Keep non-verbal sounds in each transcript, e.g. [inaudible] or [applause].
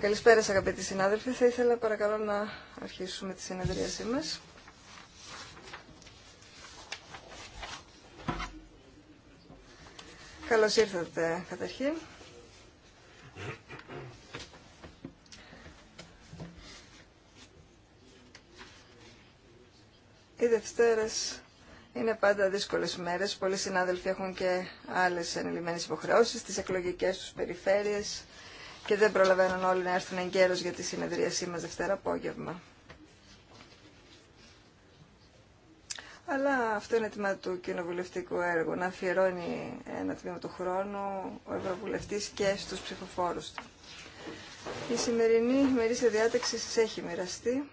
Καλησπέρα σας αγαπητοί συνάδελφοι. Θα ήθελα παρακαλώ να αρχίσουμε τη συνεδρίασή μας. Καλώς ήρθατε καταρχήν. Οι Δευτέρες είναι πάντα δύσκολες μέρες. Πολλοί συνάδελφοι έχουν και άλλες ενηλυμένες υποχρεώσεις στις εκλογικές τους περιφέρειες και δεν προλαβαίνουν όλοι να έρθουν εγκαίρως για τη συνεδρίασή μας Δευτέρα απόγευμα. Αλλά αυτό είναι τμήμα του κοινοβουλευτικού έργου, να αφιερώνει ένα τμήμα του χρόνου ο Ευρωβουλευτής και στους ψηφοφόρους του. Η σημερινή μερίσια διάταξη σας έχει μοιραστεί.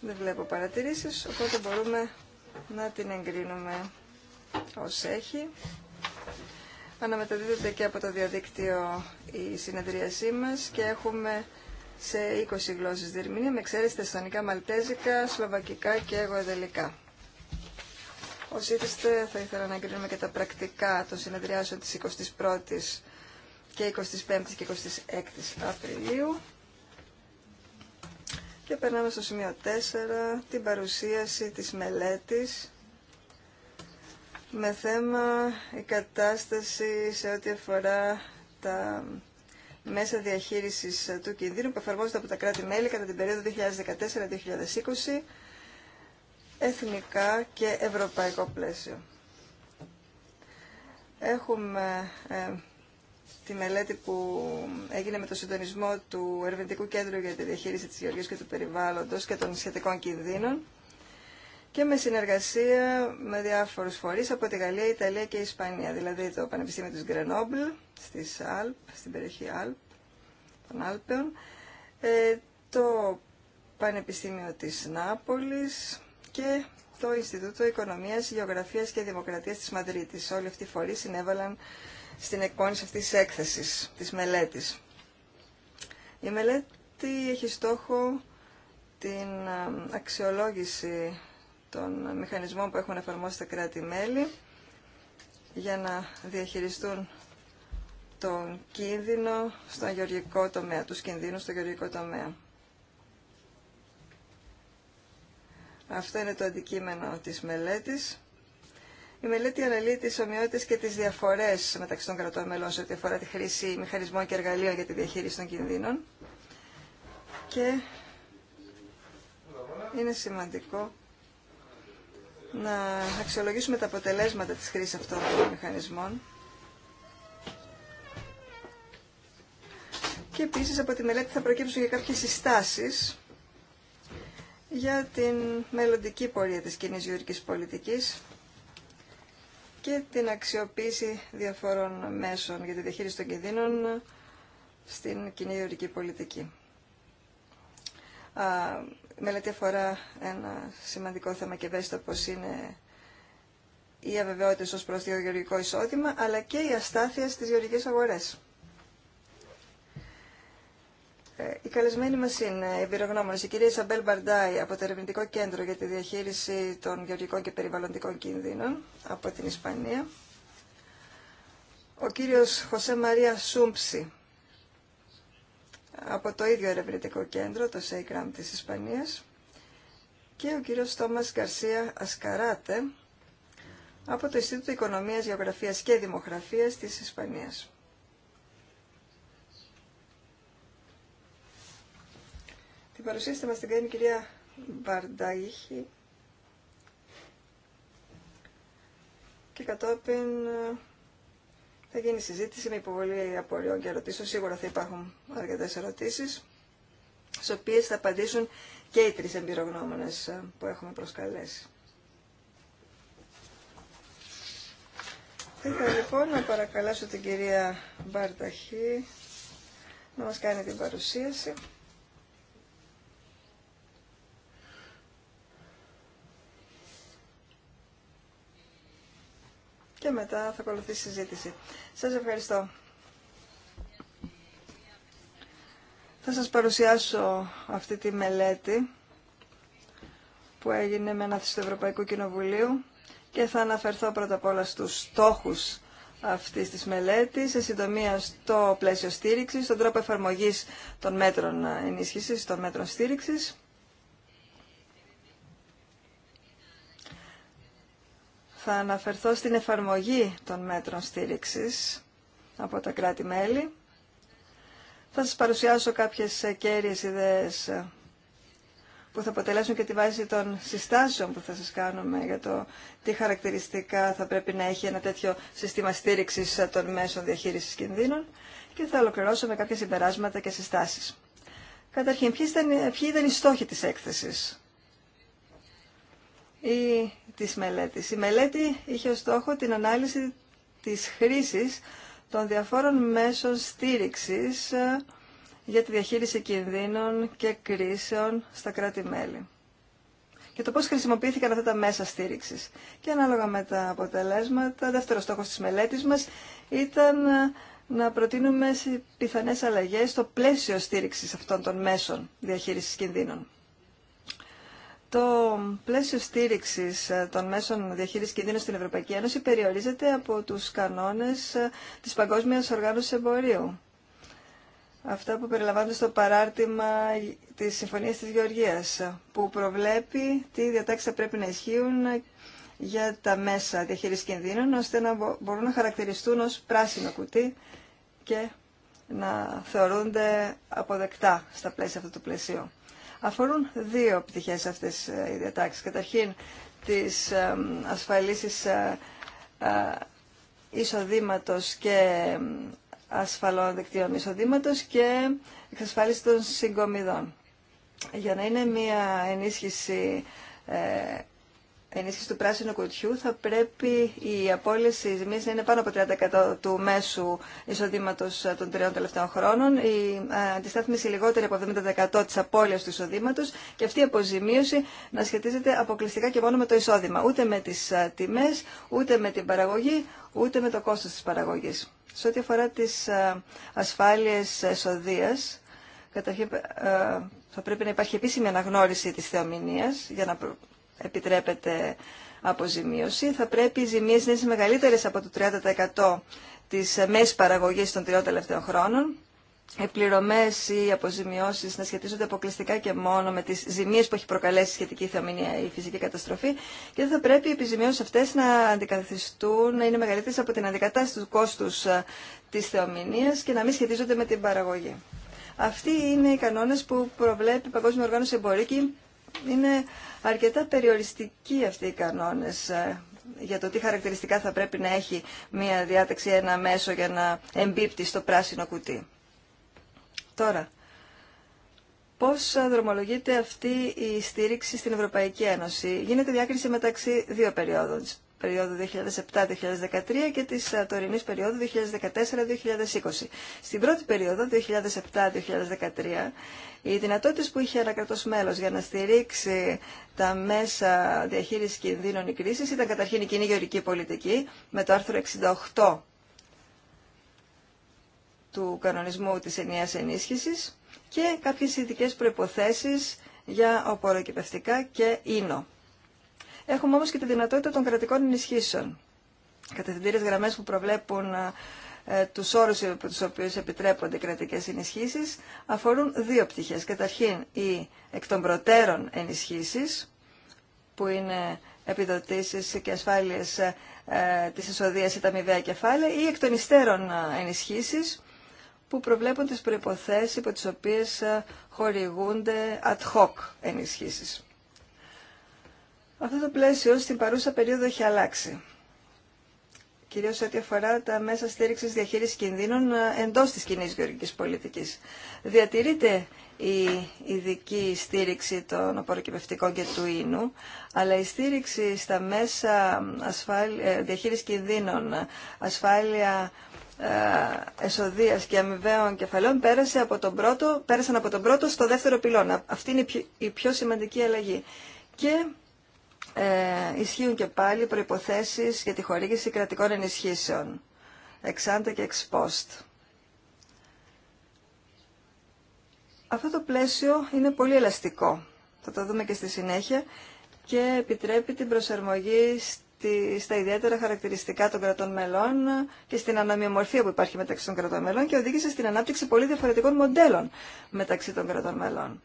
Δεν βλέπω παρατηρήσεις, οπότε μπορούμε να την εγκρίνουμε ως έχει. Αναμεταδίδεται και από το διαδίκτυο η συνεδρίασή μας και έχουμε σε 20 γλώσσες διερμηνία με εξαίρεση τα μαλτέζικα, σλοβακικά και εγωεδελικά. Ως ήθιστε θα ήθελα να εγκρίνουμε και τα πρακτικά των συνεδριάσεων της 21ης και 25ης και 26ης Απριλίου. Και περνάμε στο σημείο 4, την παρουσίαση της μελέτης με θέμα η κατάσταση σε ό,τι αφορά τα μέσα διαχείρισης του κινδύνου που εφαρμόζονται από τα κράτη-μέλη κατά την περίοδο 2014-2020 εθνικά και ευρωπαϊκό πλαίσιο. Έχουμε ε, τη μελέτη που έγινε με το συντονισμό του Ερευνητικού Κέντρου για τη Διαχείριση της Γεωργίας και του Περιβάλλοντος και των σχετικών κινδύνων και με συνεργασία με διάφορους φορείς από τη Γαλλία, Ιταλία και Ισπανία, δηλαδή το Πανεπιστήμιο της Γκρενόμπλ, στις Αλπ, στην περιοχή Αλπ, των Άλπαιων, ε, το Πανεπιστήμιο της Νάπολης και το Ινστιτούτο Οικονομίας, Γεωγραφίας και Δημοκρατίας της Μαδρίτης. Όλοι αυτοί οι φορείς συνέβαλαν στην εκπόνηση αυτής της έκθεσης, της μελέτης. Η μελέτη έχει στόχο την ε, αξιολόγηση των μηχανισμών που έχουν εφαρμόσει τα κράτη-μέλη για να διαχειριστούν τον κίνδυνο στον γεωργικό τομέα, τους κινδύνους στον γεωργικό τομέα. Αυτό είναι το αντικείμενο της μελέτης η μελέτη αναλύει τι ομοιότητε και τι διαφορέ μεταξύ των κρατών μελών σε ό,τι αφορά τη χρήση μηχανισμών και εργαλείων για τη διαχείριση των κινδύνων. Και είναι σημαντικό να αξιολογήσουμε τα αποτελέσματα της χρήσης αυτών των μηχανισμών. Και επίσης από τη μελέτη θα προκύψουν και κάποιες συστάσεις για την μελλοντική πορεία της κοινής γεωργικής πολιτικής και την αξιοποίηση διαφόρων μέσων για τη διαχείριση των κινδύνων στην κοινή ιωρική πολιτική. Η μελέτη αφορά ένα σημαντικό θέμα και ευαίσθητο πως είναι η αβεβαιότητα ως προ το γεωργικό εισόδημα, αλλά και η αστάθεια στις γεωργικές αγορές. Οι ε, καλεσμένοι μας είναι εμπειρογνώμονες. Η κυρία Ισαμπέλ Μπαρντάη από το Ερευνητικό Κέντρο για τη Διαχείριση των Γεωργικών και Περιβαλλοντικών Κινδύνων από την Ισπανία. Ο κύριος Χωσέ Μαρία Σούμψη από το ίδιο Ερευνητικό Κέντρο, το ΣΕΙΚΡΑΜ της Ισπανίας. Και ο κύριος Τόμας Γκαρσία Ασκαράτε από το Ινστιτούτο Οικονομίας, Γεωγραφίας και Δημογραφίας της Ισπανίας. Την παρουσίαση θα μας την κάνει η κυρία Μπαρντάγιχη και κατόπιν ε, θα γίνει συζήτηση με υποβολή απορριών και ερωτήσεων. Σίγουρα θα υπάρχουν αρκετές ερωτήσεις, στις οποίες θα απαντήσουν και οι τρεις εμπειρογνώμονες ε, που έχουμε προσκαλέσει. Θα ήθελα λοιπόν να παρακαλέσω την κυρία Μπαρταχή να μας κάνει την παρουσίαση. και μετά θα ακολουθήσει η συζήτηση. Σας ευχαριστώ. Θα σας παρουσιάσω αυτή τη μελέτη που έγινε με ανάθεση του Ευρωπαϊκού Κοινοβουλίου και θα αναφερθώ πρώτα απ' όλα στους στόχους αυτής της μελέτης, σε συντομία στο πλαίσιο στήριξη, στον τρόπο εφαρμογής των μέτρων ενίσχυσης, των μέτρων στήριξης θα αναφερθώ στην εφαρμογή των μέτρων στήριξης από τα κράτη-μέλη. Θα σας παρουσιάσω κάποιες κέρυες ιδέες που θα αποτελέσουν και τη βάση των συστάσεων που θα σας κάνουμε για το τι χαρακτηριστικά θα πρέπει να έχει ένα τέτοιο σύστημα στήριξης των μέσων διαχείρισης κινδύνων και θα ολοκληρώσω με κάποια συμπεράσματα και συστάσεις. Καταρχήν, ποιοι ήταν, ήταν οι στόχοι της έκθεσης. Η της μελέτης. Η μελέτη είχε ως στόχο την ανάλυση της χρήσης των διαφόρων μέσων στήριξης ε, για τη διαχείριση κινδύνων και κρίσεων στα κράτη-μέλη και το πώς χρησιμοποιήθηκαν αυτά τα μέσα στήριξης. Και ανάλογα με τα αποτελέσματα, δεύτερο στόχος της μελέτης μας ήταν ε, να προτείνουμε πιθανές αλλαγές στο πλαίσιο στήριξης αυτών των μέσων διαχείρισης κινδύνων το πλαίσιο στήριξη ε, των μέσων διαχείριση κινδύνων στην Ευρωπαϊκή Ένωση περιορίζεται από τους κανόνε ε, της Παγκόσμια Οργάνωση Εμπορίου. Αυτά που περιλαμβάνονται στο παράρτημα της Συμφωνία τη Γεωργίας, ε, που προβλέπει τι διατάξει θα πρέπει να ισχύουν για τα μέσα διαχείριση κινδύνων, ώστε να μπορούν να χαρακτηριστούν ω πράσινο κουτί και να θεωρούνται αποδεκτά στα πλαίσια αυτού του πλαισίου. Αφορούν δύο πτυχές αυτές ε, οι διατάξεις. Καταρχήν, τις ασφαλίσεις ε, ε, εισοδήματος και ασφαλών δικτύων εισοδήματος και εξασφάλιση των συγκομιδών. Για να είναι μια ενίσχυση ενίσχυση του πράσινου κουτιού θα πρέπει η απόλυση ζημίας να είναι πάνω από 30% του μέσου εισοδήματος των τριών τελευταίων χρόνων, η ε, αντιστάθμιση λιγότερη από 70% της απώλειας του εισοδήματος και αυτή η αποζημίωση να σχετίζεται αποκλειστικά και μόνο με το εισόδημα, ούτε με τις ε, τιμές, ούτε με την παραγωγή, ούτε με το κόστος της παραγωγής. Σε ό,τι αφορά τις ε, ασφάλειες εσοδείας, καταρχήν θα πρέπει να υπάρχει επίσημη αναγνώριση της θεομηνίας για να επιτρέπεται αποζημίωση. Θα πρέπει οι ζημίες να είναι μεγαλύτερες από το 30% της μέσης παραγωγής των τριών τελευταίων χρόνων. Οι πληρωμέ ή οι αποζημιώσει να σχετίζονται αποκλειστικά και μόνο με τι ζημίε που έχει προκαλέσει η σχετική θεομηνία ή η φυσική καταστροφή και θα πρέπει οι επιζημιώσει αυτέ να αντικαθιστούν, να είναι μεγαλύτερε από την αντικατάσταση του κόστου ε, τη θεομηνία και να μην σχετίζονται με την παραγωγή. Αυτοί είναι οι κανόνε που προβλέπει η Παγκόσμια Οργάνωση Εμπορική είναι αρκετά περιοριστικοί αυτοί οι κανόνες ε, για το τι χαρακτηριστικά θα πρέπει να έχει μία διάταξη, ένα μέσο για να εμπίπτει στο πράσινο κουτί. Τώρα, πώς δρομολογείται αυτή η στήριξη στην Ευρωπαϊκή Ένωση. Γίνεται διάκριση μεταξύ δύο περιόδων περίοδου 2007-2013 και της ε, τωρινής περίοδου 2014-2020. Στην πρώτη περίοδο, 2007-2013, οι δυνατότητες που είχε ένα κρατός μέλος για να στηρίξει τα μέσα διαχείρισης κινδύνων ή κρίσης ήταν καταρχήν η κρίση ηταν καταρχην γεωρική πολιτική με το άρθρο 68 του κανονισμού της ενιαίας ενίσχυσης και κάποιες ειδικές προϋποθέσεις για οποροκυπευτικά και ίνο. Έχουμε όμως και τη δυνατότητα των κρατικών ενισχύσεων. Κατευθυντήριες γραμμές που προβλέπουν ε, τους όρους από τους οποίους επιτρέπονται οι κρατικές ενισχύσεις αφορούν δύο πτυχές. Καταρχήν, οι εκ των προτέρων ενισχύσεις, που είναι επιδοτήσεις και ασφάλειες ε, της τα ή βέα κεφάλαια, ή εκ των υστέρων ε, ενισχύσεις, που προβλέπουν τις προϋποθέσεις υπό τις οποίες ε, χορηγούνται ad hoc ενισχύσεις. Αυτό το πλαίσιο στην παρούσα περίοδο έχει αλλάξει. Κυρίω ό,τι αφορά τα μέσα στήριξη διαχείριση κινδύνων ε, εντό τη κοινή γεωργική πολιτική. Διατηρείται η ειδική στήριξη των απορροκυπευτικών και του ίνου, αλλά η στήριξη στα μέσα ασφάλεια, διαχείριση κινδύνων, ασφάλεια ε, εσοδίας και αμοιβαίων κεφαλών πέρασε από πέρασαν από τον πρώτο στο δεύτερο πυλώνα. Αυτή είναι η πιο σημαντική αλλαγή. Και ε, ισχύουν και πάλι προϋποθέσεις για τη χορήγηση κρατικών ενισχύσεων, εξάντα και εξπόστ. Αυτό το πλαίσιο είναι πολύ ελαστικό, θα το δούμε και στη συνέχεια, και επιτρέπει την προσαρμογή στα ιδιαίτερα χαρακτηριστικά των κρατών μελών και στην αναμοιομορφία που υπάρχει μεταξύ των κρατών μελών και οδήγησε στην ανάπτυξη πολύ διαφορετικών μοντέλων μεταξύ των κρατών μελών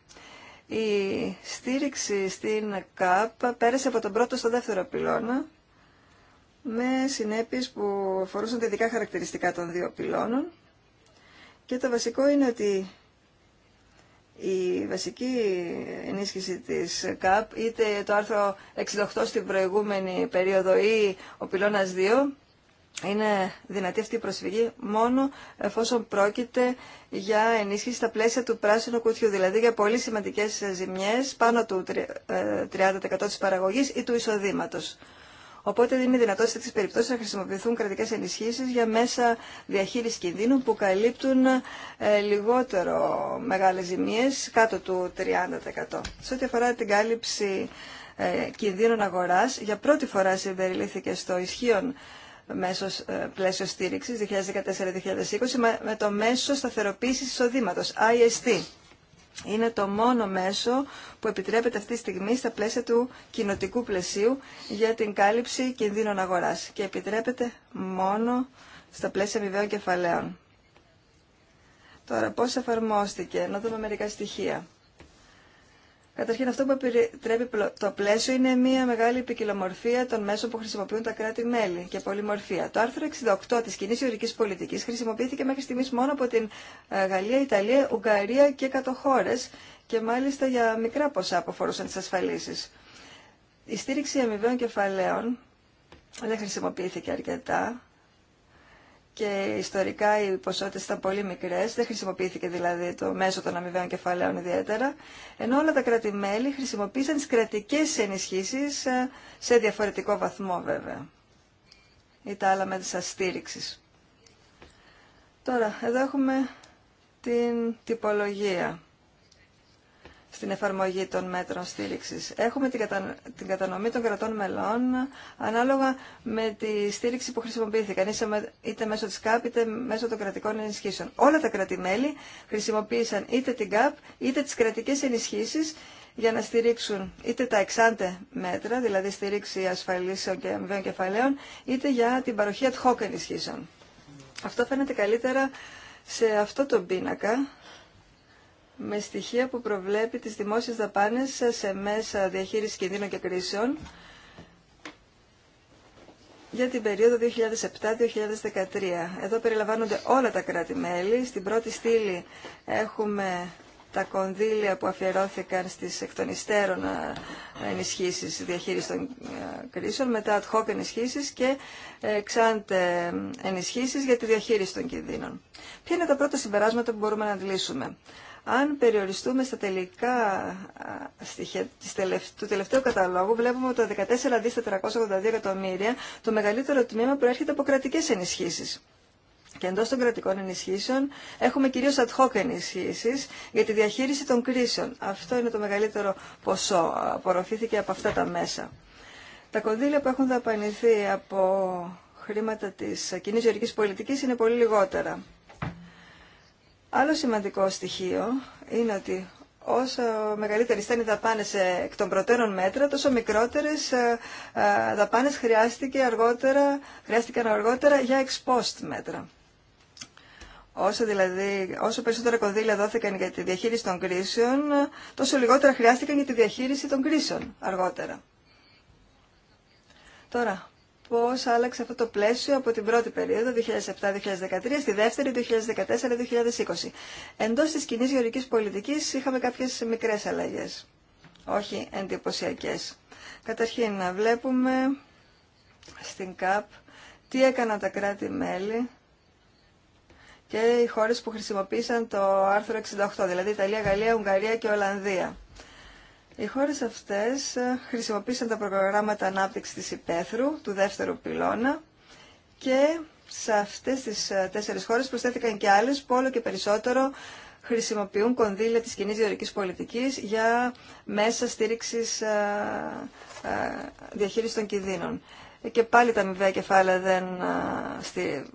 η στήριξη στην ΚΑΠ πέρασε από τον πρώτο στο δεύτερο πυλώνα με συνέπειες που αφορούσαν τα ειδικά χαρακτηριστικά των δύο πυλώνων και το βασικό είναι ότι η βασική ενίσχυση της ΚΑΠ είτε το άρθρο 68 στην προηγούμενη περίοδο ή ο πυλώνας 2 είναι δυνατή αυτή η προσφυγή μόνο εφόσον πρόκειται για ενίσχυση στα πλαίσια του πράσινου κουτιού, δηλαδή για πολύ σημαντικές ζημιές πάνω του 30% ε, της παραγωγής ή του εισοδήματος. Οπότε είναι δυνατότητα σε τέτοιε περιπτώσει να χρησιμοποιηθούν κρατικέ ενισχύσει για μέσα διαχείριση κινδύνου που καλύπτουν ε, λιγότερο μεγάλε ζημίε, κάτω του 30%. Σε ό,τι αφορά την κάλυψη ε, κινδύνων αγορά, για πρώτη φορά συμπεριλήθηκε στο ισχύον μέσο ε, πλαίσιο στήριξης 2014-2020 με το μέσο σταθεροποίηση εισοδήματο. IST. Είναι το μόνο μέσο που επιτρέπεται αυτή τη στιγμή στα πλαίσια του κοινοτικού πλαισίου για την κάλυψη κινδύνων αγορά και επιτρέπεται μόνο στα πλαίσια αμοιβαίων κεφαλαίων. Τώρα, πώς εφαρμόστηκε, να δούμε μερικά στοιχεία. Καταρχήν αυτό που επιτρέπει το πλαίσιο είναι μια μεγάλη ποικιλομορφία των μέσων που χρησιμοποιούν τα κράτη-μέλη και πολυμορφία. Το άρθρο 68 της κοινή ιωρική πολιτικής χρησιμοποιήθηκε μέχρι στιγμής μόνο από την ε, Γαλλία, Ιταλία, Ουγγαρία και κατοχώρες και μάλιστα για μικρά ποσά που αφορούσαν τι ασφαλίσεις. Η στήριξη αμοιβαίων κεφαλαίων δεν χρησιμοποιήθηκε αρκετά και ιστορικά οι ποσότητε ήταν πολύ μικρέ, δεν χρησιμοποιήθηκε δηλαδή το μέσο των αμοιβαίων κεφαλαίων ιδιαίτερα, ενώ όλα τα κράτη-μέλη χρησιμοποίησαν τι κρατικέ ενισχύσει ε, σε διαφορετικό βαθμό βέβαια ή τα άλλα μέτρα στήριξη. Τώρα, εδώ έχουμε την τυπολογία στην εφαρμογή των μέτρων στήριξης. Έχουμε την, την κατανομή των κρατών μελών ανάλογα με τη στήριξη που χρησιμοποιήθηκαν, είτε μέσω της ΚΑΠ είτε μέσω των κρατικών ενισχύσεων. Όλα τα κράτη-μέλη χρησιμοποίησαν είτε την ΚΑΠ είτε τις κρατικές ενισχύσεις για να στηρίξουν είτε τα εξάντε μέτρα, δηλαδή στηρίξη ασφαλίσεων και αμοιβαίων κεφαλαίων, είτε για την παροχή ad hoc ενισχύσεων. Αυτό φαίνεται καλύτερα σε αυτό το πίνακα, με στοιχεία που προβλέπει τις δημόσιες δαπάνες σε μέσα διαχείρισης κινδύνων και κρίσεων για την περίοδο 2007-2013. Εδώ περιλαμβάνονται όλα τα κράτη-μέλη. Στην πρώτη στήλη έχουμε τα κονδύλια που αφιερώθηκαν στις εκ των υστέρων ε, ενισχύσεις διαχείρισης των ε, κρίσεων, μετά ad hoc ενισχύσεις και εξάντε ε, ενισχύσεις για τη διαχείριση των κινδύνων. Ποια είναι τα πρώτα συμπεράσματα που μπορούμε να αντλήσουμε. Αν περιοριστούμε στα τελικά στοιχεία του τελευταίου καταλόγου, βλέπουμε ότι τα 14 δις 482 εκατομμύρια, το μεγαλύτερο τμήμα προέρχεται από κρατικέ ενισχύσει. Και εντό των κρατικών ενισχύσεων έχουμε κυρίω ad hoc ενισχύσει για τη διαχείριση των κρίσεων. Αυτό είναι το μεγαλύτερο ποσό. Απορροφήθηκε από αυτά τα μέσα. Τα κονδύλια που έχουν δαπανηθεί από χρήματα τη κοινή γεωργική πολιτική είναι πολύ λιγότερα. Άλλο σημαντικό στοιχείο είναι ότι όσο μεγαλύτερη ήταν οι δαπάνες ε, εκ των προτέρων μέτρα, τόσο μικρότερες ε, ε, δαπάνες χρειάστηκε αργότερα, χρειάστηκαν αργότερα για ex post μέτρα. Όσο, δηλαδή, όσο περισσότερα κονδύλια δόθηκαν για τη διαχείριση των κρίσεων, τόσο λιγότερα χρειάστηκαν για τη διαχείριση των κρίσεων αργότερα. Τώρα, πώς άλλαξε αυτό το πλαίσιο από την πρώτη περίοδο 2007-2013 στη δεύτερη 2014-2020. Εντός της κοινή γεωρικής πολιτικής είχαμε κάποιες μικρές αλλαγές, όχι εντυπωσιακέ. Καταρχήν να βλέπουμε στην ΚΑΠ τι έκαναν τα κράτη-μέλη και οι χώρες που χρησιμοποίησαν το άρθρο 68, δηλαδή Ιταλία, Γαλλία, Ουγγαρία και Ολλανδία. Οι χώρες αυτές ε, χρησιμοποίησαν τα προγράμματα ανάπτυξης της υπαίθρου, του δεύτερου πυλώνα, και σε αυτές τις ε, τέσσερις χώρες προσθέθηκαν και άλλες που όλο και περισσότερο χρησιμοποιούν κονδύλια της κοινή διορικής πολιτικής για μέσα στήριξης α, ε, διαχείρισης των κινδύνων. Και πάλι τα αμοιβαία κεφάλαια δεν στη,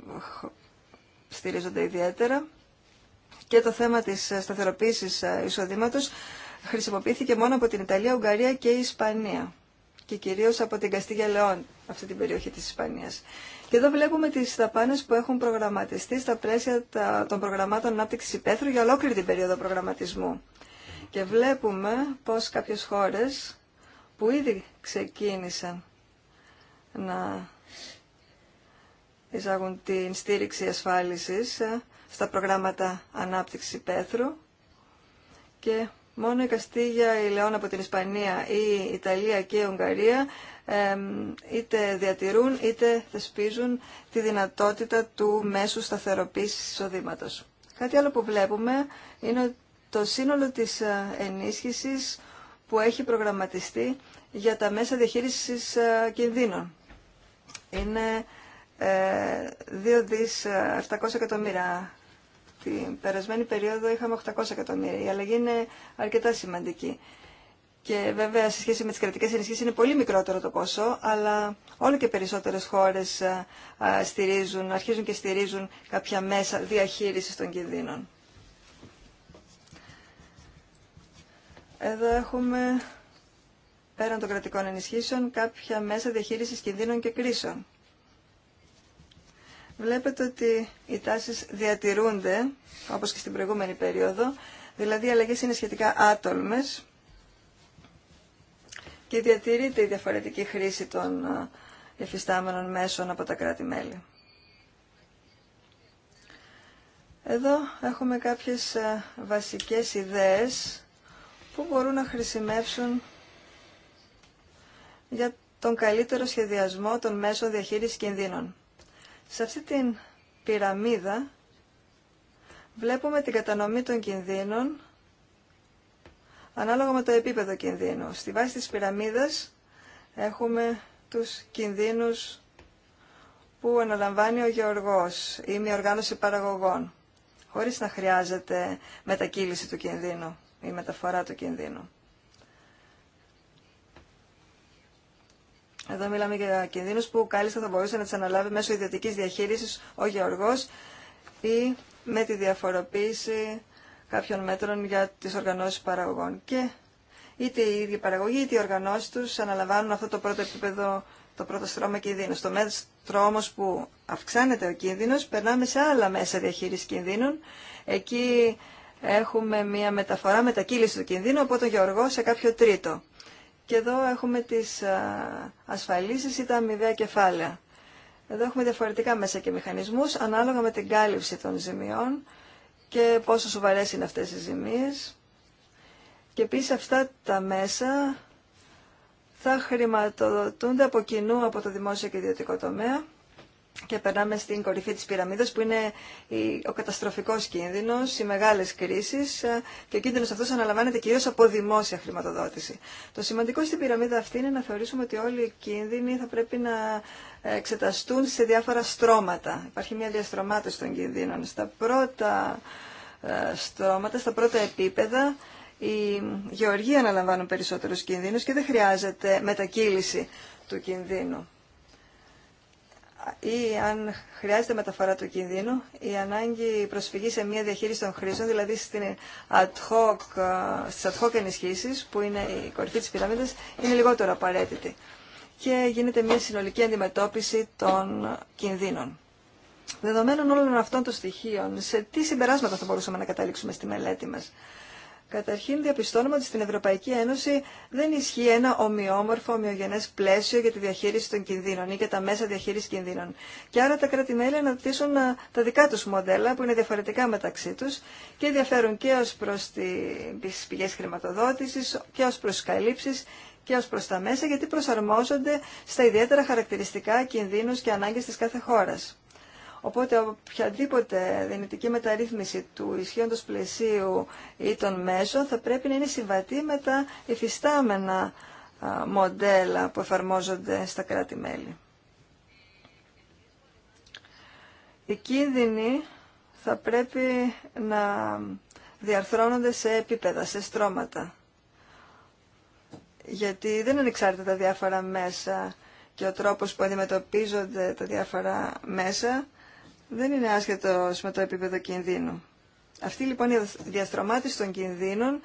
στηρίζονται ιδιαίτερα. Και το θέμα της σταθεροποίησης εισοδήματος χρησιμοποιήθηκε μόνο από την Ιταλία, Ουγγαρία και η Ισπανία και κυρίως από την Καστίγια Λεόν, αυτή την περιοχή της Ισπανίας. Και εδώ βλέπουμε τις ταπάνες που έχουν προγραμματιστεί στα πλαίσια των προγραμμάτων ανάπτυξη υπαίθρου για ολόκληρη την περίοδο προγραμματισμού. Και βλέπουμε πως κάποιες χώρες που ήδη ξεκίνησαν να εισάγουν την στήριξη ασφάλισης ε, στα προγράμματα ανάπτυξη υπαίθρου και Μόνο η Καστίγια, η Λεόν από την Ισπανία, η Ιταλία και η Ουγγαρία είτε διατηρούν είτε θεσπίζουν τη δυνατότητα του μέσου σταθεροποίησης εισοδήματο. Κάτι άλλο που βλέπουμε είναι το σύνολο της ε, ενίσχυσης που έχει προγραμματιστεί για τα μέσα διαχείρισης ε, κινδύνων. Είναι 2 ε, δις 700 εκατομμύρια την περασμένη περίοδο είχαμε 800 εκατομμύρια. Η αλλαγή είναι αρκετά σημαντική. Και βέβαια σε σχέση με τις κρατικές ενισχύσεις είναι πολύ μικρότερο το ποσό, αλλά όλο και περισσότερες χώρες στηρίζουν, αρχίζουν και στηρίζουν κάποια μέσα διαχείρισης των κινδύνων. Εδώ έχουμε, πέραν των κρατικών ενισχύσεων, κάποια μέσα διαχείρισης κινδύνων και κρίσεων βλέπετε ότι οι τάσεις διατηρούνται, όπως και στην προηγούμενη περίοδο, δηλαδή οι αλλαγές είναι σχετικά άτολμες και διατηρείται η διαφορετική χρήση των εφιστάμενων μέσων από τα κράτη-μέλη. Εδώ έχουμε κάποιες ε, βασικές ιδέες που μπορούν να χρησιμεύσουν για τον καλύτερο σχεδιασμό των μέσων διαχείρισης κινδύνων. Σε αυτή την πυραμίδα βλέπουμε την κατανομή των κινδύνων ανάλογα με το επίπεδο κινδύνου. Στη βάση της πυραμίδας έχουμε τους κινδύνους που αναλαμβάνει ο γεωργός ή μια οργάνωση παραγωγών, χωρίς να χρειάζεται μετακύληση του κινδύνου ή μεταφορά του κινδύνου. Εδώ μιλάμε για κινδύνους που κάλλιστα θα μπορούσε να τις αναλάβει μέσω ιδιωτικής διαχείρισης ο Γεωργός ή με τη διαφοροποίηση κάποιων μέτρων για τις οργανώσεις παραγωγών. Και είτε οι ίδιοι παραγωγοί είτε οι οργανώσεις τους αναλαμβάνουν αυτό το πρώτο επίπεδο, το πρώτο στρώμα κινδύνου. Στο μέτρο όμως που αυξάνεται ο κίνδυνος, περνάμε σε άλλα μέσα διαχείρισης κινδύνων. Εκεί έχουμε μια μεταφορά, μετακύληση του κινδύνου από τον Γεωργό σε κάποιο τρίτο. Και εδώ έχουμε τις ασφαλίσεις ή τα αμοιβαία κεφάλαια. Εδώ έχουμε διαφορετικά μέσα και μηχανισμούς ανάλογα με την κάλυψη των ζημιών και πόσο σοβαρές είναι αυτές οι ζημίες. Και επίσης αυτά τα μέσα θα χρηματοδοτούνται από κοινού από το δημόσιο και ιδιωτικό τομέα και περνάμε στην κορυφή της πυραμίδας που είναι ο καταστροφικός κίνδυνος, οι μεγάλες κρίσεις ε, και ο κίνδυνος αυτός αναλαμβάνεται κυρίως από δημόσια χρηματοδότηση. Το σημαντικό στην πυραμίδα αυτή είναι να θεωρήσουμε ότι όλοι οι κίνδυνοι θα πρέπει να εξεταστούν σε διάφορα στρώματα. Υπάρχει μια διαστρωμάτωση των κινδύνων. Στα πρώτα ε, στρώματα, στα πρώτα επίπεδα, οι γεωργοί αναλαμβάνουν περισσότερους κινδύνους και δεν χρειάζεται μετακύληση του κινδύνου ή αν χρειάζεται μεταφορά του κινδύνου, η ανάγκη κινδυνου η αναγκη προσφυγή σε μια διαχείριση των χρήσεων, δηλαδή στην ad hoc, ε, στις ad hoc ενισχύσεις, που είναι η κορυφή της πυραμίδας, είναι λιγότερο απαραίτητη. Και γίνεται μια συνολική αντιμετώπιση των κινδύνων. Δεδομένων όλων αυτών των στοιχείων, σε τι συμπεράσματα θα μπορούσαμε να καταλήξουμε στη μελέτη μας. Καταρχήν διαπιστώνουμε ότι στην Ευρωπαϊκή Ένωση δεν ισχύει ένα ομοιόμορφο, ομοιογενέ πλαίσιο για τη διαχείριση των κινδύνων ή για τα μέσα διαχείριση κινδύνων. Και άρα τα κράτη-μέλη αναπτύσσουν ε, τα δικά του μοντέλα που είναι διαφορετικά μεταξύ του και διαφέρουν και ω προ τι πηγές χρηματοδότηση, και ω προ τις καλύψεις και ω προ τα μέσα γιατί προσαρμόζονται στα ιδιαίτερα χαρακτηριστικά, κινδύνου και ανάγκε τη κάθε χώρα. Οπότε οποιαδήποτε δυνητική μεταρρύθμιση του ισχύοντος πλαισίου ή των μέσων θα πρέπει να είναι συμβατή με τα υφιστάμενα μοντέλα που εφαρμόζονται στα κράτη-μέλη. Οι κίνδυνοι θα πρέπει να διαρθρώνονται σε επίπεδα, σε στρώματα. Γιατί δεν είναι τα διάφορα μέσα και ο τρόπος που αντιμετωπίζονται τα διάφορα μέσα δεν είναι άσχετο με το επίπεδο κινδύνου. Αυτή λοιπόν η διαστρωμάτιση των κινδύνων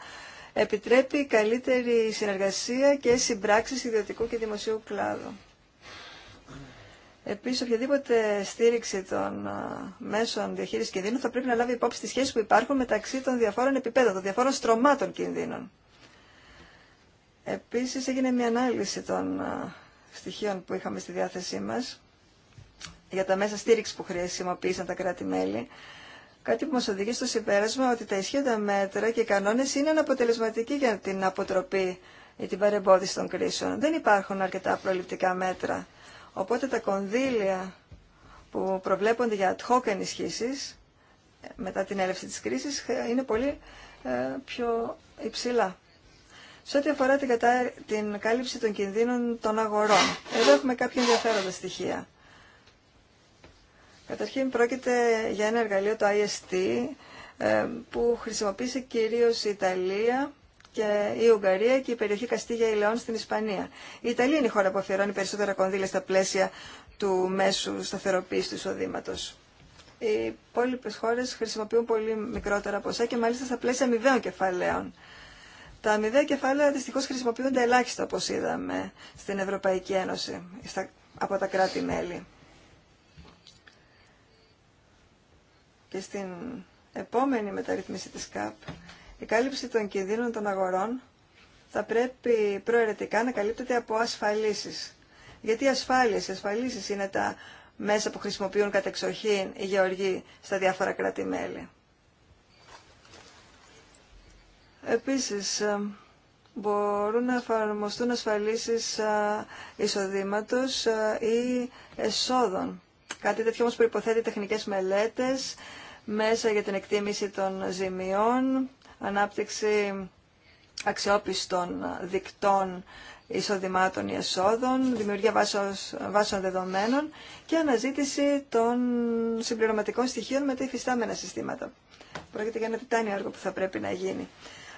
επιτρέπει καλύτερη συνεργασία και συμπράξεις ιδιωτικού και δημοσίου κλάδου. Επίσης, οποιαδήποτε στήριξη των μέσων διαχείρισης κινδύνου θα πρέπει να λάβει υπόψη τις σχέσεις που υπάρχουν μεταξύ των διαφόρων επιπέδων, των διαφόρων στρωμάτων κινδύνων. Επίσης, έγινε μια ανάλυση των στοιχείων που είχαμε στη διάθεσή μας για τα μέσα στήριξη που χρησιμοποίησαν τα κράτη-μέλη. Κάτι που μας οδηγεί στο συμπέρασμα ότι τα ισχύοντα μέτρα και οι κανόνες είναι αναποτελεσματικοί για την αποτροπή ή την παρεμπόδιση των κρίσεων. Δεν υπάρχουν αρκετά προληπτικά μέτρα. Οπότε τα κονδύλια που προβλέπονται για ad hoc ενισχύσεις ε, μετά την έλευση της κρίσης ε, είναι πολύ ε, πιο υψηλά. Σε ό,τι αφορά την, κατά... την κάλυψη των κινδύνων των αγορών, εδώ έχουμε κάποια ενδιαφέροντα στοιχεία. Καταρχήν πρόκειται για ένα εργαλείο το IST ε, που χρησιμοποίησε κυρίως η Ιταλία και η Ουγγαρία και η περιοχή Καστίγια Ιλαιών στην Ισπανία. Η Ιταλία είναι η χώρα που αφιερώνει περισσότερα κονδύλια στα πλαίσια του μέσου σταθεροποίηση του εισοδήματο. Οι υπόλοιπε χώρε χρησιμοποιούν πολύ μικρότερα ποσά και μάλιστα στα πλαίσια αμοιβαίων κεφαλαίων. Τα αμοιβαία κεφάλαια δυστυχώ χρησιμοποιούνται ελάχιστα, όπω είδαμε, στην Ευρωπαϊκή Ένωση από τα κράτη-μέλη. και στην επόμενη μεταρρύθμιση της ΚΑΠ, η κάλυψη των κινδύνων των αγορών θα πρέπει προαιρετικά να καλύπτεται από ασφαλίσεις. Γιατί ασφάλειες, ασφαλίσεις είναι τα μέσα που χρησιμοποιούν κατεξοχήν οι γεωργοί στα διάφορα κράτη-μέλη. Επίσης, ε, μπορούν να εφαρμοστούν ασφαλίσεις ε, εισοδήματος ε, ή εσόδων. Κάτι τέτοιο όμως προϋποθέτει τεχνικές μελέτες, μέσα για την εκτίμηση των ζημιών, ανάπτυξη αξιόπιστων δικτών εισοδημάτων ή εσόδων, δημιουργία βάσεως, βάσεων δεδομένων και αναζήτηση των συμπληρωματικών στοιχείων με τα υφιστάμενα συστήματα. Πρόκειται για ένα τιτάνιο έργο που θα πρέπει να γίνει.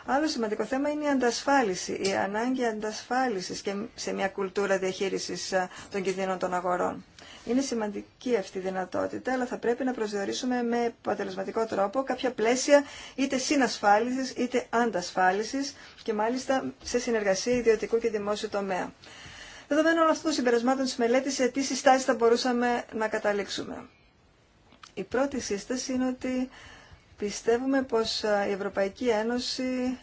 Άλλο σημαντικό θέμα είναι η αντασφάλιση, η ανάγκη αντασφάλισης και σε μια κουλτούρα διαχείρισης ε, των κινδύνων των αγορών. Είναι σημαντική αυτή η δυνατότητα, αλλά θα πρέπει να προσδιορίσουμε με αποτελεσματικό τρόπο κάποια πλαίσια είτε συνασφάλισης είτε αντασφάλισης και μάλιστα σε συνεργασία ιδιωτικού και δημόσιου τομέα. Δεδομένου όλων αυτών των συμπερασμάτων τη μελέτη, σε τι συστάσει θα μπορούσαμε να καταλήξουμε. Η πρώτη σύσταση είναι ότι πιστεύουμε πως ε, η Ευρωπαϊκή Ένωση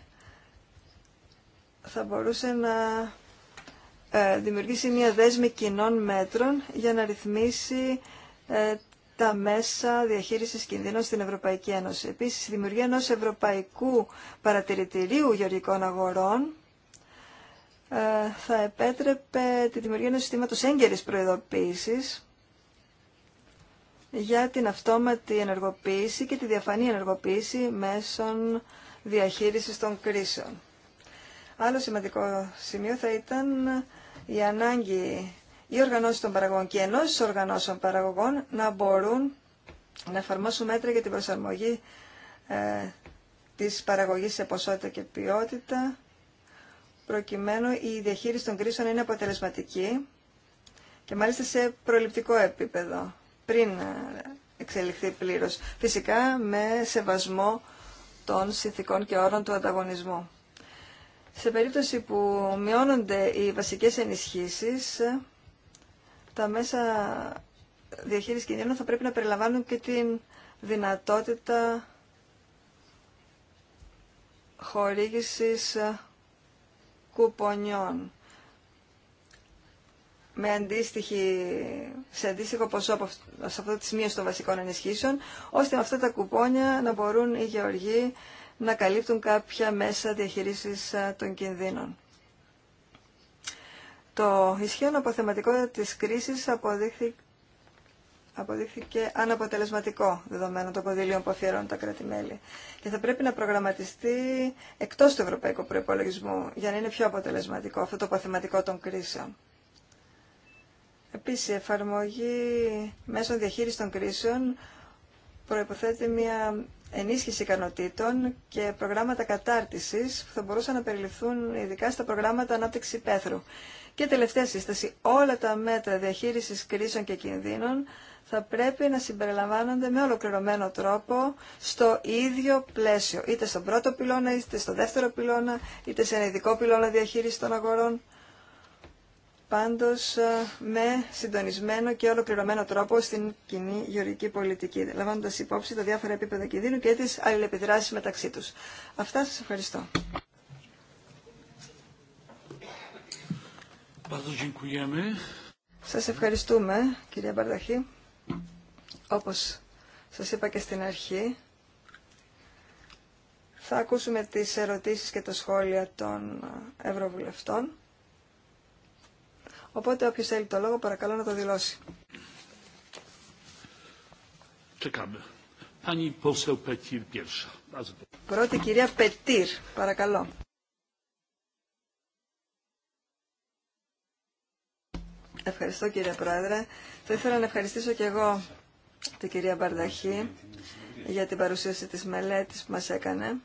θα μπορούσε να ε, δημιουργήσει μια δέσμη κοινών μέτρων για να ρυθμίσει ε, τα μέσα διαχείρισης κινδύνων στην Ευρωπαϊκή Ένωση. Επίσης, η δημιουργία ενός Ευρωπαϊκού Παρατηρητηρίου Γεωργικών Αγορών ε, θα επέτρεπε τη δημιουργία ενός συστήματος έγκαιρης προειδοποίησης για την αυτόματη ενεργοποίηση και τη διαφανή ενεργοποίηση μέσων διαχείρισης των κρίσεων. Άλλο σημαντικό σημείο θα ήταν η ανάγκη οι οργανώσει των παραγωγών και οι ενώσει οργανώσεων παραγωγών να μπορούν να εφαρμόσουν μέτρα για την προσαρμογή ε, της παραγωγής σε ποσότητα και ποιότητα, προκειμένου η διαχείριση των κρίσεων είναι αποτελεσματική και μάλιστα σε προληπτικό επίπεδο, πριν ε, εξελιχθεί πλήρως. Φυσικά με σεβασμό των συνθήκων και όρων του ανταγωνισμού. Σε περίπτωση που μειώνονται οι βασικές ενισχύσεις, τα μέσα διαχείρισης κινδύνων θα πρέπει να περιλαμβάνουν και την δυνατότητα χορήγησης κουπονιών με αντίστοιχη, σε αντίστοιχο ποσό από αυτό, σε αυτό τη μείωση των βασικών ενισχύσεων, ώστε με αυτά τα κουπόνια να μπορούν οι γεωργοί να καλύπτουν κάποια μέσα διαχειρίσης των κινδύνων. Το ισχύον αποθεματικό της κρίσης αποδείχθηκε, αποδείχθηκε αναποτελεσματικό δεδομένο των κονδυλίων που αφιερώνουν τα κράτη-μέλη και θα πρέπει να προγραμματιστεί εκτός του ευρωπαϊκού προϋπολογισμού για να είναι πιο αποτελεσματικό αυτό το αποθεματικό των κρίσεων. Επίσης, η εφαρμογή μέσων διαχείρισης των κρίσεων προϋποθέτει μια ενίσχυση ικανοτήτων και προγράμματα κατάρτισης που θα μπορούσαν να περιληφθούν ειδικά στα προγράμματα ανάπτυξη πέθρου. Και τελευταία σύσταση, όλα τα μέτρα διαχείρισης κρίσεων και κινδύνων θα πρέπει να συμπεριλαμβάνονται με ολοκληρωμένο τρόπο στο ίδιο πλαίσιο, είτε στον πρώτο πυλώνα, είτε στο δεύτερο πυλώνα, είτε σε ένα ειδικό πυλώνα διαχείριση των αγορών πάντως ε, με συντονισμένο και ολοκληρωμένο τρόπο στην κοινή γεωργική πολιτική, λαμβάνοντα υπόψη τα διάφορα επίπεδα κινδύνου και τις αλληλεπιδράσεις μεταξύ τους. Αυτά σας ευχαριστώ. Σας ευχαριστούμε, κυρία Μπαρδαχή. Όπως σας είπα και στην αρχή, θα ακούσουμε τις ερωτήσεις και τα σχόλια των Ευρωβουλευτών. Οπότε όποιος θέλει το λόγο παρακαλώ να το δηλώσει. Πρώτη κυρία Πετήρ, παρακαλώ. Ευχαριστώ κύριε Πρόεδρε. Θα ήθελα να ευχαριστήσω και εγώ την κυρία Μπαρδαχή για την παρουσίαση της μελέτης που μας έκανε.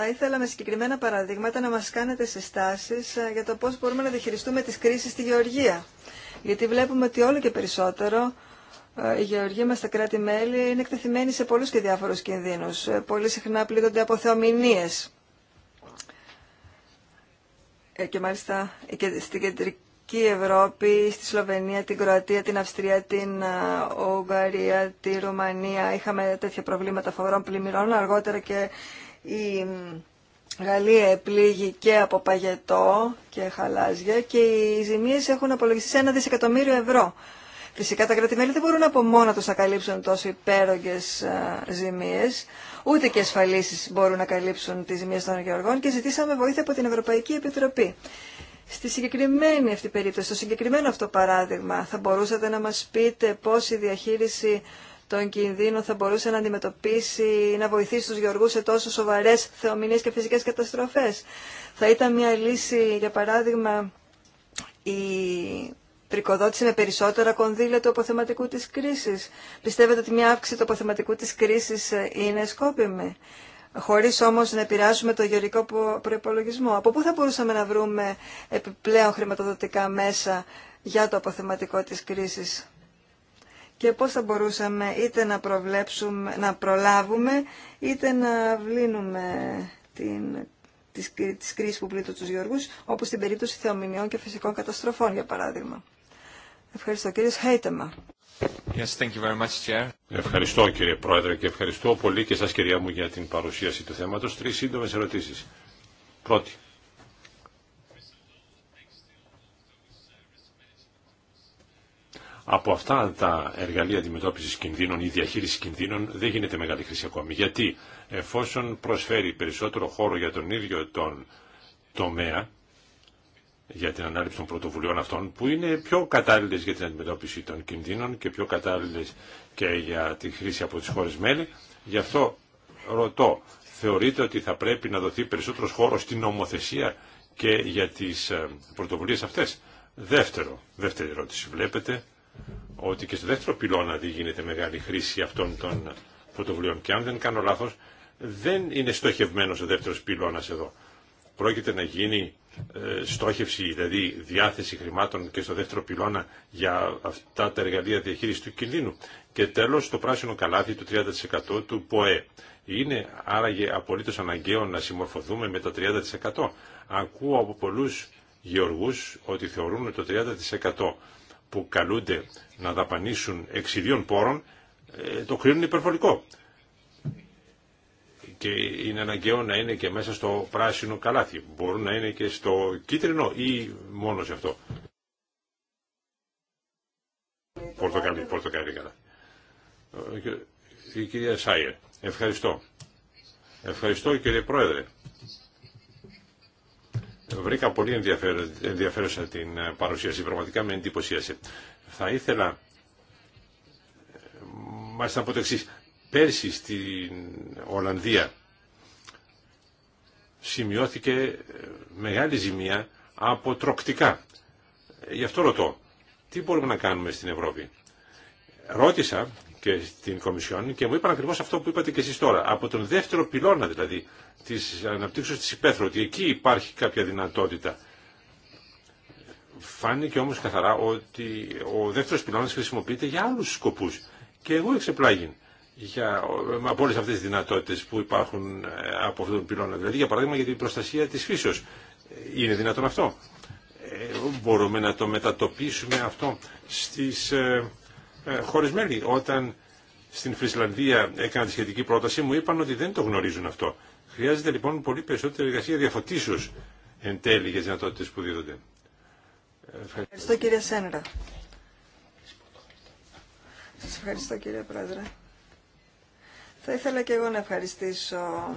Θα ήθελα με συγκεκριμένα παραδείγματα να μας κάνετε συστάσεις ε, για το πώς μπορούμε να διαχειριστούμε τις κρίσεις στη Γεωργία. Γιατί βλέπουμε ότι όλο και περισσότερο ε, η γεωργία μας στα κράτη-μέλη είναι εκτεθειμένη σε πολλούς και διάφορους κινδύνους. Ε, πολύ συχνά πλήττονται από θεομηνίες. Και μάλιστα στην κεντρική Ευρώπη, στη Σλοβενία, την Κροατία, την Αυστρία, την Ουγγαρία, τη Ρουμανία είχαμε τέτοια προβλήματα φοβερών πλημμυρών αργότερα και η Γαλλία επλήγει και από παγετό και χαλάζια και οι ζημίες έχουν απολογιστεί σε ένα δισεκατομμύριο ευρώ. Φυσικά τα κρατημέλη δεν μπορούν από μόνα τους να καλύψουν τόσο υπέρογγες ε, ζημίες, ούτε και ασφαλίσεις μπορούν να καλύψουν τις ζημίες των γεωργών και ζητήσαμε βοήθεια από την Ευρωπαϊκή Επιτροπή. Στη συγκεκριμένη αυτή περίπτωση, στο συγκεκριμένο αυτό παράδειγμα, θα μπορούσατε να μας πείτε πώς η διαχείριση τον κινδύνο θα μπορούσε να αντιμετωπίσει ή να βοηθήσει τους γεωργούς σε τόσο σοβαρές θεομηνίες και φυσικές καταστροφές. Θα ήταν μια λύση, για παράδειγμα, η πρικοδότηση με περισσότερα κονδύλια του αποθεματικού της κρίσης. Πιστεύετε ότι μια αύξηση του αποθεματικού της κρίσης ε, είναι σκόπιμη χωρίς όμως να επηρεάσουμε το γεωρικό προϋπολογισμό. Από πού θα μπορούσαμε να επηρεασουμε το γεωργικο προπολογισμό. επιπλέον χρηματοδοτικά μέσα για το αποθεματικό της κρίσης και πώς θα μπορούσαμε είτε να, προβλέψουμε, να προλάβουμε είτε να βλύνουμε την, τις, τις κρίσεις που πλήττουν τους Γιώργους, όπως στην περίπτωση θεομηνιών και φυσικών καταστροφών, για παράδειγμα. Ευχαριστώ κύριε Χέιτεμα. Yes, thank you very much, Ευχαριστώ κύριε Πρόεδρε και ευχαριστώ πολύ και σας κυρία μου για την παρουσίαση του θέματος. Τρεις σύντομες ερωτήσεις. Πρώτη, Από αυτά τα εργαλεία αντιμετώπισης κινδύνων ή διαχείρισης κινδύνων δεν γίνεται μεγάλη χρήση ακόμη. Γιατί εφόσον προσφέρει περισσότερο χώρο για τον ίδιο τον τομέα, για την ανάληψη των πρωτοβουλειών αυτών, που είναι πιο κατάλληλες για την αντιμετώπιση των κινδύνων και πιο κατάλληλες και για τη χρήση από τις χώρες μέλη. Γι' αυτό ρωτώ, θεωρείτε ότι θα πρέπει να δοθεί περισσότερος χώρο στην νομοθεσία και για τις ε, πρωτοβουλίες αυτές. Δεύτερο, δεύτερη ερώτηση. Βλέπετε ότι και στο δεύτερο πυλώνα δεν γίνεται μεγάλη χρήση αυτών των φωτοβουλίων. Και αν δεν κάνω λάθο, δεν είναι στοχευμένο ο δεύτερο πυλώνα εδώ. Πρόκειται να γίνει ε, στόχευση, δηλαδή διάθεση χρημάτων και στο δεύτερο πυλώνα για αυτά τα εργαλεία διαχείριση του κινδύνου. Και τέλο το πράσινο καλάθι του 30% του ΠΟΕ. Είναι άραγε απολύτως αναγκαίο να συμμορφωθούμε με το 30%. Ακούω από πολλού γεωργού ότι θεωρούν το 30% που καλούνται να δαπανίσουν εξιδίων πόρων ε, το κρίνουν υπερβολικό. Και είναι αναγκαίο να είναι και μέσα στο πράσινο καλάθι. Μπορούν να είναι και στο κίτρινο ή μόνο σε αυτό. Πορτοκαλί, πορτοκαλί καλά. Ε, η κυρία Σάιερ, ευχαριστώ. Ευχαριστώ κύριε Πρόεδρε. Βρήκα πολύ ενδιαφέρουσα την ε, παρουσίαση, πραγματικά με εντυπωσίασε. Θα ήθελα, ε, μας από το εξής, πέρσι στην Ολλανδία σημειώθηκε ε, μεγάλη ζημία από τροκτικά. Γι' αυτό ρωτώ, τι μπορούμε να κάνουμε στην Ευρώπη. Ρώτησα και στην Κομισιόν και μου είπαν ακριβώ αυτό που είπατε και εσεί τώρα. Από τον δεύτερο πυλώνα δηλαδή τη αναπτύξεω τη υπαίθρου, ότι εκεί υπάρχει κάποια δυνατότητα. Φάνηκε όμω καθαρά ότι ο δεύτερο πυλώνα χρησιμοποιείται για άλλου σκοπού. Και εγώ εξεπλάγει για, ε, από όλε αυτέ τι δυνατότητε που υπάρχουν ε, από αυτόν τον πυλώνα. Δηλαδή, για παράδειγμα, για την προστασία τη φύσεω. Είναι δυνατόν αυτό. Ε, μπορούμε να το μετατοπίσουμε αυτό στις, ε, ε, χωρισμένη, Όταν στην Φρισλανδία έκανα τη σχετική πρόταση μου είπαν ότι δεν το γνωρίζουν αυτό. Χρειάζεται λοιπόν πολύ περισσότερη εργασία διαφωτίσεως εν τέλει για τι δυνατότητε που δίδονται. Ευχαριστώ. ευχαριστώ κύριε Σένρα. Σας ευχαριστώ κύριε Πρόεδρε. Θα ήθελα και εγώ να ευχαριστήσω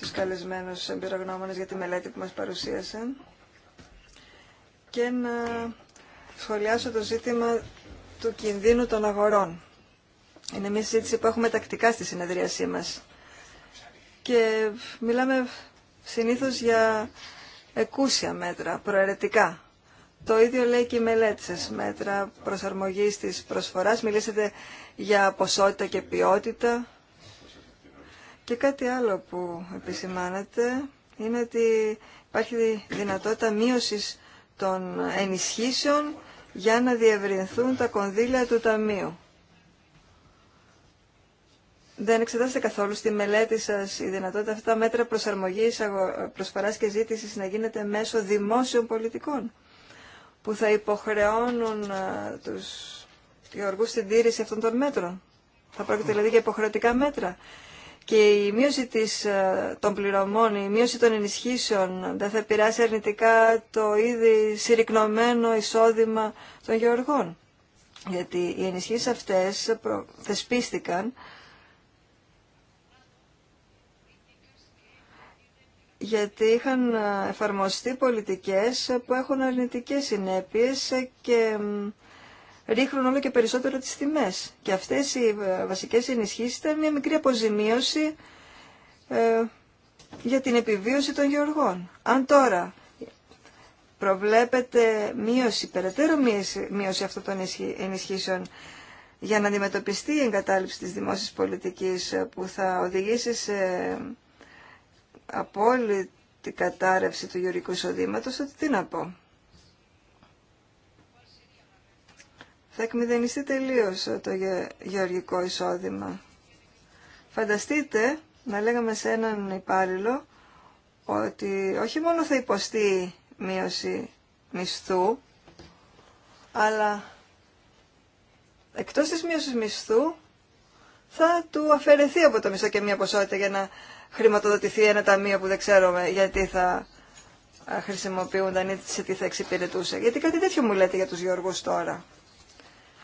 τους καλεσμένους εμπειρογνώμονες για τη μελέτη που μας παρουσίασαν και να σχολιάσω το ζήτημα του κινδύνου των αγορών. Είναι μια συζήτηση που έχουμε τακτικά στη συνεδρίασή μας. Και μιλάμε συνήθως για εκούσια μέτρα, προαιρετικά. Το ίδιο λέει και οι μελέτη μέτρα προσαρμογής της προσφοράς. Μιλήσατε για ποσότητα και ποιότητα. Και κάτι άλλο που επισημάνατε είναι ότι υπάρχει δυνατότητα μείωσης των ενισχύσεων για να διευρυνθούν τα κονδύλια του Ταμείου. Δεν εξετάσετε καθόλου στη μελέτη σας η δυνατότητα αυτά μέτρα προσαρμογής, προσφοράς και ζήτησης να γίνεται μέσω δημόσιων πολιτικών που θα υποχρεώνουν τους γεωργούς στην τήρηση αυτών των μέτρων. Θα πρόκειται δηλαδή για υποχρεωτικά μέτρα και η μείωση της, ε, των πληρωμών, η μείωση των ενισχύσεων δεν θα επηρεάσει αρνητικά το ήδη συρρυκνωμένο εισόδημα των γεωργών. Γιατί οι ενισχύσεις αυτές θεσπίστηκαν γιατί είχαν ε, εφαρμοστεί πολιτικές που έχουν αρνητικές συνέπειες και ρίχνουν όλο και περισσότερο τις τιμές. Και αυτές οι ε, βασικές ενισχύσεις ήταν μια μικρή αποζημίωση ε, για την επιβίωση των γεωργών. Αν τώρα προβλέπεται μείωση, περαιτέρω μείωση, αυτών των ενισχύσεων για να αντιμετωπιστεί η εγκατάλειψη της δημόσιας πολιτικής ε, που θα οδηγήσει σε απόλυτη κατάρρευση του γεωργικού εισοδήματος, ότι τι να πω. θα εκμηδενιστεί τελείως το γεωργικό εισόδημα. Φανταστείτε να λέγαμε σε έναν υπάλληλο ότι όχι μόνο θα υποστεί μείωση μισθού, αλλά εκτός της μείωσης μισθού θα του αφαιρεθεί από το μισθό και μία ποσότητα για να χρηματοδοτηθεί ένα ταμείο που δεν ξέρουμε γιατί θα ε, χρησιμοποιούνταν ή σε τι θα εξυπηρετούσε. Γιατί κάτι τέτοιο μου λέτε για τους Γιώργους τώρα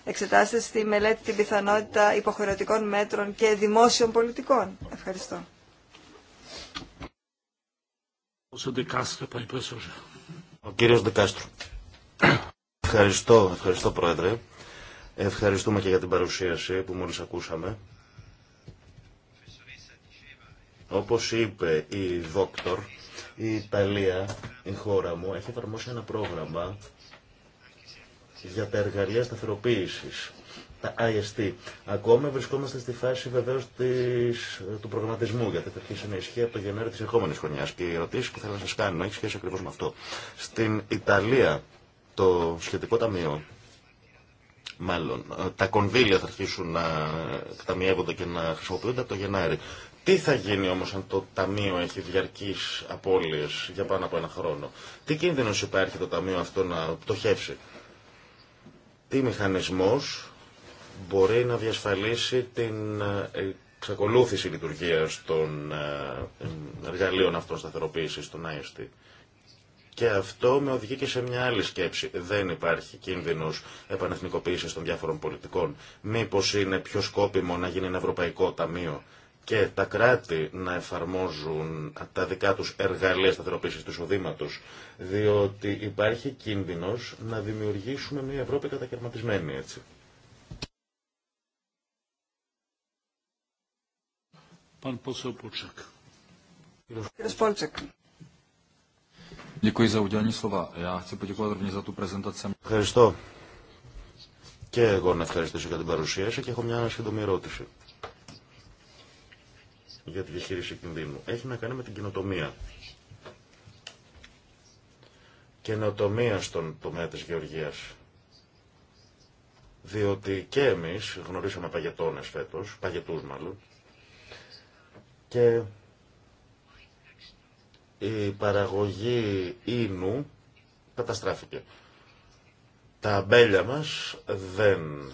εξετάσετε στη μελέτη την πιθανότητα υποχρεωτικών μέτρων και δημόσιων πολιτικών. Ευχαριστώ. Ο κύριος Ευχαριστώ, ευχαριστώ Πρόεδρε. Ευχαριστούμε και για την παρουσίαση που μόλις ακούσαμε. Όπως είπε η Δόκτωρ, η Ιταλία, η χώρα μου, έχει εφαρμόσει ένα πρόγραμμα για τα εργαλεία σταθεροποίηση, τα IST. Ακόμα βρισκόμαστε στη φάση βεβαίω του προγραμματισμού, γιατί θα αρχίσει να ισχύει από το Γενάρη τη Ερχόμενη χρονιά. Και οι ερωτήση που θέλω να σα κάνω έχει σχέση ακριβώ με αυτό. Στην Ιταλία το σχετικό ταμείο μάλλον, τα κονδύλια θα αρχίσουν να ταμιεύονται και να χρησιμοποιούνται από το Γενάρη. Τι θα γίνει όμως αν το Ταμείο έχει διαρκείς απώλειες για πάνω από ένα χρόνο. Τι κίνδυνος υπάρχει το Ταμείο αυτό να πτωχεύσει τι μηχανισμός μπορεί να διασφαλίσει την ε, εξακολούθηση λειτουργίας των ε, εργαλείων αυτών σταθεροποίησης των ΑΕΣΤΗ. Και αυτό με οδηγεί και σε μια άλλη σκέψη. Δεν υπάρχει κίνδυνο επανεθνικοποίηση των διάφορων πολιτικών. Μήπω είναι πιο σκόπιμο να γίνει ένα ευρωπαϊκό ταμείο και τα κράτη να εφαρμόζουν τα δικά τους εργαλεία σταθεροποίησης του εισοδήματο, διότι υπάρχει κίνδυνος να δημιουργήσουμε μια Ευρώπη κατακαιρματισμένη έτσι. Ευχαριστώ. Και εγώ να ευχαριστήσω για την παρουσίαση και έχω μια σύντομη ερώτηση για τη διαχείριση κινδύνου. Έχει να κάνει με την κοινοτομία. Καινοτομία στον τομέα της γεωργίας. Διότι και εμείς γνωρίσαμε παγετώνες φέτος, παγετούς μάλλον, και η παραγωγή ίνου καταστράφηκε. Τα αμπέλια μας δεν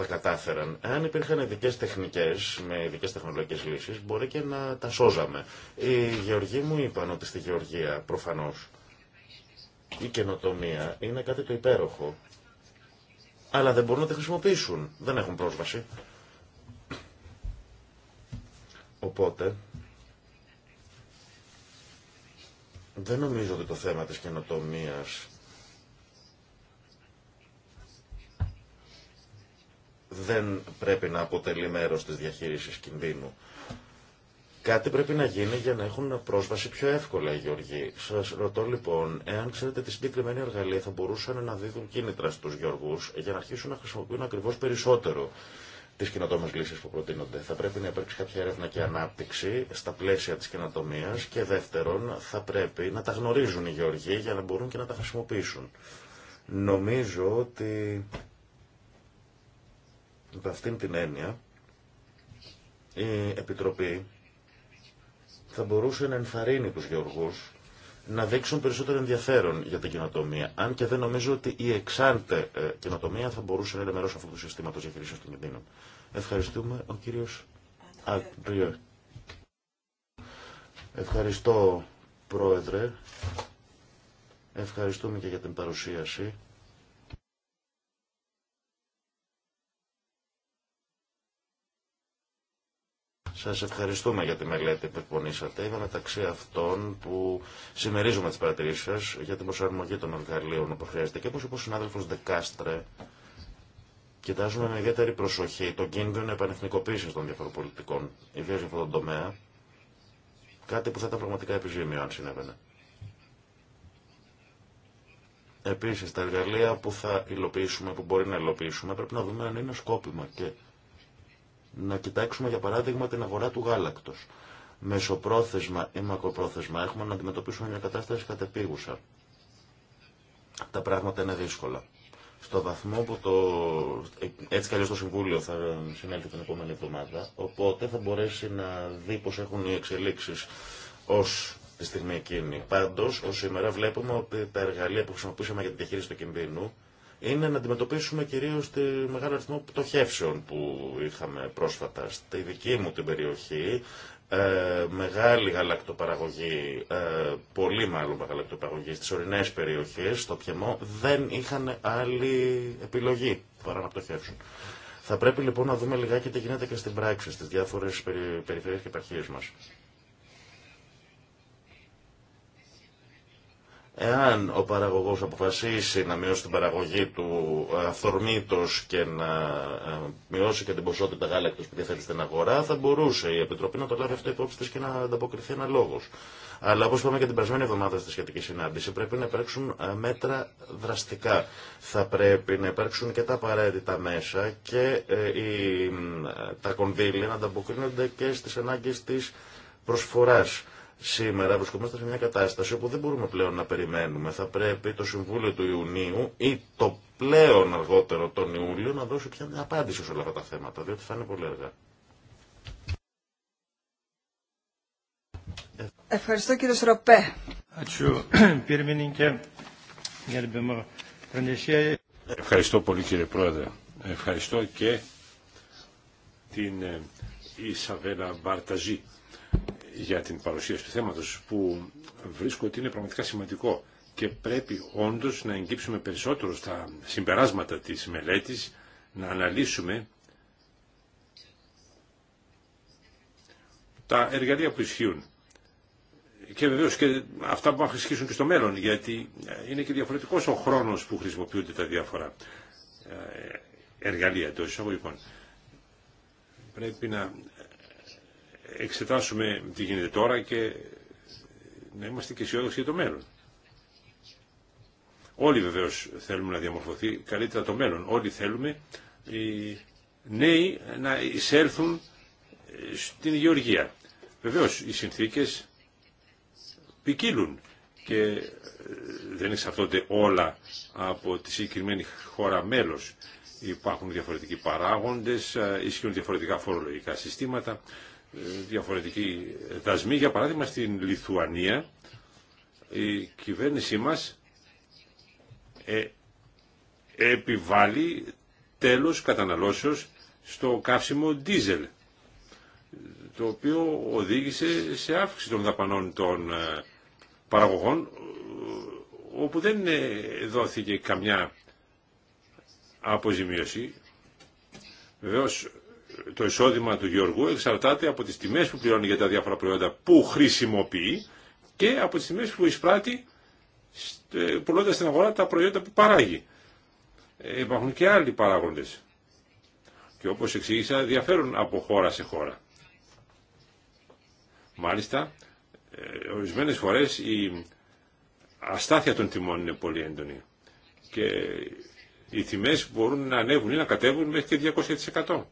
τα κατάφεραν. Αν υπήρχαν ειδικέ τεχνικέ, με ειδικέ τεχνολογικέ λύσει, μπορεί και να τα σώζαμε. Οι γεωργοί μου είπαν ότι στη γεωργία, προφανώ, η καινοτομία είναι κάτι το υπέροχο. Αλλά δεν μπορούν να τη χρησιμοποιήσουν. Δεν έχουν πρόσβαση. Οπότε, δεν νομίζω ότι το θέμα της καινοτομίας δεν πρέπει να αποτελεί μέρος της διαχείρισης κινδύνου. Κάτι πρέπει να γίνει για να έχουν πρόσβαση πιο εύκολα οι Γεωργοί. Σα ρωτώ λοιπόν, εάν ξέρετε τι συγκεκριμένη εργαλεία θα μπορούσαν να δίδουν κίνητρα στου Γεωργού για να αρχίσουν να χρησιμοποιούν ακριβώ περισσότερο τι καινοτόμε λύσει που προτείνονται. Θα πρέπει να υπάρξει κάποια έρευνα και ανάπτυξη στα πλαίσια τη καινοτομία και δεύτερον, θα πρέπει να τα γνωρίζουν οι Γεωργοί για να μπορούν και να τα χρησιμοποιήσουν. Νομίζω ότι με αυτήν την έννοια, η Επιτροπή θα μπορούσε να ενθαρρύνει τους γεωργούς να δείξουν περισσότερο ενδιαφέρον για την κοινοτομία. Αν και δεν νομίζω ότι η εξάντε ε, κοινοτομία θα μπορούσε να είναι μέρο αυτού του συστήματο διαχείριση των κινδύνων. Ευχαριστούμε. Ο κύριο Αντριέ. Ευχαριστώ, Πρόεδρε. Ευχαριστούμε και για την παρουσίαση. Σας ευχαριστούμε για τη μελέτη που εκπονήσατε. Είμαι μεταξύ αυτών που συμμερίζουμε τις παρατηρήσεις σας για την προσαρμογή των εργαλείων που χρειάζεται. Και όπως είπε ο συνάδελφος Δεκάστρε, κοιτάζουμε με ιδιαίτερη προσοχή τον κίνδυνο επανεθνικοποίησης των διαφορών πολιτικών, ιδίως για αυτόν τον τομέα, κάτι που θα ήταν πραγματικά επιζήμιο αν συνέβαινε. Επίσης, τα εργαλεία που θα υλοποιήσουμε, που μπορεί να υλοποιήσουμε, πρέπει να δούμε αν είναι σκόπιμα και να κοιτάξουμε για παράδειγμα την αγορά του γάλακτος. Μεσοπρόθεσμα ή μακροπρόθεσμα έχουμε να αντιμετωπίσουμε μια κατάσταση κατεπίγουσα. Τα πράγματα είναι δύσκολα. Στο βαθμό που το. Έτσι καλώ το Συμβούλιο θα συνέλθει την επόμενη εβδομάδα, οπότε θα μπορέσει να δει πώ έχουν οι εξελίξει ω τη στιγμή εκείνη. Πάντω, ω σήμερα βλέπουμε ότι τα εργαλεία που χρησιμοποιήσαμε για την διαχείριση του κινδύνου είναι να αντιμετωπίσουμε κυρίως τη μεγάλο αριθμό πτωχεύσεων που είχαμε πρόσφατα στη δική μου την περιοχή. Ε, μεγάλη γαλακτοπαραγωγή, ε, πολύ μάλλον γαλακτοπαραγωγή στις ορεινές περιοχές, στο πιεμό, δεν είχαν άλλη επιλογή παρά να πτωχεύσουν. Θα πρέπει λοιπόν να δούμε λιγάκι τι γίνεται και στην πράξη, στις διάφορες περιφερειές και επαρχίες μας. Εάν ο παραγωγός αποφασίσει να μειώσει την παραγωγή του αυθορμήτως και να ε, μειώσει και την ποσότητα γάλακτος που διαθέτει στην αγορά, θα μπορούσε η Επιτροπή να το λάβει αυτό υπόψη της και να ανταποκριθεί ένα λόγος. Αλλά όπως είπαμε και την περασμένη εβδομάδα στη σχετική συνάντηση, πρέπει να υπάρξουν ε, μέτρα δραστικά. Θα πρέπει να υπάρξουν και τα απαραίτητα μέσα και ε, τα κονδύλια να ανταποκρίνονται και στις ανάγκες της προσφοράς Σήμερα βρισκόμαστε σε μια κατάσταση όπου δεν μπορούμε πλέον να περιμένουμε. Θα πρέπει το Συμβούλιο του Ιουνίου ή το πλέον αργότερο τον Ιούλιο να δώσει πια μια απάντηση σε όλα αυτά τα θέματα, διότι θα είναι πολύ αργά. Ευχαριστώ κύριε Σροπέ. [clears throat] Ευχαριστώ πολύ κύριε Πρόεδρε. Ευχαριστώ και την ε, Ισαβέλα Μπαρταζή για την παρουσίαση του θέματος που βρίσκω ότι είναι πραγματικά σημαντικό και πρέπει όντως να εγκύψουμε περισσότερο στα συμπεράσματα της μελέτης, να αναλύσουμε τα εργαλεία που ισχύουν και βεβαίως και αυτά που θα χρησιμοποιήσουν και στο μέλλον γιατί είναι και διαφορετικός ο χρόνος που χρησιμοποιούνται τα διάφορα ε, εργαλεία των εισαγωγικών. Πρέπει να εξετάσουμε τι γίνεται τώρα και να είμαστε και αισιόδοξοι για το μέλλον. Όλοι βεβαίως θέλουμε να διαμορφωθεί καλύτερα το μέλλον. Όλοι θέλουμε οι νέοι να εισέλθουν ε, στην γεωργία. Βεβαίως οι συνθήκες ποικίλουν και ε, δεν εξαρτώνται όλα από τη συγκεκριμένη χώρα μέλος. Υπάρχουν διαφορετικοί παράγοντες, ε, ισχύουν διαφορετικά φορολογικά συστήματα διαφορετική δασμή Για παράδειγμα στην Λιθουανία η κυβέρνησή μας ε, επιβάλλει τέλος καταναλώσεως στο καύσιμο ντίζελ το οποίο οδήγησε σε αύξηση των δαπανών των ε, παραγωγών όπου δεν ε, δόθηκε καμιά αποζημίωση. Βεβαίως το εισόδημα του γεωργού εξαρτάται από τις τιμές που πληρώνει για τα διάφορα προϊόντα που χρησιμοποιεί και από τις τιμές που εισπράττει πουλώντας στην αγορά τα προϊόντα που παράγει. Ε, υπάρχουν και άλλοι παράγοντες. Και όπως εξήγησα διαφέρουν από χώρα σε χώρα. Μάλιστα, ε, ορισμένες φορές η αστάθεια των τιμών είναι πολύ έντονη. Και οι τιμές μπορούν να ανέβουν ή να κατέβουν μέχρι και 200%.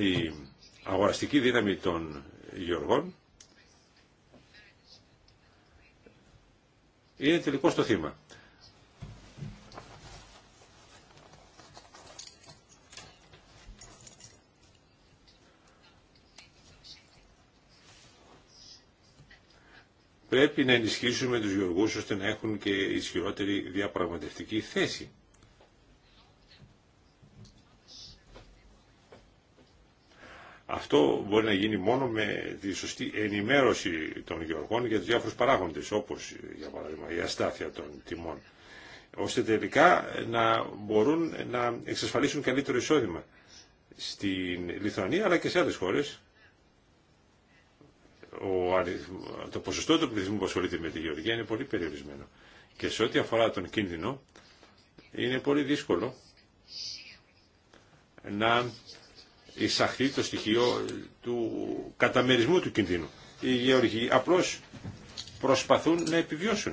η αγοραστική δύναμη των γεωργών είναι τελικό το θύμα. Πρέπει να ενισχύσουμε τους γεωργούς ώστε να έχουν και ισχυρότερη διαπραγματευτική θέση. Αυτό μπορεί να γίνει μόνο με τη σωστή ενημέρωση των γεωργών για τους διάφορους παράγοντες, όπως για παράδειγμα η αστάθεια των τιμών, ώστε τελικά να μπορούν να εξασφαλίσουν καλύτερο εισόδημα στην Λιθουανία αλλά και σε άλλες χώρες. Ο, το ποσοστό του πληθυσμού που ασχολείται με τη γεωργία είναι πολύ περιορισμένο. Και σε ό,τι αφορά τον κίνδυνο, είναι πολύ δύσκολο να εισαχθεί το στοιχείο του καταμερισμού του κινδύνου. Οι γεωργοί απλώς προσπαθούν να επιβιώσουν.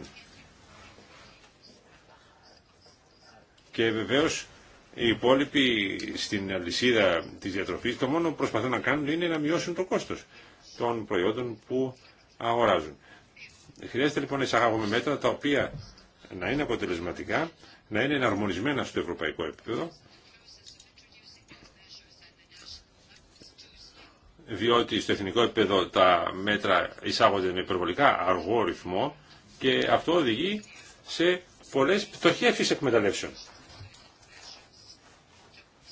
Και βεβαίως οι υπόλοιποι στην αλυσίδα της διατροφής το μόνο που προσπαθούν να κάνουν είναι να μειώσουν το κόστος των προϊόντων που αγοράζουν. Χρειάζεται λοιπόν να εισαγάγουμε μέτρα τα οποία να είναι αποτελεσματικά, να είναι εναρμονισμένα στο ευρωπαϊκό επίπεδο διότι στο εθνικό επίπεδο τα μέτρα εισάγονται με υπερβολικά αργό ρυθμό και αυτό οδηγεί σε πολλές πτωχεύσεις εκμεταλλεύσεων.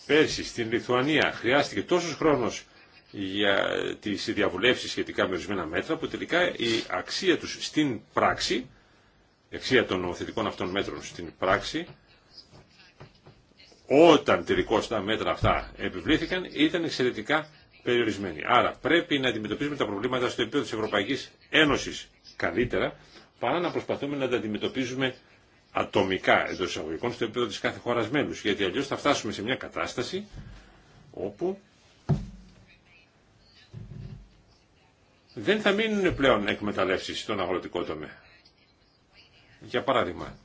Πέρσι στην Λιθουανία χρειάστηκε τόσος χρόνος για τις διαβουλεύσεις σχετικά με ορισμένα μέτρα που τελικά η αξία τους στην πράξη, η αξία των νομοθετικών αυτών μέτρων στην πράξη, όταν τελικώς τα μέτρα αυτά επιβλήθηκαν ήταν εξαιρετικά περιορισμένη. Άρα πρέπει να αντιμετωπίζουμε τα προβλήματα στο επίπεδο της Ευρωπαϊκής Ένωσης καλύτερα, παρά να προσπαθούμε να τα αντιμετωπίζουμε ατομικά εντό εισαγωγικών στο επίπεδο της κάθε χώρας μέλους. Γιατί αλλιώς θα φτάσουμε σε μια κατάσταση όπου δεν θα μείνουν πλέον εκμεταλλεύσεις στον αγροτικό τομέα. Για παράδειγμα,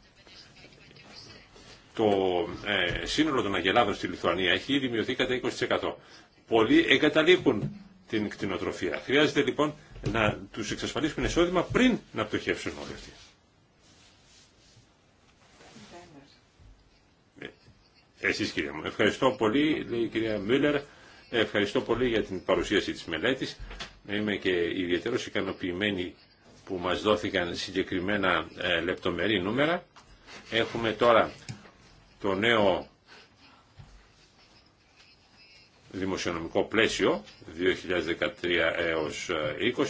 το ε, σύνολο των αγελάδων στη Λιθουανία έχει ήδη μειωθεί κατά 20% πολλοί εγκαταλείπουν την κτηνοτροφία. Χρειάζεται λοιπόν να τους εξασφαλίσουμε εισόδημα πριν να πτωχεύσουν όλοι αυτοί. Ε, εσείς κυρία μου. Ευχαριστώ πολύ, λέει η κυρία Μίλλερ. Ευχαριστώ πολύ για την παρουσίαση της μελέτης. Είμαι και ιδιαίτερο ικανοποιημένη που μας δόθηκαν συγκεκριμένα ε, λεπτομερή νούμερα. Έχουμε τώρα το νέο δημοσιονομικό πλαίσιο 2013 έως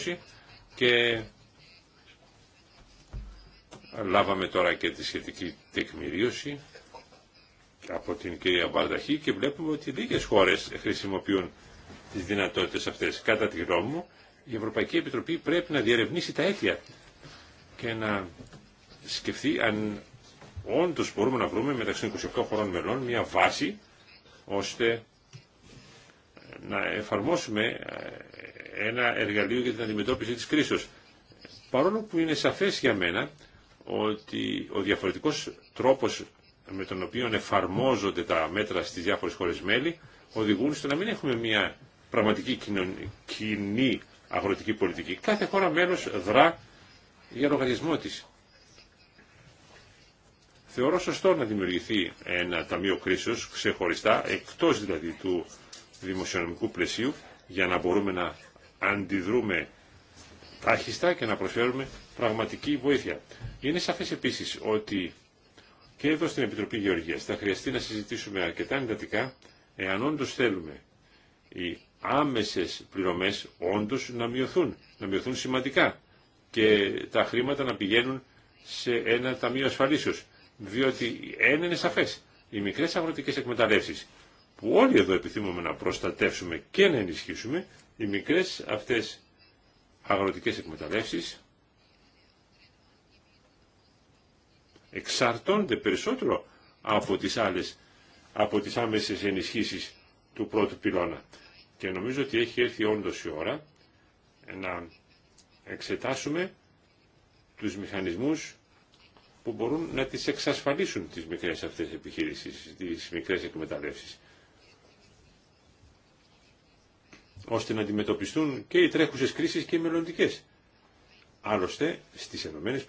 20 και λάβαμε τώρα και τη σχετική τεκμηρίωση από την κυρία Μπαρδαχή και βλέπουμε ότι λίγες χώρες χρησιμοποιούν τις δυνατότητες αυτές. Κατά τη γνώμη μου, η Ευρωπαϊκή Επιτροπή πρέπει να διερευνήσει τα αίτια και να σκεφτεί αν όντως μπορούμε να βρούμε μεταξύ 28 χωρών μελών μια βάση ώστε να εφαρμόσουμε ε, ένα εργαλείο για την αντιμετώπιση της κρίσης. Παρόλο που είναι σαφές για μένα ότι ο διαφορετικός τρόπος με τον οποίο εφαρμόζονται τα μέτρα στις διάφορες χώρες μέλη οδηγούν στο να μην έχουμε μια πραγματική κοινή αγροτική πολιτική. Κάθε χώρα μέλος δρά για λογαριασμό της. Θεωρώ σωστό να δημιουργηθεί ένα ταμείο κρίσεως ξεχωριστά, εκτός δηλαδή του δημοσιονομικού πλαισίου για να μπορούμε να αντιδρούμε τάχιστα και να προσφέρουμε πραγματική βοήθεια. Είναι σαφές επίσης ότι και εδώ στην Επιτροπή Γεωργίας θα χρειαστεί να συζητήσουμε αρκετά εντατικά εάν όντω θέλουμε οι άμεσες πληρωμές όντω να μειωθούν, να μειωθούν σημαντικά και τα χρήματα να πηγαίνουν σε ένα ταμείο ασφαλίσεως. Διότι ένα είναι σαφές, οι μικρές αγροτικές εκμεταλλεύσεις που όλοι εδώ επιθυμούμε να προστατεύσουμε και να ενισχύσουμε, οι μικρές αυτές αγροτικές εκμεταλλεύσεις εξαρτώνται περισσότερο από τις άλλες, από τις άμεσες ενισχύσεις του πρώτου πυλώνα. Και νομίζω ότι έχει έρθει όντως η ώρα να εξετάσουμε τους μηχανισμούς που μπορούν να τις εξασφαλίσουν τις μικρές αυτές επιχείρησεις, τις μικρές εκμεταλλεύσεις. ώστε να αντιμετωπιστούν και οι τρέχουσες κρίσεις και οι μελλοντικές. Άλλωστε, στις ΗΠΑ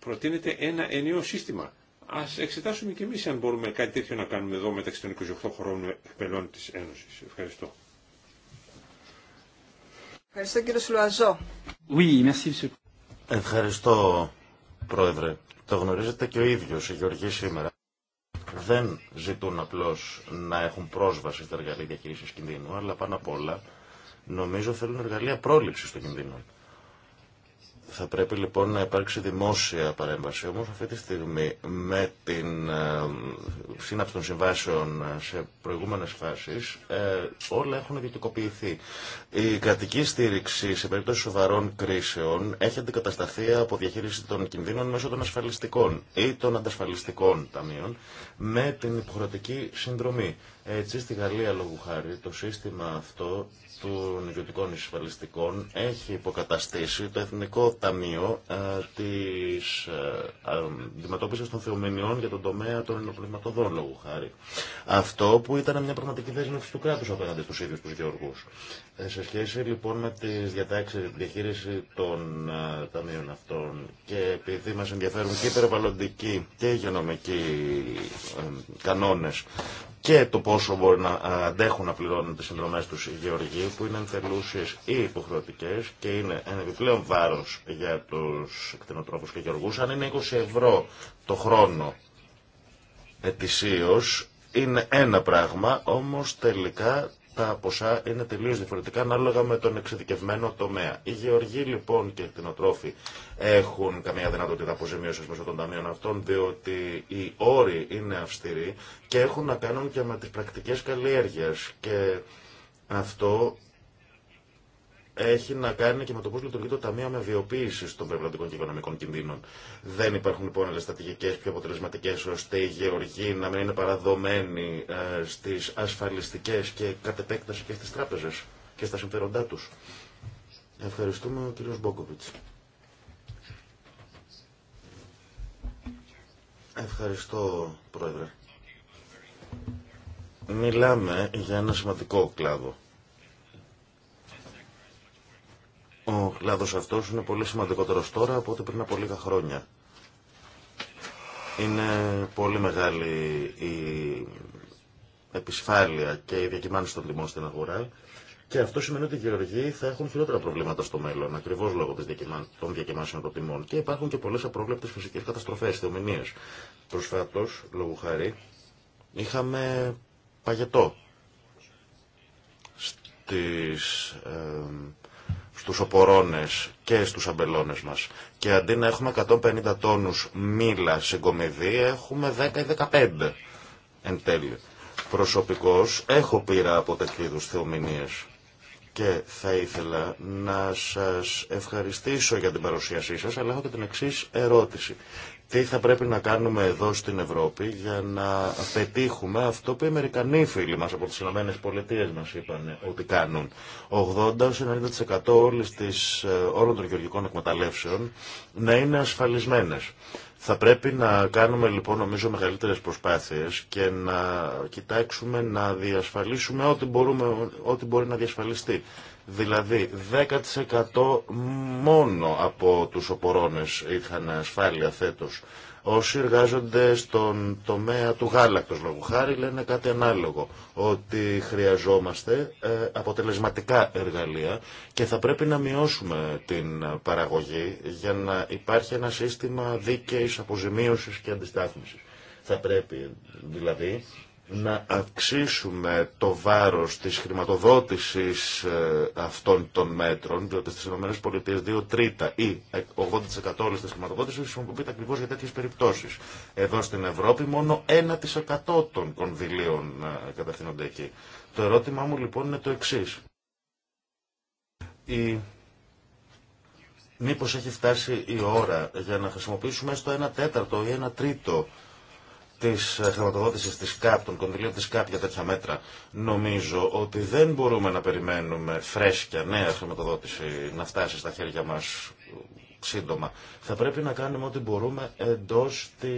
προτείνεται ένα ενιαίο σύστημα. Ας εξετάσουμε και εμείς αν μπορούμε κάτι τέτοιο να κάνουμε εδώ μεταξύ των 28 χωρών μελών της Ένωσης. Ευχαριστώ. Ευχαριστώ κύριο Σουλουαζό. Oui, merci, Ευχαριστώ πρόεδρε. Το γνωρίζετε και ο ίδιος η Γεωργή σήμερα δεν ζητούν απλώς να έχουν πρόσβαση στα εργαλεία διαχείρισης κινδύνου, αλλά πάνω απ' όλα νομίζω θέλουν εργαλεία πρόληψης των κινδύνων. Θα πρέπει λοιπόν να υπάρξει δημόσια παρέμβαση. Όμω αυτή τη στιγμή με την ε, σύναψη των συμβάσεων σε προηγούμενε φάσει ε, όλα έχουν ιδιωτικοποιηθεί. Η κρατική στήριξη σε περίπτωση σοβαρών κρίσεων έχει αντικατασταθεί από διαχείριση των κινδύνων μέσω των ασφαλιστικών ή των αντασφαλιστικών ταμείων με την υποχρεωτική συνδρομή. Έτσι στη Γαλλία λόγου χάρη το σύστημα αυτό των ιδιωτικών εισφαλιστικών έχει υποκαταστήσει το Εθνικό Ταμείο ε, της ε, ε, αντιμετώπισης των θεομηνιών για τον τομέα των ενοπληματοδών, λόγου χάρη. Αυτό που ήταν μια πραγματική δέσμευση του κράτους απέναντι στους ίδιους τους γεωργούς. Ε, σε σχέση λοιπόν με τι διατάξει διαχείριση των ε, ταμείων αυτών και επειδή μα ενδιαφέρουν και οι περιβαλλοντικοί και οι υγειονομικοί ε, κανόνες κανόνε και το πόσο μπορεί να αντέχουν να πληρώνουν τι συνδρομέ του οι γεωργοί που είναι ενθελούσιε ή υποχρεωτικέ και είναι ένα επιπλέον βάρο για του κτηνοτρόφου και γεωργού, αν είναι 20 ευρώ το χρόνο ετησίω είναι ένα πράγμα, όμως τελικά τα ποσά είναι τελείω διαφορετικά ανάλογα με τον εξειδικευμένο τομέα. Οι γεωργοί λοιπόν και οι κτηνοτρόφοι έχουν καμία δυνατότητα αποζημίωση μέσω των ταμείων αυτών, διότι οι όροι είναι αυστηροί και έχουν να κάνουν και με τι πρακτικέ καλλιέργειε. Και αυτό έχει να κάνει και με το πώ λειτουργεί το Ταμείο Αμεβιοποίηση των Περιβαλλοντικών και Οικονομικών Κινδύνων. Δεν υπάρχουν λοιπόν άλλε στρατηγικέ πιο αποτελεσματικέ ώστε οι γεωργοί να μην είναι παραδομένοι ε, στι ασφαλιστικέ και κατ' επέκταση και στι τράπεζε και στα συμφέροντά του. Ευχαριστούμε ο κύριος Μπόκοβιτς. Ευχαριστώ, Πρόεδρε. Μιλάμε για ένα σημαντικό κλάδο Ο κλάδο αυτό είναι πολύ σημαντικότερο τώρα από ό,τι πριν από λίγα χρόνια. Είναι πολύ μεγάλη η επισφάλεια και η διακυμάνωση των τιμών στην αγορά και αυτό σημαίνει ότι οι γεωργοί θα έχουν χειρότερα προβλήματα στο μέλλον, ακριβώ λόγω των διακυμάνσεων των τιμών. Και υπάρχουν και πολλέ απρόβλεπτε φυσικέ καταστροφέ, θεομηνίε. Προσφάτω, λόγω χάρη, είχαμε παγετό στις, ε, στους οπορώνες και στους αμπελώνες μας. Και αντί να έχουμε 150 τόνους μήλα σε κομιδή, έχουμε 10 ή 15 εν τέλει. Προσωπικώς έχω πείρα από τέτοιου είδους θεομηνίες. Και θα ήθελα να σας ευχαριστήσω για την παρουσίασή σας, αλλά έχω και την εξής ερώτηση τι θα πρέπει να κάνουμε εδώ στην Ευρώπη για να πετύχουμε αυτό που οι Αμερικανοί φίλοι μας από τις ΗΠΑ Πολιτείες μας είπαν ότι κάνουν. 80-90% όλη ε, όλων των γεωργικών εκμεταλλεύσεων να είναι ασφαλισμένες. Θα πρέπει να κάνουμε λοιπόν νομίζω μεγαλύτερες προσπάθειες και να κοιτάξουμε να διασφαλίσουμε ό,τι μπορεί να διασφαλιστεί Δηλαδή 10% μόνο από τους οπορώνες είχαν ασφάλεια θέτος. Όσοι εργάζονται στον τομέα του γάλακτος λόγου χάρη λένε κάτι ανάλογο, ότι χρειαζόμαστε ε, αποτελεσματικά εργαλεία και θα πρέπει να μειώσουμε την παραγωγή για να υπάρχει ένα σύστημα δίκαιης αποζημίωσης και αντιστάθμισης. Θα πρέπει δηλαδή να αυξήσουμε το βάρος της χρηματοδότησης ε, αυτών των μέτρων, διότι στις ΗΠΑ 2 τρίτα ή 80% όλης της χρηματοδότησης χρησιμοποιείται ακριβώ για τέτοιες περιπτώσεις. Εδώ στην Ευρώπη μόνο 1% των κονδυλίων ε, κατευθύνονται εκεί. Το ερώτημά μου λοιπόν είναι το εξής. Η... Μήπως έχει φτάσει η ώρα για να χρησιμοποιήσουμε στο 1 τέταρτο ή 1 τρίτο τη χρηματοδότηση τη ΚΑΠ, των κονδυλίων τη ΚΑΠ για τέτοια μέτρα, νομίζω ότι δεν μπορούμε να περιμένουμε φρέσκια νέα χρηματοδότηση να φτάσει στα χέρια μα σύντομα. Θα πρέπει να κάνουμε ό,τι μπορούμε εντό τη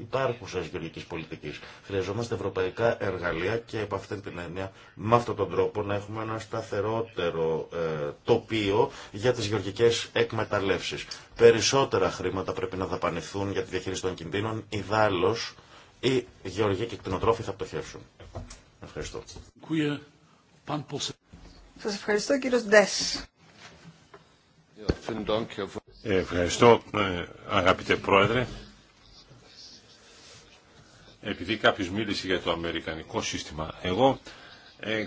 υπάρχουσα γεωργική πολιτική. Χρειαζόμαστε ευρωπαϊκά εργαλεία και από αυτή την έννοια, με αυτόν τον τρόπο, να έχουμε ένα σταθερότερο ε, τοπίο για τι γεωργικέ εκμεταλλεύσει. Περισσότερα χρήματα πρέπει να δαπανηθούν για τη διαχείριση των κινδύνων, ιδάλω οι γεωργοί και οι κτηνοτρόφοι θα πτωχεύσουν. Ευχαριστώ. Σας ευχαριστώ κύριος Ντέ. Ευχαριστώ ε, αγαπητέ πρόεδρε. Επειδή κάποιος μίλησε για το αμερικανικό σύστημα, εγώ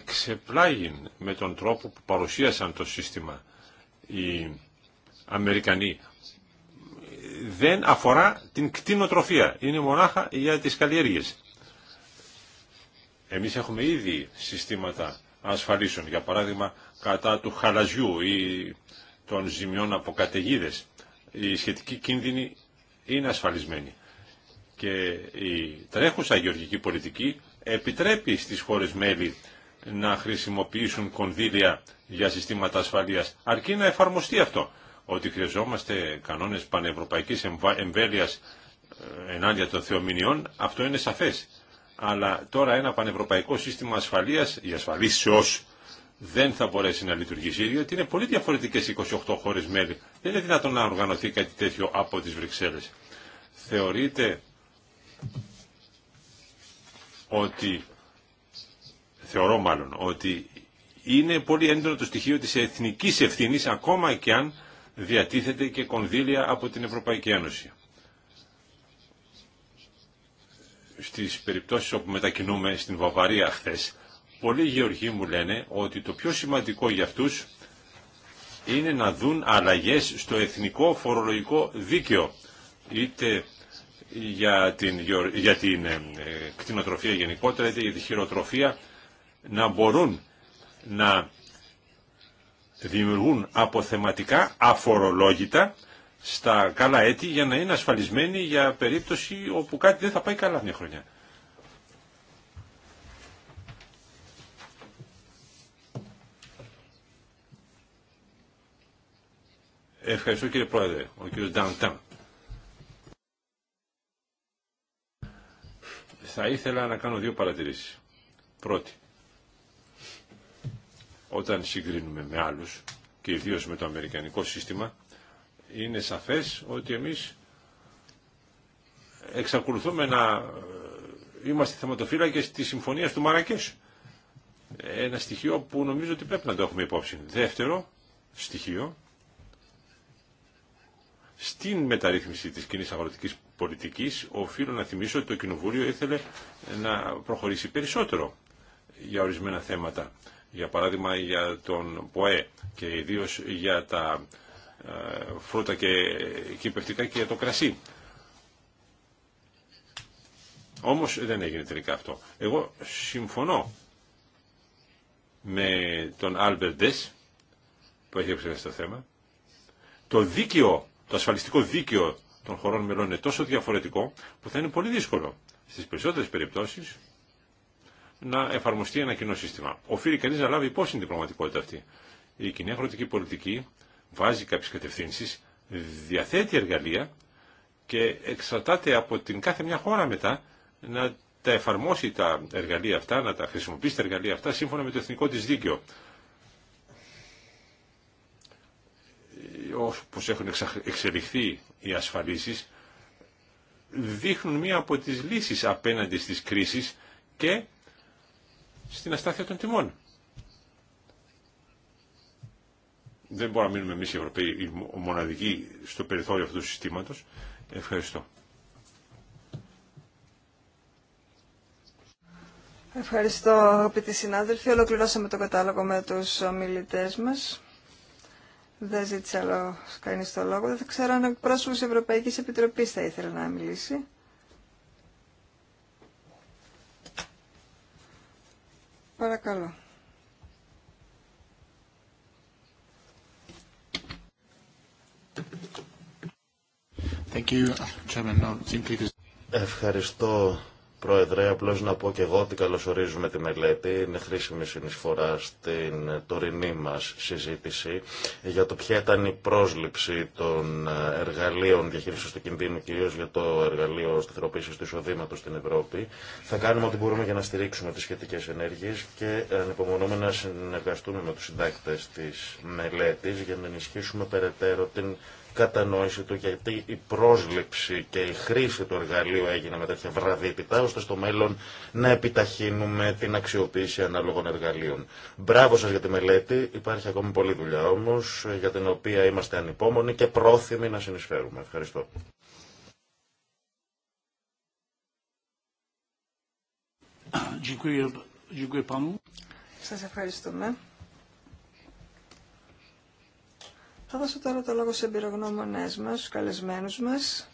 ξεπλάγει με τον τρόπο που παρουσίασαν το σύστημα οι Αμερικανοί δεν αφορά την κτηνοτροφία. Είναι μονάχα για τις καλλιέργειες. Εμείς έχουμε ήδη συστήματα ασφαλίσεων, για παράδειγμα κατά του χαλαζιού ή των ζημιών από καταιγίδε. Οι είναι είναι ασφαλισμενη Και η τρέχουσα γεωργική πολιτική επιτρέπει στις χώρες μέλη να χρησιμοποιήσουν κονδύλια για συστήματα ασφαλείας, αρκεί να εφαρμοστεί αυτό ότι χρειαζόμαστε κανόνες πανευρωπαϊκής εμβέλειας ε, ενάντια των θεομηνιών, αυτό είναι σαφές. Αλλά τώρα ένα πανευρωπαϊκό σύστημα ασφαλείας, η ασφαλίσεως, δεν θα μπορέσει να λειτουργήσει, διότι είναι πολύ διαφορετικές 28 χώρες μέλη. Δεν είναι δυνατόν να οργανωθεί κάτι τέτοιο από τις Βρυξέλλες. Θεωρείτε ότι, θεωρώ μάλλον, ότι είναι πολύ έντονο το στοιχείο της εθνικής ευθύνης, ακόμα και αν διατίθεται και κονδύλια από την Ευρωπαϊκή Ένωση. Στις περιπτώσεις όπου μετακινούμε στην Βαβαρία χθες, πολλοί γεωργοί μου λένε ότι το πιο σημαντικό για αυτούς είναι να δουν αλλαγές στο εθνικό φορολογικό δίκαιο, είτε για την, για την ε, κτηνοτροφία γενικότερα, είτε για τη χειροτροφία, να μπορούν να δημιουργούν αποθεματικά αφορολόγητα στα καλά έτη για να είναι ασφαλισμένοι για περίπτωση όπου κάτι δεν θα πάει καλά μια χρονιά. Ευχαριστώ κύριε Πρόεδρε, ο κύριος Νταουντάμ. Θα ήθελα να κάνω δύο παρατηρήσεις. Πρώτη όταν συγκρίνουμε με άλλους και ιδίως με το αμερικανικό σύστημα, είναι σαφές ότι εμείς εξακολουθούμε να ε, είμαστε θεματοφύλακες της συμφωνίας του Μαρακές. Ένα στοιχείο που νομίζω ότι πρέπει να το έχουμε υπόψη. Δεύτερο στοιχείο, στην μεταρρύθμιση της κοινή αγροτικής πολιτικής, οφείλω να θυμίσω ότι το Κοινοβούλιο ήθελε να προχωρήσει περισσότερο για ορισμένα θέματα για παράδειγμα για τον ΠΟΕ και ιδίω για τα ε, φρούτα και κυπευτικά και για το κρασί. Όμως δεν έγινε τελικά αυτό. Εγώ συμφωνώ με τον Άλμπερντες που έχει εξετάσει το θέμα. Το δίκαιο, το ασφαλιστικό δίκαιο των χωρών μελών είναι τόσο διαφορετικό που θα είναι πολύ δύσκολο στις περισσότερες περιπτώσεις να εφαρμοστεί ένα κοινό σύστημα. Οφείλει κανεί να λάβει υπόψη την διπλωματικότητα αυτή. Η κοινή αγροτική πολιτική βάζει κάποιε κατευθύνσει, διαθέτει εργαλεία και εξαρτάται από την κάθε μια χώρα μετά να τα εφαρμόσει τα εργαλεία αυτά, να τα χρησιμοποιήσει τα εργαλεία αυτά σύμφωνα με το εθνικό τη δίκαιο. Όπω έχουν εξελιχθεί οι ασφαλίσει, δείχνουν μία από τι λύσει απέναντι στι κρίσει και στην αστάθεια των τιμών. Δεν μπορούμε να μείνουμε εμεί οι Ευρωπαίοι οι μοναδικοί στο περιθώριο αυτού του συστήματος. Ευχαριστώ. Ευχαριστώ αγαπητοί συνάδελφοι. Ολοκληρώσαμε το κατάλογο με τους ομιλητέ μας. Δεν ζήτησε άλλο κανεί το λόγο. Δεν θα ξέρω αν ο εκπρόσωπο Ευρωπαϊκή Επιτροπή θα ήθελε να μιλήσει. Παρακαλώ. Thank you, Chairman. No, simply... Ευχαριστώ, Πρόεδρε, απλώ να πω και εγώ ότι καλωσορίζουμε τη μελέτη. Είναι χρήσιμη συνεισφορά στην τωρινή μα συζήτηση για το ποια ήταν η πρόσληψη των εργαλείων διαχείριση του κινδύνου, κυρίω για το εργαλείο σταθεροποίηση του εισοδήματο στην Ευρώπη. Θα κάνουμε ό,τι μπορούμε για να στηρίξουμε τι σχετικέ ενέργειε και ανυπομονούμε να συνεργαστούμε με του συντάκτε τη μελέτη για να ενισχύσουμε περαιτέρω την κατανόηση του γιατί η πρόσληψη και η χρήση του εργαλείου έγινε με τέτοια βραδύτητα, ώστε στο μέλλον να επιταχύνουμε την αξιοποίηση ανάλογων εργαλείων. Μπράβο σας για τη μελέτη, υπάρχει ακόμη πολλή δουλειά όμως, για την οποία είμαστε ανυπόμονοι και πρόθυμοι να συνεισφέρουμε. Ευχαριστώ. Σας ευχαριστούμε. Θα δώσω τώρα το λόγο σε εμπειρογνώμονές μας, στους καλεσμένους μας,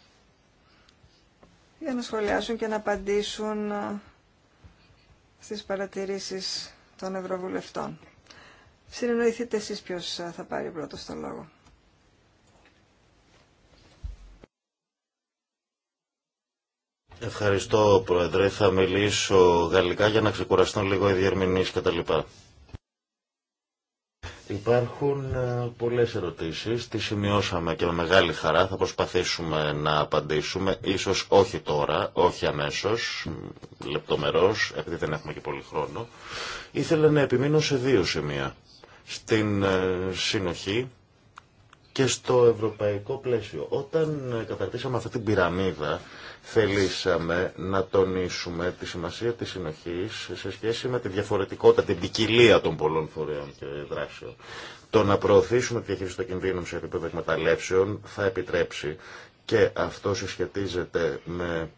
για να σχολιάσουν και να απαντήσουν ε, στις παρατηρήσεις των Ευρωβουλευτών. Συνεννοηθείτε εσείς ποιος ε, θα πάρει πρώτο το λόγο. Ευχαριστώ, Πρόεδρε. Θα μιλήσω γαλλικά για να ξεκουραστούν λίγο οι διερμηνείς και Υπάρχουν ε, πολλές ερωτήσεις, τις σημειώσαμε και με μεγάλη χαρά, θα προσπαθήσουμε να απαντήσουμε, ίσως όχι τώρα, όχι αμέσως, λεπτομερώς, επειδή δεν έχουμε και πολύ χρόνο. Ήθελα να επιμείνω σε δύο σημεία, στην ε, συνοχή και στο ευρωπαϊκό πλαίσιο. Όταν ε, καταρτήσαμε αυτή την πυραμίδα, θελήσαμε να τονίσουμε τη σημασία της συνοχής σε σχέση με τη διαφορετικότητα, την ποικιλία των πολλών φορέων και δράσεων. Το να προωθήσουμε τη διαχείριση των κινδύνων σε επίπεδο εκμεταλλεύσεων θα επιτρέψει και αυτό συσχετίζεται με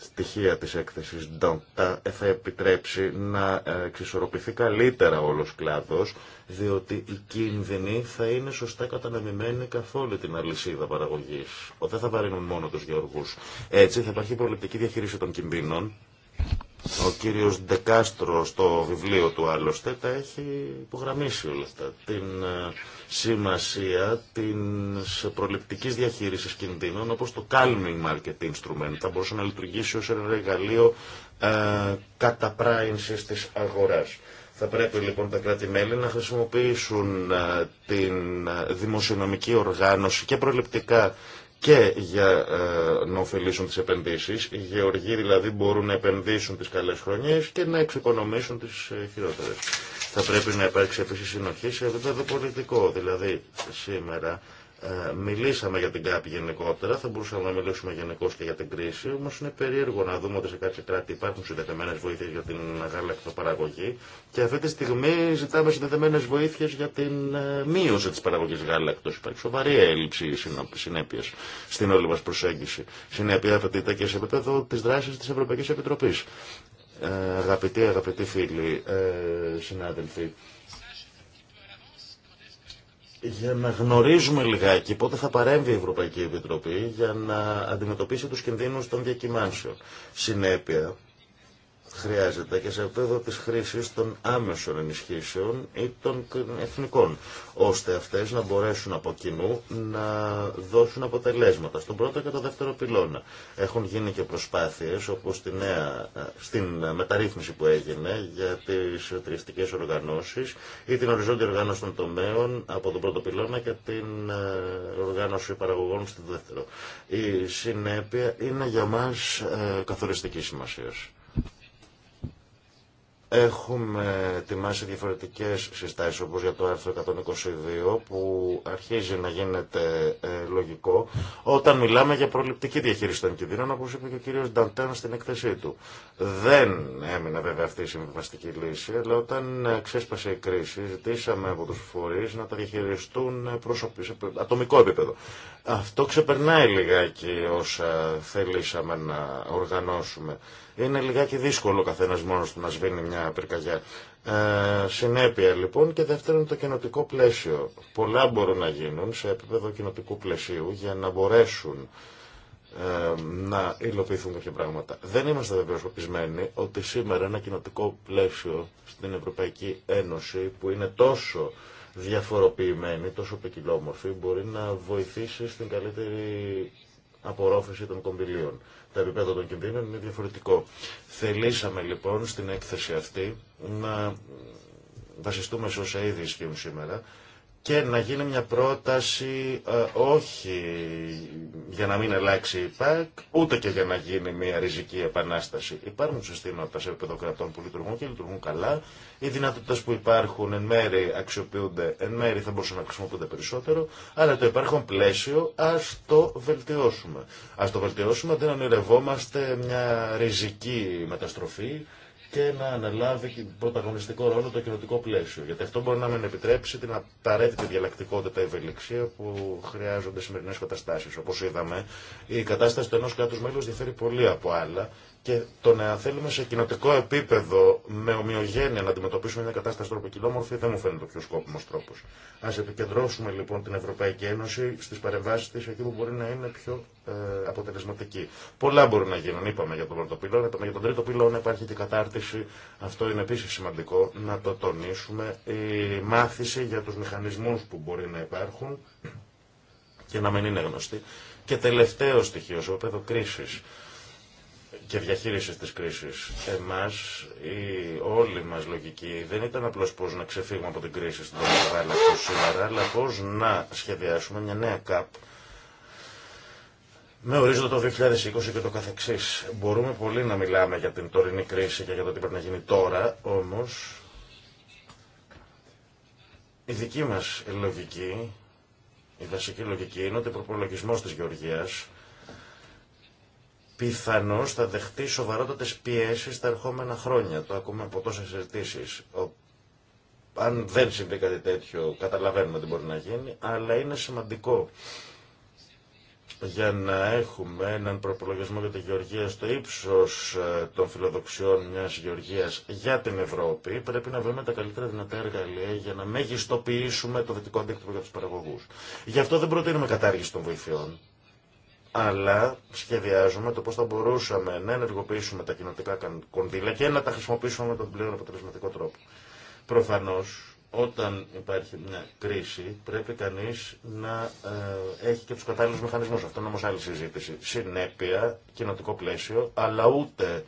στοιχεία της έκθεσης Ντόντα θα επιτρέψει να εξισορροπηθεί καλύτερα όλος κλάδος διότι οι κίνδυνοι θα είναι σωστά κατανεμημένοι καθ' όλη την αλυσίδα παραγωγή. Δεν θα βαρύνουν μόνο του γεωργού. Έτσι θα υπάρχει προληπτική διαχείριση των κινδύνων. Ο κύριο Ντεκάστρο στο βιβλίο του άλλωστε τα έχει υπογραμμίσει όλα αυτά. Την ε, σημασία τη προληπτική διαχείριση κινδύνων όπω το calming market instrument θα μπορούσε να λειτουργήσει ω ένα εργαλείο ε, καταπράινση τη αγορά. Θα πρέπει λοιπόν τα κράτη-μέλη να χρησιμοποιήσουν την δημοσιονομική οργάνωση και προληπτικά και για να ωφελήσουν τις επενδύσεις. Οι γεωργοί δηλαδή μπορούν να επενδύσουν τις καλές χρονιές και να εξοικονομήσουν τις ε, χειρότερες. Θα πρέπει να υπάρξει επίσης συνοχή σε επίπεδο πολιτικό. Δηλαδή σήμερα ε, μιλήσαμε για την ΚΑΠ γενικότερα, θα μπορούσαμε να μιλήσουμε γενικώ και για την κρίση, όμω είναι περίεργο να δούμε ότι σε κάποια κράτη υπάρχουν συνδεδεμένε βοήθειε για την γάλακτοπαραγωγή και αυτή τη στιγμή ζητάμε συνδεδεμένε βοήθειε για την ε, μείωση τη παραγωγή γάλακτο. Υπάρχει σοβαρή έλλειψη συνέπεια στην όλη μα προσέγγιση. Συνέπεια απαιτείται και σε επίπεδο τη δράση τη Ευρωπαϊκή Επιτροπή. Ε, αγαπητοί, αγαπητοί φίλοι, ε, συνάδελφοι, για να γνωρίζουμε λιγάκι πότε θα παρέμβει η Ευρωπαϊκή Επιτροπή για να αντιμετωπίσει τους κινδύνους των διακυμάνσεων. Συνέπεια, χρειάζεται και σε επίπεδο της χρήσης των άμεσων ενισχύσεων ή των εθνικών, ώστε αυτές να μπορέσουν από κοινού να δώσουν αποτελέσματα στον πρώτο και το δεύτερο πυλώνα. Έχουν γίνει και προσπάθειες όπως στη στην μεταρρύθμιση που έγινε για τις τριστικέ οργανώσεις ή την οριζόντια οργάνωση των τομέων από τον πρώτο πυλώνα και την ε, οργάνωση παραγωγών στο δεύτερο. Η συνέπεια είναι για μας ε, καθοριστική σημασίας. Έχουμε ετοιμάσει διαφορετικές συστάσεις όπως για το άρθρο 122 που αρχίζει να γίνεται ε, λογικό όταν μιλάμε για προληπτική διαχείριση των κινδύνων όπως είπε και ο κύριος Νταντέν στην έκθεσή του. Δεν έμεινε βέβαια αυτή η συμβιβαστική λύση αλλά όταν ε, ξέσπασε η κρίση ζητήσαμε από τους φορείς να τα διαχειριστούν ε, προσωπικά σε ατομικό επίπεδο. Αυτό ξεπερνάει λιγάκι όσα θελήσαμε να οργανώσουμε. Είναι λιγάκι δύσκολο ο καθένα μόνο του να σβήνει μια πυρκαγιά. Ε, συνέπεια λοιπόν και δεύτερον το κοινοτικό πλαίσιο. Πολλά μπορούν να γίνουν σε επίπεδο κοινοτικού πλαισίου για να μπορέσουν ε, να υλοποιηθούν κάποια πράγματα. Δεν είμαστε βεβαίω ότι σήμερα ένα κοινοτικό πλαίσιο στην Ευρωπαϊκή Ένωση που είναι τόσο διαφοροποιημένη, τόσο ποικιλόμορφη, μπορεί να βοηθήσει στην καλύτερη απορρόφηση των κομπηλίων. Τα επίπεδα των κινδύνων είναι διαφορετικό. Θελήσαμε λοιπόν στην έκθεση αυτή να βασιστούμε σε όσα ήδη ισχύουν σήμερα και να γίνει μια πρόταση ε, όχι για να μην αλλάξει η ΠΑΚ, ούτε και για να γίνει μια ριζική επανάσταση. Υπάρχουν συστήματα σε επίπεδο κρατών που λειτουργούν και λειτουργούν καλά. Οι δυνατότητε που υπάρχουν εν μέρη αξιοποιούνται, εν μέρη θα μπορούσαν να χρησιμοποιούνται περισσότερο, αλλά το υπάρχον πλαίσιο α το βελτιώσουμε. Α το βελτιώσουμε αντί να ονειρευόμαστε μια ριζική μεταστροφή και να αναλάβει πρωταγωνιστικό ρόλο το κοινωτικό πλαίσιο. Γιατί αυτό μπορεί να μην επιτρέψει την απαραίτητη διαλλακτικότητα ευελιξία που χρειάζονται σημερινέ καταστάσει. Όπω είδαμε, η κατάσταση του ενό κράτου μέλου διαφέρει πολύ από άλλα και το να θέλουμε σε κοινοτικό επίπεδο με ομοιογένεια να αντιμετωπίσουμε μια κατάσταση τροποκυλόμορφη δεν μου φαίνεται ο πιο σκόπιμο τρόπο. Α επικεντρώσουμε λοιπόν την Ευρωπαϊκή Ένωση στι παρεμβάσει τη εκεί που μπορεί να είναι πιο ε, αποτελεσματική. Πολλά μπορούν να γίνουν. Είπαμε για τον πρώτο πυλώνα, είπαμε για τον τρίτο πυλώνα, υπάρχει και κατάρτιση. Αυτό είναι επίση σημαντικό να το τονίσουμε. Η μάθηση για του μηχανισμού που μπορεί να υπάρχουν και να μην είναι γνωστοί. Και τελευταίο στοιχείο, σε επίπεδο κρίση και διαχείριση τη κρίση Εμάς, η όλη μας λογική δεν ήταν απλώ πώ να ξεφύγουμε από την κρίση στην Ελλάδα σήμερα, αλλά πώ να σχεδιάσουμε μια νέα ΚΑΠ με ορίζοντα το 2020 και το καθεξής. Μπορούμε πολύ να μιλάμε για την τωρινή κρίση και για το τι πρέπει να γίνει τώρα, όμως η δική μας λογική, η βασική λογική είναι ότι ο προπολογισμό τη Γεωργίας πιθανώ θα δεχτεί σοβαρότατε πιέσει τα ερχόμενα χρόνια. Το ακούμε από τόσε συζητήσει. Αν δεν συμβεί κάτι τέτοιο, καταλαβαίνουμε τι μπορεί να γίνει, αλλά είναι σημαντικό για να έχουμε έναν προπολογισμό για τη γεωργία στο ύψο ε, των φιλοδοξιών μια Γεωργία για την Ευρώπη, πρέπει να βρούμε τα καλύτερα δυνατά εργαλεία για να μεγιστοποιήσουμε το δυτικό αντίκτυπο για του παραγωγού. Γι' αυτό δεν προτείνουμε κατάργηση των βοηθειών αλλά σχεδιάζουμε το πώς θα μπορούσαμε να ενεργοποιήσουμε τα κοινοτικά κονδύλια και να τα χρησιμοποιήσουμε με τον πλέον αποτελεσματικό τρόπο. Προφανώς, όταν υπάρχει μια κρίση, πρέπει κανείς να ε, έχει και τους κατάλληλους μηχανισμούς. Αυτό είναι όμως άλλη συζήτηση. Συνέπεια, κοινοτικό πλαίσιο, αλλά ούτε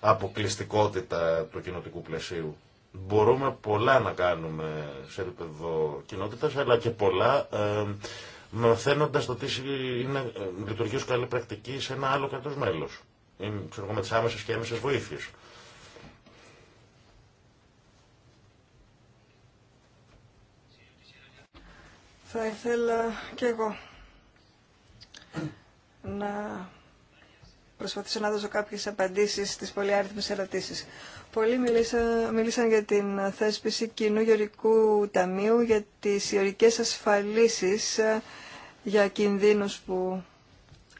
αποκλειστικότητα του κοινοτικού πλαισίου. Μπορούμε πολλά να κάνουμε σε επίπεδο κοινότητα, αλλά και πολλά... Ε, μαθαίνοντα το τι είναι, ε, λειτουργεί ω καλή πρακτική σε ένα άλλο κράτο μέλο. Ξέρω ξέρω με τι άμεσε και έμεσε βοήθειε. Θα ήθελα και εγώ να προσπαθήσω να δώσω κάποιες απαντήσεις στις πολυάριθμες ερωτήσεις. Πολλοί μιλήσα, μίλησαν για την θέσπιση κοινού γεωρικού ταμείου για τις γεωρικές ασφαλίσεις ε, για κινδύνους που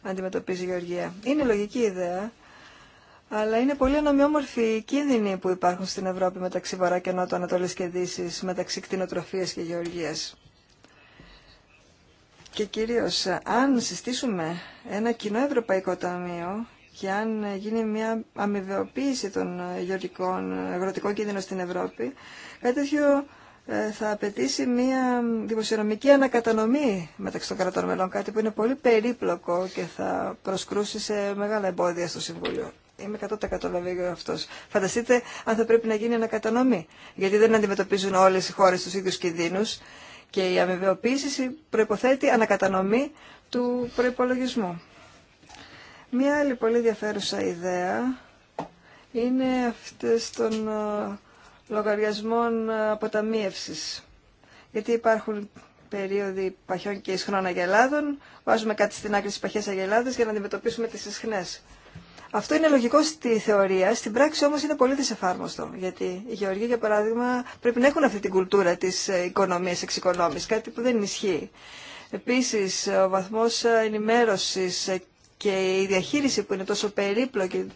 αντιμετωπίζει η Γεωργία. Είναι λογική ιδέα, αλλά είναι πολύ ανομοιόμορφη οι κίνδυνοι που υπάρχουν στην Ευρώπη μεταξύ Βορρά και Νότου, Ανατολής και Δύσης, μεταξύ κτηνοτροφίας και γεωργίας. Και κυρίως, αν συστήσουμε ένα κοινό ευρωπαϊκό ταμείο και αν γίνει μια αμοιβεοποίηση των γεωργικών, αγροτικών κίνδυνων στην Ευρώπη, κάτι τέτοιο ε, θα απαιτήσει μια δημοσιονομική ανακατανομή μεταξύ των κρατών μελών, κάτι που είναι πολύ περίπλοκο και θα προσκρούσει σε μεγάλα εμπόδια στο Συμβούλιο. Είμαι 100% βέβαιο αυτό. Φανταστείτε αν θα πρέπει να γίνει ανακατανομή. Γιατί δεν αντιμετωπίζουν όλε οι χώρε του ίδιου κινδύνου και η αμοιβεοποίηση προϋποθέτει ανακατανομή του προϋπολογισμού. Μία άλλη πολύ ενδιαφέρουσα ιδέα είναι αυτές των ε, λογαριασμών ε, αποταμίευσης. Γιατί υπάρχουν περίοδοι παχιών και ισχνών αγελάδων, βάζουμε κάτι στην άκρη στις παχές αγελάδες για να αντιμετωπίσουμε τις ισχνές. Αυτό είναι λογικό στη θεωρία, στην πράξη όμως είναι πολύ δυσεφάρμοστο. Γιατί οι Γεωργοί, για παράδειγμα, πρέπει να έχουν αυτή την κουλτούρα της ε, οικονομίας εξοικονόμησης, κάτι που δεν ισχύει. Επίσης, ο βαθμός ενημέρωσης ε, και η διαχείριση που είναι τόσο περίπλοκη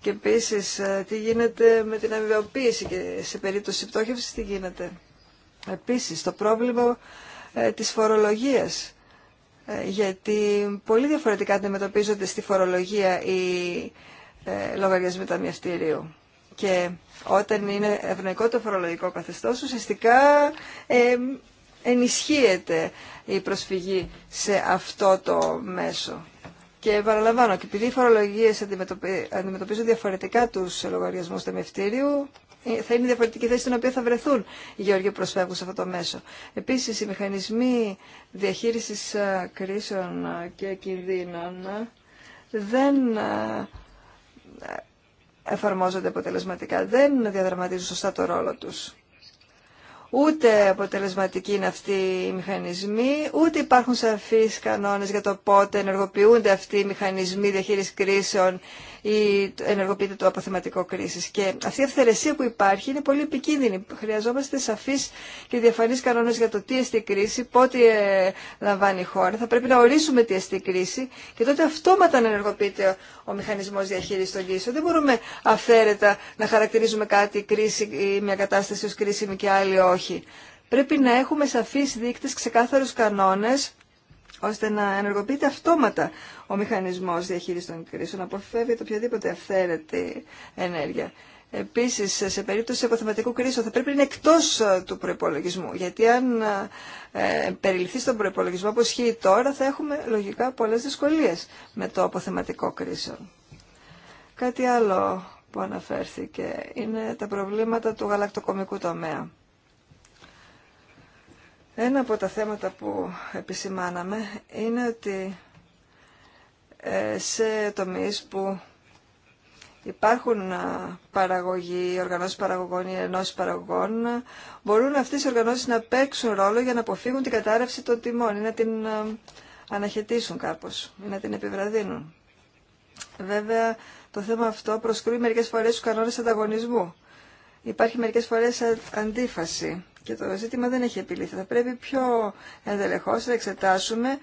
και επίσης ε, τι γίνεται με την αμοιβαιοποίηση και σε περίπτωση πτώχευσης τι γίνεται. Επίσης, το πρόβλημα της φορολογίας ε, γιατί πολύ διαφορετικά αντιμετωπίζονται στη φορολογία οι ε, λογαριασμοί ταμιαστήριου. Και όταν είναι ευνοϊκό το φορολογικό καθεστώς, ουσιαστικά ε, ενισχύεται η προσφυγή σε αυτό το μέσο. Και παραλαμβάνω, και επειδή οι φορολογίες αντιμετωπίζουν διαφορετικά τους λογαριασμούς ταμιαστήριου, ε, θα είναι διαφορετική θέση στην οποία θα βρεθούν οι Γεωργοί προσφεύγουν σε αυτό το μέσο. Επίσης, οι μηχανισμοί διαχείρισης ε, κρίσεων ε, και κινδύνων δεν εφαρμόζονται αποτελεσματικά, δεν διαδραματίζουν σωστά το ρόλο τους. Ούτε αποτελεσματικοί είναι αυτοί οι μηχανισμοί, ούτε υπάρχουν σαφείς κανόνες για το πότε ενεργοποιούνται αυτοί οι μηχανισμοί διαχείρισης κρίσεων ή ενεργοποιείται το αποθεματικό κρίσης. Και αυτή η αυθαιρεσία που υπάρχει είναι πολύ επικίνδυνη. Χρειαζόμαστε σαφείς και διαφανείς επικινδυνη χρειαζομαστε σαφεις και διαφανεί κανόνε για το τι εστί κρίση, πότε ε, λαμβάνει η χώρα. Θα πρέπει να ορίσουμε τι εστί κρίση και τότε αυτόματα να ενεργοποιείται ο μηχανισμό διαχείριση των κρίσεων. Δεν μπορούμε αυθαίρετα να χαρακτηρίζουμε κάτι κρίση ή ε, μια κατάσταση ω κρίσιμη και άλλη όχι. Πρέπει να έχουμε σαφείς δείκτες, ξεκάθαρους κανόνες ώστε να ενεργοποιείται αυτόματα ο μηχανισμός διαχείρισης των κρίσεων, να αποφεύγεται οποιαδήποτε αυθαίρετη ενέργεια. Επίση, σε περίπτωση αποθεματικού κρίσεων θα πρέπει να είναι εκτό ε, του προπολογισμού. Γιατί αν ε, περιληφθεί στον προπολογισμό όπω ισχύει τώρα, θα έχουμε λογικά πολλέ δυσκολίε με το αποθεματικό κρίσεων. Κάτι άλλο που αναφέρθηκε είναι τα προβλήματα του γαλακτοκομικού τομέα. Ένα από τα θέματα που επισημάναμε είναι ότι ε, σε τομείς που υπάρχουν παραγωγοί, οργανώσεις παραγωγών ή ενώσεις παραγωγών, μπορούν αυτές οι οργανώσεις να παίξουν ρόλο για να αποφύγουν την κατάρρευση των τιμών ή να την αναχαιτήσουν κάπως ή να την επιβραδύνουν. Βέβαια, το θέμα αυτό προσκρούει μερικές φορές στους κανόνες ανταγωνισμού. Υπάρχει μερικές φορές αντίφαση και το ζήτημα δεν έχει επιλύθει. Θα πρέπει πιο ενδελεχώς να εξετάσουμε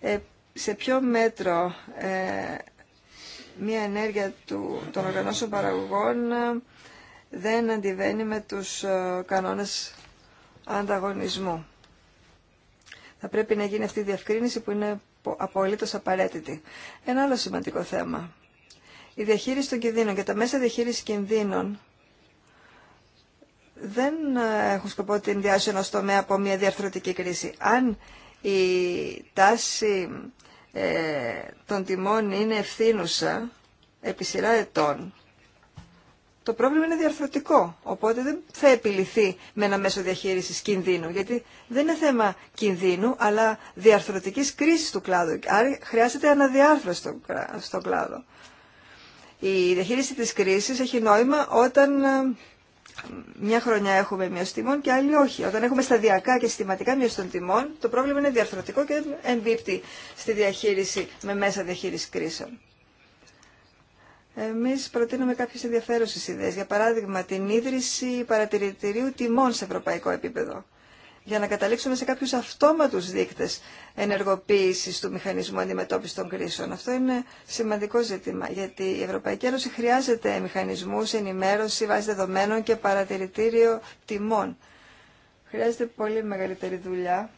ε, σε ποιο μέτρο ε, μια ενέργεια του, των οργανώσεων παραγωγών ε, δεν αντιβαίνει με τους κανόνες ανταγωνισμού. Θα πρέπει να γίνει αυτή η διευκρίνηση που είναι απολύτως απαραίτητη. Ένα άλλο σημαντικό θέμα. Η διαχείριση των κινδύνων και τα μέσα διαχείρισης κινδύνων δεν ε, έχουν σκοπό την διάσωση ενός τομέα από μια διαρθρωτική κρίση. Αν η τάση ε, των τιμών είναι ευθύνουσα επί σειρά ετών, το πρόβλημα είναι διαρθρωτικό, οπότε δεν θα επιληθεί με ένα μέσο διαχείρισης κινδύνου, γιατί δεν είναι θέμα κινδύνου, αλλά διαρθρωτικής κρίση του κλάδου. Άρα χρειάζεται αναδιάρθρωση στο κλάδο. Η διαχείριση της κρίση έχει νόημα όταν ε, μια χρονιά έχουμε μείωση τιμών και άλλη όχι. Όταν έχουμε σταδιακά και συστηματικά μείωση των τιμών, το πρόβλημα είναι διαρθρωτικό και εμπίπτει στη διαχείριση με μέσα διαχείριση κρίσεων. Εμεί προτείνουμε κάποιε ενδιαφέρουσε ιδέε. Για παράδειγμα, την ίδρυση παρατηρητηρίου τιμών σε ευρωπαϊκό επίπεδο για να καταλήξουμε σε κάποιους αυτόματους δείκτες ενεργοποίησης του μηχανισμού αντιμετώπισης των κρίσεων. Αυτό είναι σημαντικό ζήτημα, γιατί η Ευρωπαϊκή Ένωση χρειάζεται μηχανισμούς, ενημέρωση, βάση δεδομένων και παρατηρητήριο τιμών. Χρειάζεται πολύ μεγαλύτερη δουλειά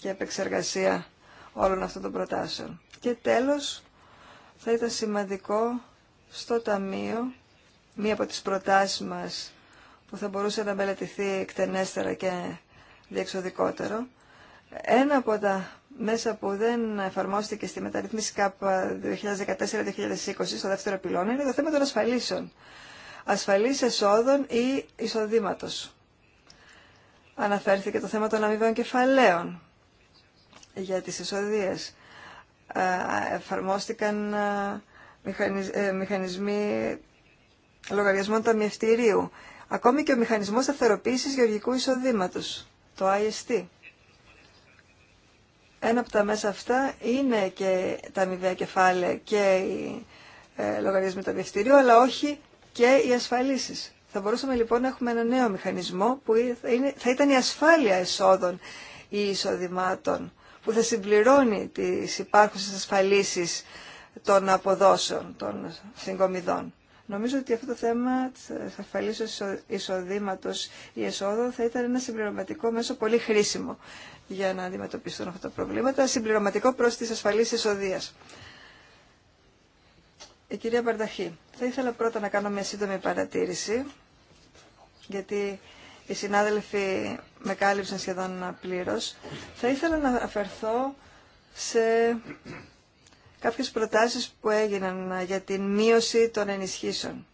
και επεξεργασία όλων αυτών των προτάσεων. Και τέλος, θα ήταν σημαντικό στο Ταμείο, μία από τις προτάσεις μας που θα μπορούσε να μελετηθεί εκτενέστερα και διεξοδικότερο. Ένα από τα μέσα που δεν εφαρμόστηκε στη μεταρρύθμιση ΚΑΠΑ 2014-2020 στο δεύτερο πυλώνα είναι το θέμα των ασφαλίσεων. Ασφαλή εσόδων ή εισοδήματος. Αναφέρθηκε το θέμα των αμοιβαίων κεφαλαίων για τις εισοδίες. Ε, εφαρμόστηκαν ε, ε, μηχανισμοί λογαριασμών ταμιευτηρίου. Ακόμη και ο μηχανισμός σταθεροποίησης γεωργικού εισοδήματος το IST. Ένα από τα μέσα αυτά είναι και τα αμοιβαία κεφάλαια και οι ε, λογαριασμοί του διευθυντήριου, αλλά όχι και οι ασφαλίσεις. Θα μπορούσαμε λοιπόν να έχουμε ένα νέο μηχανισμό που θα ήταν η ασφάλεια εσόδων ή εισοδημάτων που θα συμπληρώνει τις υπάρχουσες ασφαλίσεις των αποδόσεων των συγκομιδών. Νομίζω ότι αυτό το θέμα της ασφαλής εισοδήματος ή εσόδων θα ήταν ένα συμπληρωματικό μέσο πολύ χρήσιμο για να αντιμετωπιστούν αυτά τα προβλήματα, συμπληρωματικό προς τις ασφαλείς εισοδίας. Η ε, κυρία Παρταχή. θα ήθελα πρώτα να κάνω μια σύντομη παρατήρηση, γιατί οι συνάδελφοι με κάλυψαν σχεδόν πλήρω. Θα ήθελα να αφαιρθώ σε κάποιες προτάσεις που έγιναν ε, για την μείωση των ενισχύσεων.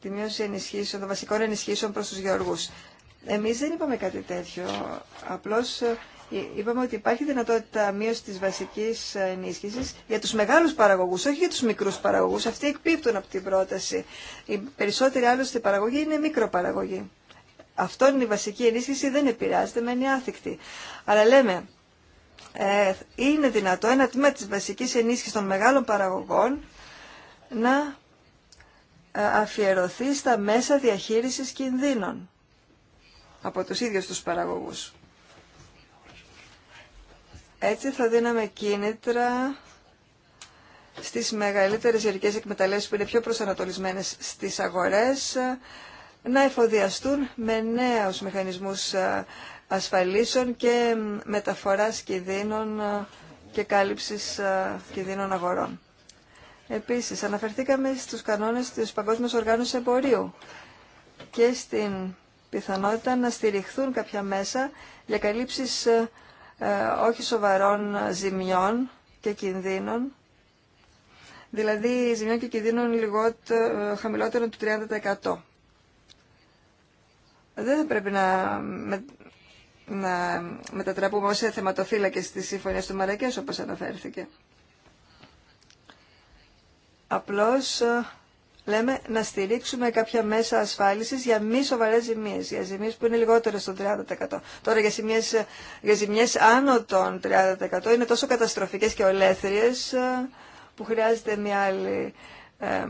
Τη μείωση ενισχύσεων, των βασικών ενισχύσεων προς τους γεωργούς. Εμείς δεν είπαμε κάτι τέτοιο. Απλώς ε, είπαμε ότι υπάρχει δυνατότητα μείωση της βασικής ενίσχυσης για τους μεγάλους παραγωγούς, όχι για τους μικρούς παραγωγούς. Αυτοί εκπίπτουν από την πρόταση. Οι περισσότεροι άλλωστε παραγωγή είναι μικροπαραγωγή. Αυτό είναι η βασική ενίσχυση, δεν επηρεάζεται, μένει άθικτη. Αλλά λέμε, ε, είναι δυνατό ένα τμήμα της βασικής ενίσχυσης των μεγάλων παραγωγών να ε, αφιερωθεί στα μέσα διαχείρισης κινδύνων από τους ίδιους τους παραγωγούς. Έτσι θα δίναμε κίνητρα στις μεγαλύτερες ιερικές εκμεταλλεύσεις που είναι πιο προσανατολισμένες στις αγορές να εφοδιαστούν με νέους μηχανισμούς ε, ασφαλίσεων και μεταφοράς κινδύνων και κάλυψης ε, κινδύνων αγορών. Επίσης, αναφερθήκαμε στους κανόνες της Παγκόσμιας Οργάνωσης Εμπορίου και στην πιθανότητα να στηριχθούν κάποια μέσα για καλύψεις ε, ε, όχι σοβαρών ζημιών και κινδύνων, δηλαδή ζημιών και κινδύνων λιγότερο, χαμηλότερων του 30%. Δεν πρέπει να να μετατραπούμε ως θεματοφύλακες της Σύμφωνίας του Μαρακές, όπως αναφέρθηκε. Απλώς ε, λέμε να στηρίξουμε κάποια μέσα ασφάλισης για μη σοβαρέ ζημίες, για ζημίες που είναι λιγότερε των 30%. Τώρα ε, για ζημίες, άνω των 30% είναι τόσο καταστροφικές και ολέθριες ε, που χρειάζεται μια άλλη ε,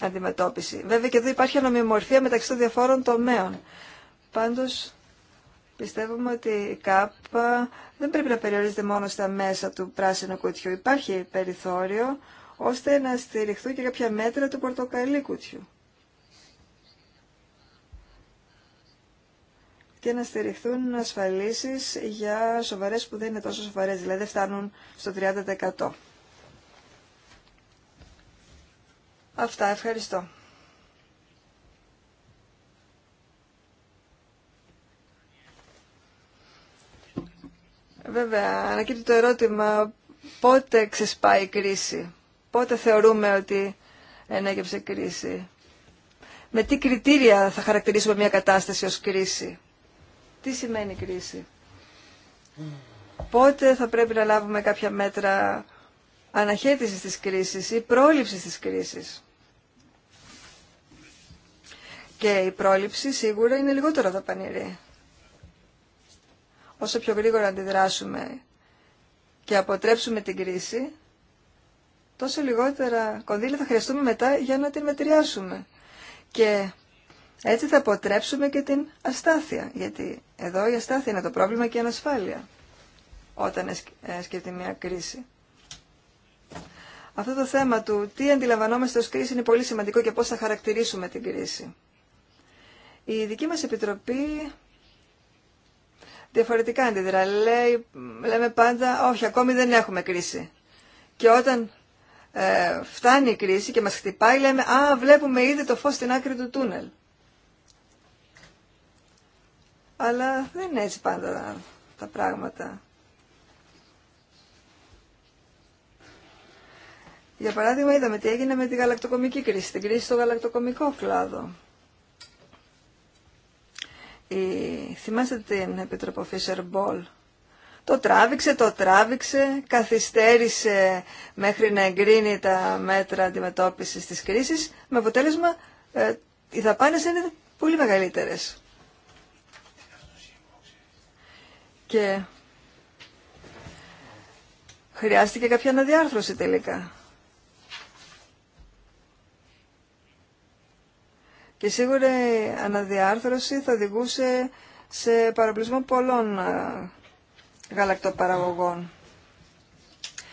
αντιμετώπιση. Βέβαια και εδώ υπάρχει ανομιμορφία μεταξύ των διαφόρων τομέων. Πάντως Πιστεύουμε ότι η ΚΑΠ δεν πρέπει να περιορίζεται μόνο στα μέσα του πράσινου κουτιού. Υπάρχει περιθώριο ώστε να στηριχθούν και κάποια μέτρα του πορτοκαλί κουτιού. και να στηριχθούν ασφαλίσεις για σοβαρές που δεν είναι τόσο σοβαρές, δηλαδή δεν φτάνουν στο 30%. Αυτά, ευχαριστώ. Βέβαια, ανακύπτει το ερώτημα πότε ξεσπάει η κρίση, πότε θεωρούμε ότι η κρίση. Με τι κριτήρια θα χαρακτηρίσουμε μια κατάσταση ως κρίση. Τι σημαίνει κρίση. Πότε θα πρέπει να λάβουμε κάποια μέτρα αναχέτησης της κρίσης ή πρόληψης της κρίσης. Και η πρόληψη σίγουρα είναι λιγότερο δαπανηρή όσο πιο γρήγορα αντιδράσουμε και αποτρέψουμε την κρίση, τόσο λιγότερα κονδύλια θα χρειαστούμε μετά για να την μετριάσουμε. Και έτσι θα αποτρέψουμε και την αστάθεια, γιατί εδώ η αστάθεια είναι το πρόβλημα και η ανασφάλεια όταν ε, σκεφτεί μια κρίση. Αυτό το θέμα του τι αντιλαμβανόμαστε ως κρίση είναι πολύ σημαντικό και πώς θα χαρακτηρίσουμε την κρίση. Η δική μας Επιτροπή διαφορετικά αντιδρά. Λέει, λέμε πάντα, όχι, ακόμη δεν έχουμε κρίση. Και όταν ε, φτάνει η κρίση και μας χτυπάει, λέμε, α, βλέπουμε ήδη το φως στην άκρη του τούνελ. Αλλά δεν είναι έτσι πάντα τα πράγματα. Για παράδειγμα, είδαμε τι έγινε με την γαλακτοκομική κρίση, την κρίση στο γαλακτοκομικό κλάδο. Θυμάστε την Επιτροποφή Φίσερ Το τράβηξε, το τράβηξε, καθυστέρησε μέχρι να εγκρίνει τα μέτρα αντιμετώπισης της κρίσης, με αποτέλεσμα ε, οι δαπάνες είναι πολύ μεγαλύτερες. Και χρειάστηκε κάποια αναδιάρθρωση τελικά. Και σίγουρα η αναδιάρθρωση θα οδηγούσε σε παραπλησμό πολλών γαλακτοπαραγωγών.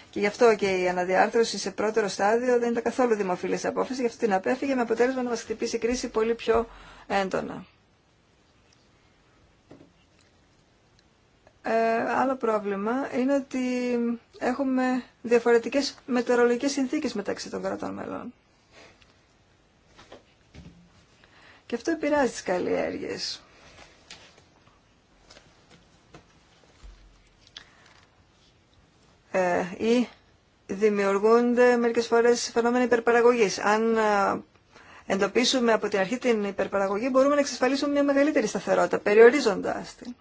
Και γι' αυτό και η αναδιάρθρωση σε πρώτερο στάδιο δεν ήταν καθόλου δημοφιλή απόφαση, γι' αυτό την απέφυγε με αποτέλεσμα να μα χτυπήσει η κρίση πολύ πιο έντονα. Ε, άλλο πρόβλημα είναι ότι έχουμε διαφορετικές μετεωρολογικές συνθήκες μεταξύ των κρατών μελών. Και αυτό επηρεάζει τις καλλιέργειες. Ε, ή δημιουργούνται μερικές φορές φαινόμενα υπερπαραγωγής. Αν ε, εντοπίσουμε από την αρχή την υπερπαραγωγή, μπορούμε να εξασφαλίσουμε μια μεγαλύτερη σταθερότητα, περιορίζοντάς την.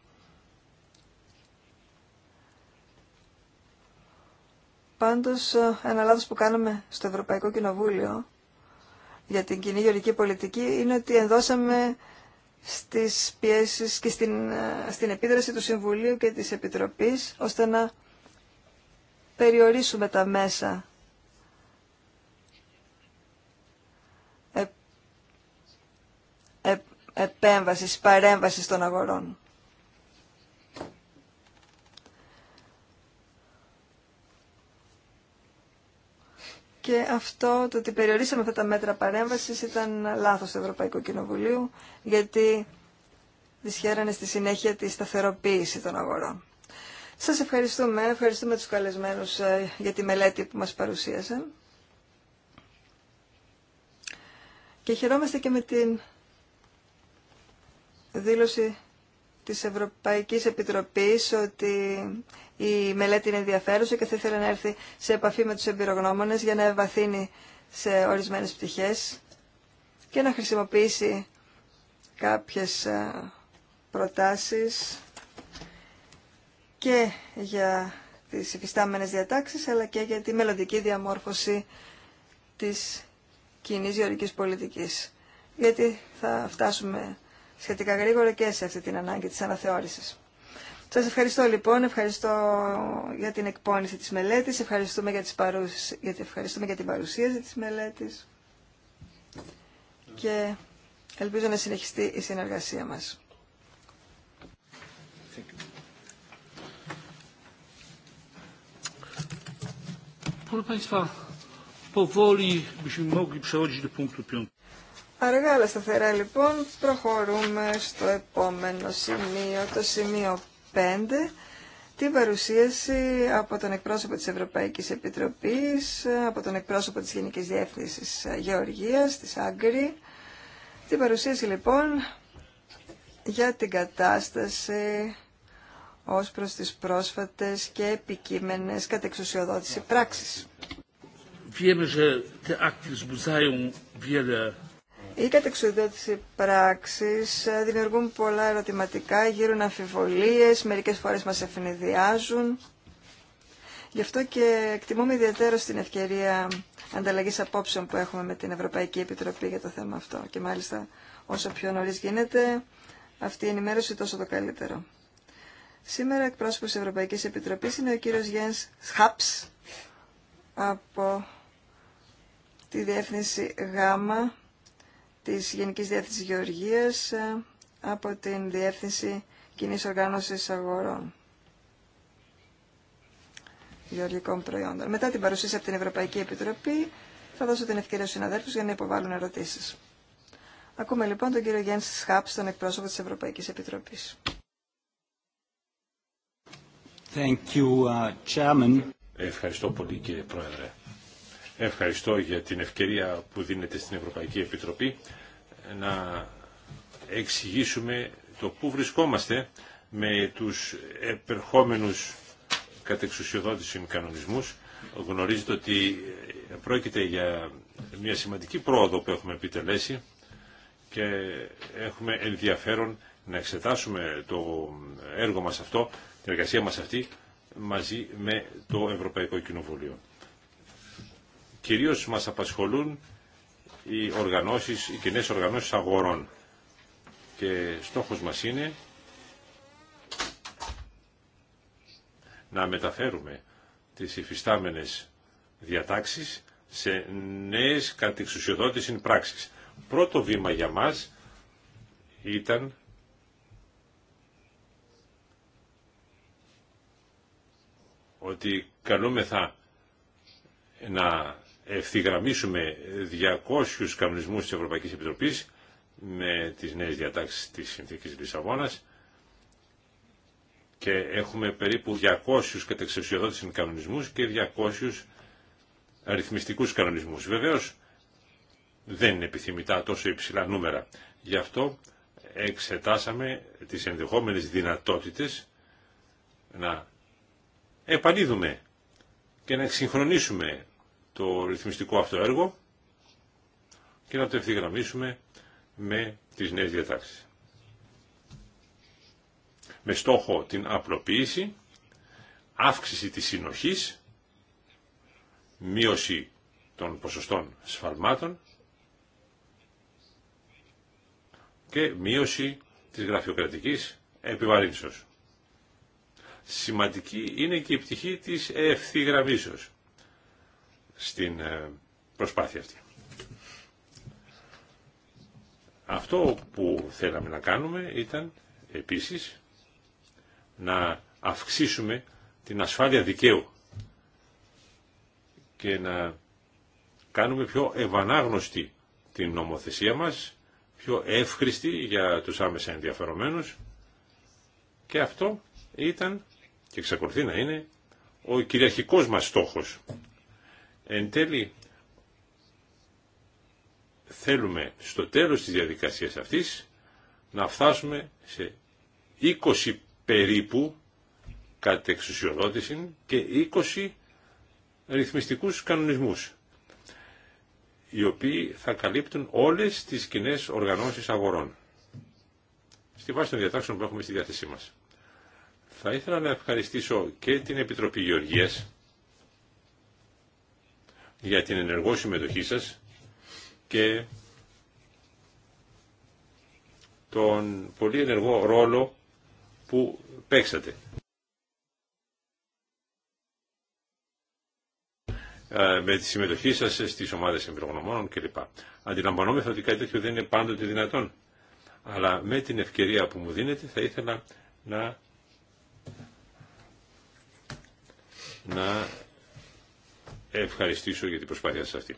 Πάντως, ε, ένα λάθος που κάνουμε στο Ευρωπαϊκό Κοινοβούλιο για την κοινή γεωργική πολιτική είναι ότι ενδώσαμε στις πιέσεις και στην, ε, στην επίδραση του Συμβουλίου και της Επιτροπής ώστε να περιορίσουμε τα μέσα ε, ε, επέμβασης, παρέμβασης των αγορών. Και αυτό το ότι περιορίσαμε αυτά τα μέτρα παρέμβασης ήταν λάθος του Ευρωπαϊκού Κοινοβουλίου, γιατί δυσχέρανε στη συνέχεια τη σταθεροποίηση των αγορών. Σας ευχαριστούμε, ευχαριστούμε τους καλεσμένους ε, για τη μελέτη που μας παρουσίασαν. Και χαιρόμαστε και με την δήλωση της Ευρωπαϊκής Επιτροπής ότι η μελέτη είναι ενδιαφέρουσα και θα ήθελε να έρθει σε επαφή με τους εμπειρογνώμονες για να ευαθύνει σε ορισμένες πτυχές και να χρησιμοποιήσει κάποιες ε, προτάσεις και για τις υφιστάμενες διατάξεις αλλά και για τη μελλοντική διαμόρφωση της κοινή γεωρικής πολιτικής. Γιατί θα φτάσουμε σχετικά γρήγορα και σε αυτή την ανάγκη της αναθεώρησης. Σας ευχαριστώ λοιπόν, ευχαριστώ για την εκπόνηση της μελέτης, ευχαριστούμε για, τις ευχαριστούμε για την παρουσίαση της μελέτης και ελπίζω να συνεχιστεί η συνεργασία μας. Proszę Państwa, mogli przechodzić do punktu 5. Αργά αλλά σταθερά λοιπόν προχωρούμε στο επόμενο σημείο, το σημείο 5, την παρουσίαση από τον εκπρόσωπο της Ευρωπαϊκής Επιτροπής, από τον εκπρόσωπο της Γενικής Διεύθυνσης Γεωργίας, της Άγκρη, την παρουσίαση λοιπόν για την κατάσταση ως προς τις πρόσφατες και επικείμενες κατεξουσιοδότηση πράξης. Wiemy, że te akty wiele οι κατεξοδότηση πράξεις ε, δημιουργούν πολλά ερωτηματικά, γύρουν αμφιβολίες, μερικές φορές μας ευνηδιάζουν. Γι' αυτό και εκτιμούμε ιδιαίτερα στην ευκαιρία ανταλλαγής απόψεων που έχουμε με την Ευρωπαϊκή Επιτροπή για το θέμα αυτό. Και μάλιστα όσο πιο νωρίς γίνεται, αυτή η ενημέρωση τόσο το καλύτερο. Σήμερα εκπρόσωπος της Ευρωπαϊκής Επιτροπής είναι ο κύριος Γιάννης Χάπς από τη Διεύθυνση ΓΑΜΑ της Γενικής Διεύθυνσης Γεωργίας ε, από την Διεύθυνση Κοινή Οργάνωσης Αγορών Γεωργικών Προϊόντων. Μετά την παρουσίαση από την Ευρωπαϊκή Επιτροπή θα δώσω την ευκαιρία στους συναδέλφους για να υποβάλουν ερωτήσεις. Ακούμε λοιπόν τον κύριο Γιάννη Σχάπ, τον εκπρόσωπο της Ευρωπαϊκής Επιτροπής. Thank you, uh, Ευχαριστώ πολύ κύριε Πρόεδρε. Ευχαριστώ για την ευκαιρία που δίνεται στην Ευρωπαϊκή Επιτροπή να εξηγήσουμε το πού βρισκόμαστε με τους επερχόμενους κατεξουσιοδότηση κανονισμούς. Γνωρίζετε ότι πρόκειται για μια σημαντική πρόοδο που έχουμε επιτελέσει και έχουμε ενδιαφέρον να εξετάσουμε το έργο μας αυτό, την εργασία μας αυτή, μαζί με το Ευρωπαϊκό Κοινοβούλιο κυρίως μας απασχολούν οι οργανώσεις, οι κοινέ οργανώσεις αγορών. Και στόχος μας είναι να μεταφέρουμε τις υφιστάμενες διατάξεις σε νέες κατεξουσιοδότηση πράξεις. Πρώτο βήμα για μας ήταν ότι καλούμεθα να ευθυγραμμίσουμε 200 κανονισμούς της Ευρωπαϊκής Επιτροπής με τις νέες διατάξεις της Συνθήκης Λισαβόνας και έχουμε περίπου 200 κατεξουσιοδότηση κανονισμούς και 200 αριθμιστικούς κανονισμούς. Βεβαίως δεν είναι επιθυμητά τόσο υψηλά νούμερα. Γι' αυτό εξετάσαμε τις ενδεχόμενες δυνατότητες να επανείδουμε και να συγχρονίσουμε το ρυθμιστικό αυτό έργο και να το ευθυγραμμίσουμε με τις νέες διατάξεις. Με στόχο την απλοποίηση, αύξηση της συνοχής, μείωση των ποσοστών σφαλμάτων και μείωση της γραφειοκρατικής επιβαρύνσεως. Σημαντική είναι και η πτυχή της ευθυγραμμίσεως στην ε, προσπάθεια αυτή. Αυτό που θέλαμε να κάνουμε ήταν επίσης να αυξήσουμε την ασφάλεια δικαίου και να κάνουμε πιο ευανάγνωστη την νομοθεσία μας, πιο εύχριστη για τους άμεσα ενδιαφερομένους και αυτό ήταν και εξακολουθεί να είναι ο κυριαρχικός μας στόχος Εν τέλει, θέλουμε στο τέλος της διαδικασίας αυτής να φτάσουμε σε 20 περίπου κατεξουσιοδότηση και 20 ρυθμιστικούς κανονισμούς οι οποίοι θα καλύπτουν όλες τις κοινέ οργανώσεις αγορών στη βάση των διατάξεων που έχουμε στη διάθεσή μας. Θα ήθελα να ευχαριστήσω και την Επιτροπή Γεωργίας για την ενεργό συμμετοχή σας και τον πολύ ενεργό ρόλο που παίξατε. Ε, με τη συμμετοχή σας στις ομάδες εμπειρογνωμόνων κλπ. Αντιλαμβανόμεθα ότι κάτι τέτοιο δεν είναι πάντοτε δυνατόν. Αλλά με την ευκαιρία που μου δίνετε θα ήθελα να, να ευχαριστήσω για την προσπάθεια σας αυτή.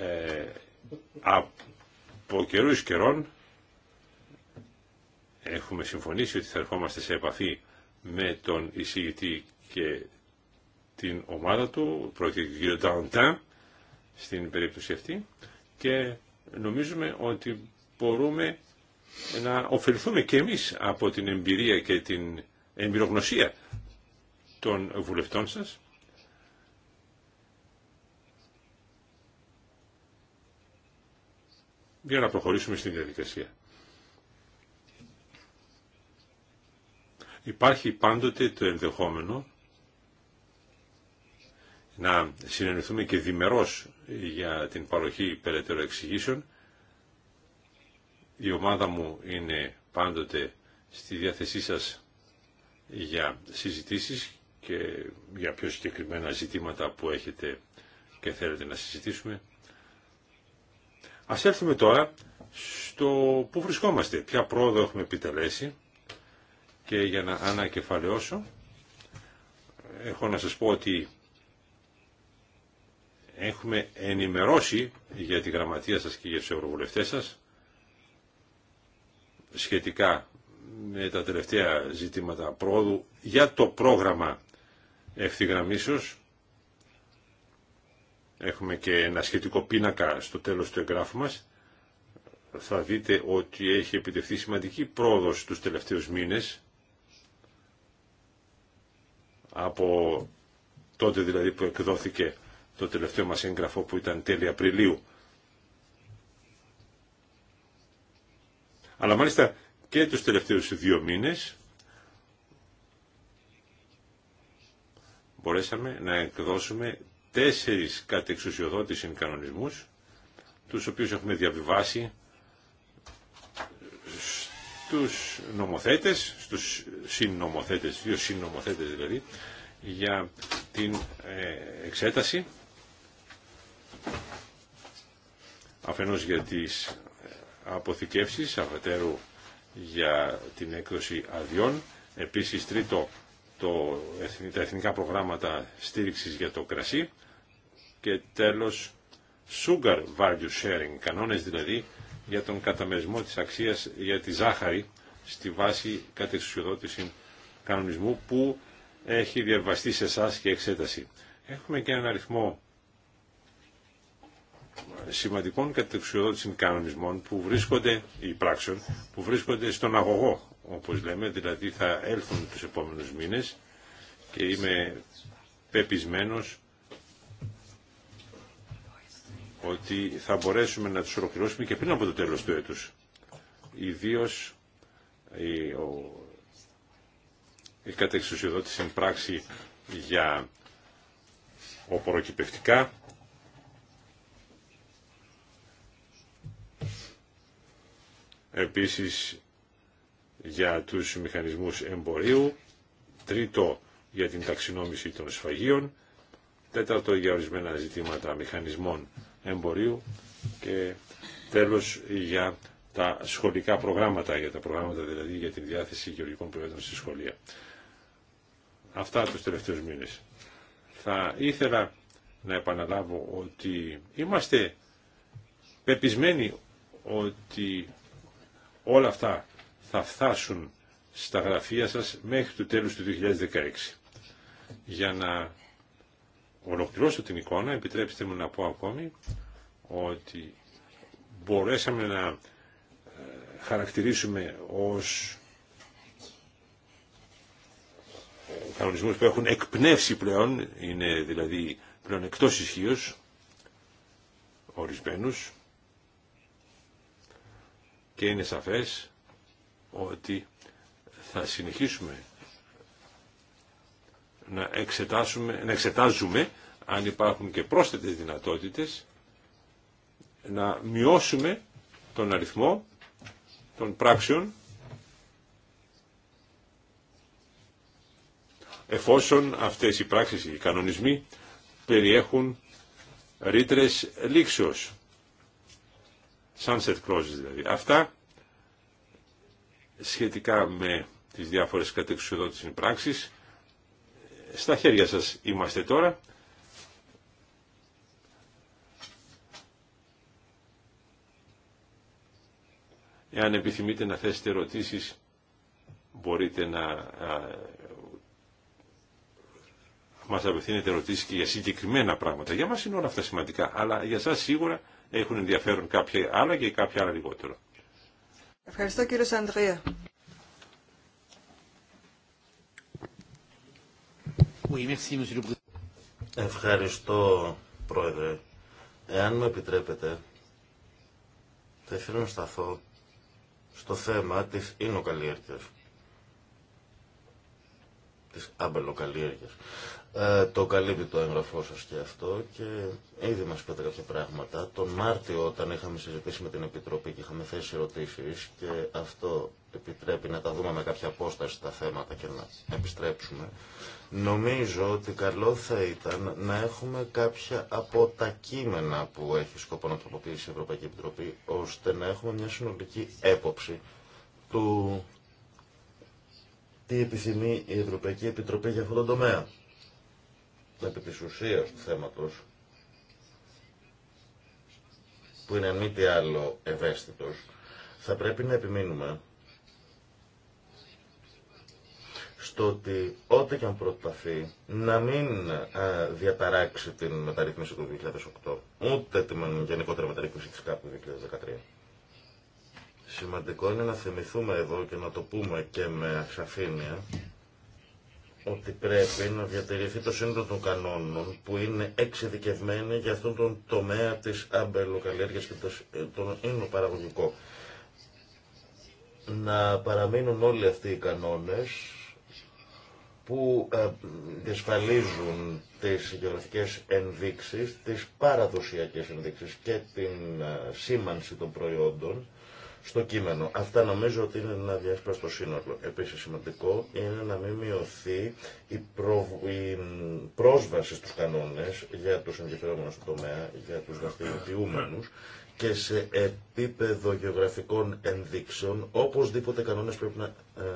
Ε, από καιρούς καιρών έχουμε συμφωνήσει ότι θα ερχόμαστε σε επαφή με τον εισηγητή και την ομάδα του, πρόκειται κ. στην περίπτωση αυτή και νομίζουμε ότι μπορούμε να ωφεληθούμε και εμείς από την εμπειρία και την εμπειρογνωσία των βουλευτών σας για να προχωρήσουμε στην διαδικασία. Υπάρχει πάντοτε το ενδεχόμενο να συνεννοηθούμε και διμερός για την παροχή περαιτέρω εξηγήσεων. Η ομάδα μου είναι πάντοτε στη διάθεσή σας για συζητήσεις και για πιο συγκεκριμένα ζητήματα που έχετε και θέλετε να συζητήσουμε. Ας έρθουμε τώρα στο πού βρισκόμαστε, ποια πρόοδο έχουμε επιτελέσει και για να ανακεφαλαιώσω έχω να σας πω ότι έχουμε ενημερώσει για τη γραμματεία σας και για τους ευρωβουλευτές σας σχετικά με τα τελευταία ζητήματα πρόοδου για το πρόγραμμα ευθυγραμμίσεως. Έχουμε και ένα σχετικό πίνακα στο τέλος του εγγράφου μας. Θα δείτε ότι έχει επιτευχθεί σημαντική πρόοδος τους τελευταίους μήνες από τότε δηλαδή που εκδόθηκε το τελευταίο μας έγγραφο που ήταν τέλη Απριλίου. Αλλά μάλιστα και τους τελευταίους δύο μήνες μπορέσαμε να εκδώσουμε τέσσερις κατεξουσιοδότης κανονισμούς, τους οποίους έχουμε διαβιβάσει στους νομοθέτες, στους συνομοθέτες, δύο συνομοθέτες δηλαδή, για την ε, εξέταση, αφενός για τις ε, αποθηκεύσεις, αφετέρου για την έκδοση αδειών. Επίσης τρίτο, το, τα εθνικά προγράμματα στήριξης για το κρασί και τέλος sugar value sharing, κανόνες δηλαδή για τον καταμερισμό της αξίας για τη ζάχαρη στη βάση κατεξουσιοδότηση κανονισμού που έχει διαβαστεί σε εσά και εξέταση. Έχουμε και έναν αριθμό σημαντικών κατεξιοδότησης κανονισμών που βρίσκονται, ή πράξεων, που βρίσκονται στον αγωγό, όπως λέμε, δηλαδή θα έλθουν τους επόμενους μήνες και είμαι πεπισμένος ότι θα μπορέσουμε να τους ολοκληρώσουμε και πριν από το τέλος του έτους. Ιδίως η, η κατεξουσιοδότηση πράξη για οπωροκυπευτικά επίσης για τους μηχανισμούς εμπορίου, τρίτο για την ταξινόμηση των σφαγείων, τέταρτο για ορισμένα ζητήματα μηχανισμών εμπορίου και τέλος για τα σχολικά προγράμματα, για τα προγράμματα δηλαδή για τη διάθεση γεωργικών προϊόντων στη σχολεία. Αυτά τους τελευταίους μήνες. Θα ήθελα να επαναλάβω ότι είμαστε πεπισμένοι ότι Όλα αυτά θα φτάσουν στα γραφεία σας μέχρι το τέλος του 2016. Για να ολοκληρώσω την εικόνα, επιτρέψτε μου να πω ακόμη ότι μπορέσαμε να ε, χαρακτηρίσουμε ως κανονισμούς που έχουν εκπνεύσει πλέον, είναι δηλαδή πλέον εκτός ισχύω ορισμένους, και είναι σαφές ότι θα συνεχίσουμε να, εξετάσουμε, να εξετάζουμε αν υπάρχουν και πρόσθετες δυνατότητες να μειώσουμε τον αριθμό των πράξεων εφόσον αυτές οι πράξεις, οι κανονισμοί περιέχουν ρήτρες λήξεως sunset clauses δηλαδή. Αυτά σχετικά με τις διάφορες κατεξουδότητες πράξεις. Στα χέρια σας είμαστε τώρα. Εάν επιθυμείτε να θέσετε ερωτήσεις, μπορείτε να μας απευθύνετε ερωτήσεις και για συγκεκριμένα πράγματα. Για μας είναι όλα αυτά σημαντικά, αλλά για σας σίγουρα έχουν ενδιαφέρον κάποια άλλα και κάποια άλλα λιγότερο. Ευχαριστώ κύριε Σαντρία. Ευχαριστώ πρόεδρε. Εάν με επιτρέπετε, θα ήθελα να σταθώ στο θέμα της ίνοκαλλιέργειας, της αμπελοκαλλιέργειας. Ε, το καλύπτει το έγγραφό σα και αυτό και ήδη μα είπατε κάποια πράγματα. Τον Μάρτιο, όταν είχαμε συζητήσει με την Επιτροπή και είχαμε θέσει ερωτήσει, και αυτό επιτρέπει να τα δούμε με κάποια απόσταση τα θέματα και να επιστρέψουμε, νομίζω ότι καλό θα ήταν να έχουμε κάποια από τα κείμενα που έχει σκοπό να τροποποιήσει η Ευρωπαϊκή Επιτροπή, ώστε να έχουμε μια συνολική έποψη του τι επιθυμεί η Ευρωπαϊκή Επιτροπή για αυτόν τον τομέα επί της ουσίας του θέματος, που είναι μη τι άλλο ευαίσθητος, θα πρέπει να επιμείνουμε στο ότι ό,τι και αν προταθεί να μην διαταράξει την μεταρρύθμιση του 2008, ούτε την γενικότερη μεταρρύθμιση της ΚΑΠ του 2013. Σημαντικό είναι να θυμηθούμε εδώ και να το πούμε και με σαφήνεια ότι πρέπει να διατηρηθεί το σύνολο των κανόνων που είναι εξειδικευμένοι για αυτόν τον τομέα της αμπελοκαλλιέργειας και ε, τον ίνο παραγωγικό. Να παραμείνουν όλοι αυτοί οι κανόνες που ε, διασφαλίζουν τις γεωγραφικές ενδείξεις, τις παραδοσιακές ενδείξεις και την ε, σήμανση των προϊόντων στο κείμενο. Αυτά νομίζω ότι είναι ένα διάσπαστο σύνολο. Επίσης σημαντικό είναι να μην μειωθεί η, η πρόσβαση στους κανόνες για τους ενδιαφερόμενους του τομέα, για τους δραστηριοποιούμενους και σε επίπεδο γεωγραφικών ενδείξεων, οπωσδήποτε οι κανόνες πρέπει να ε,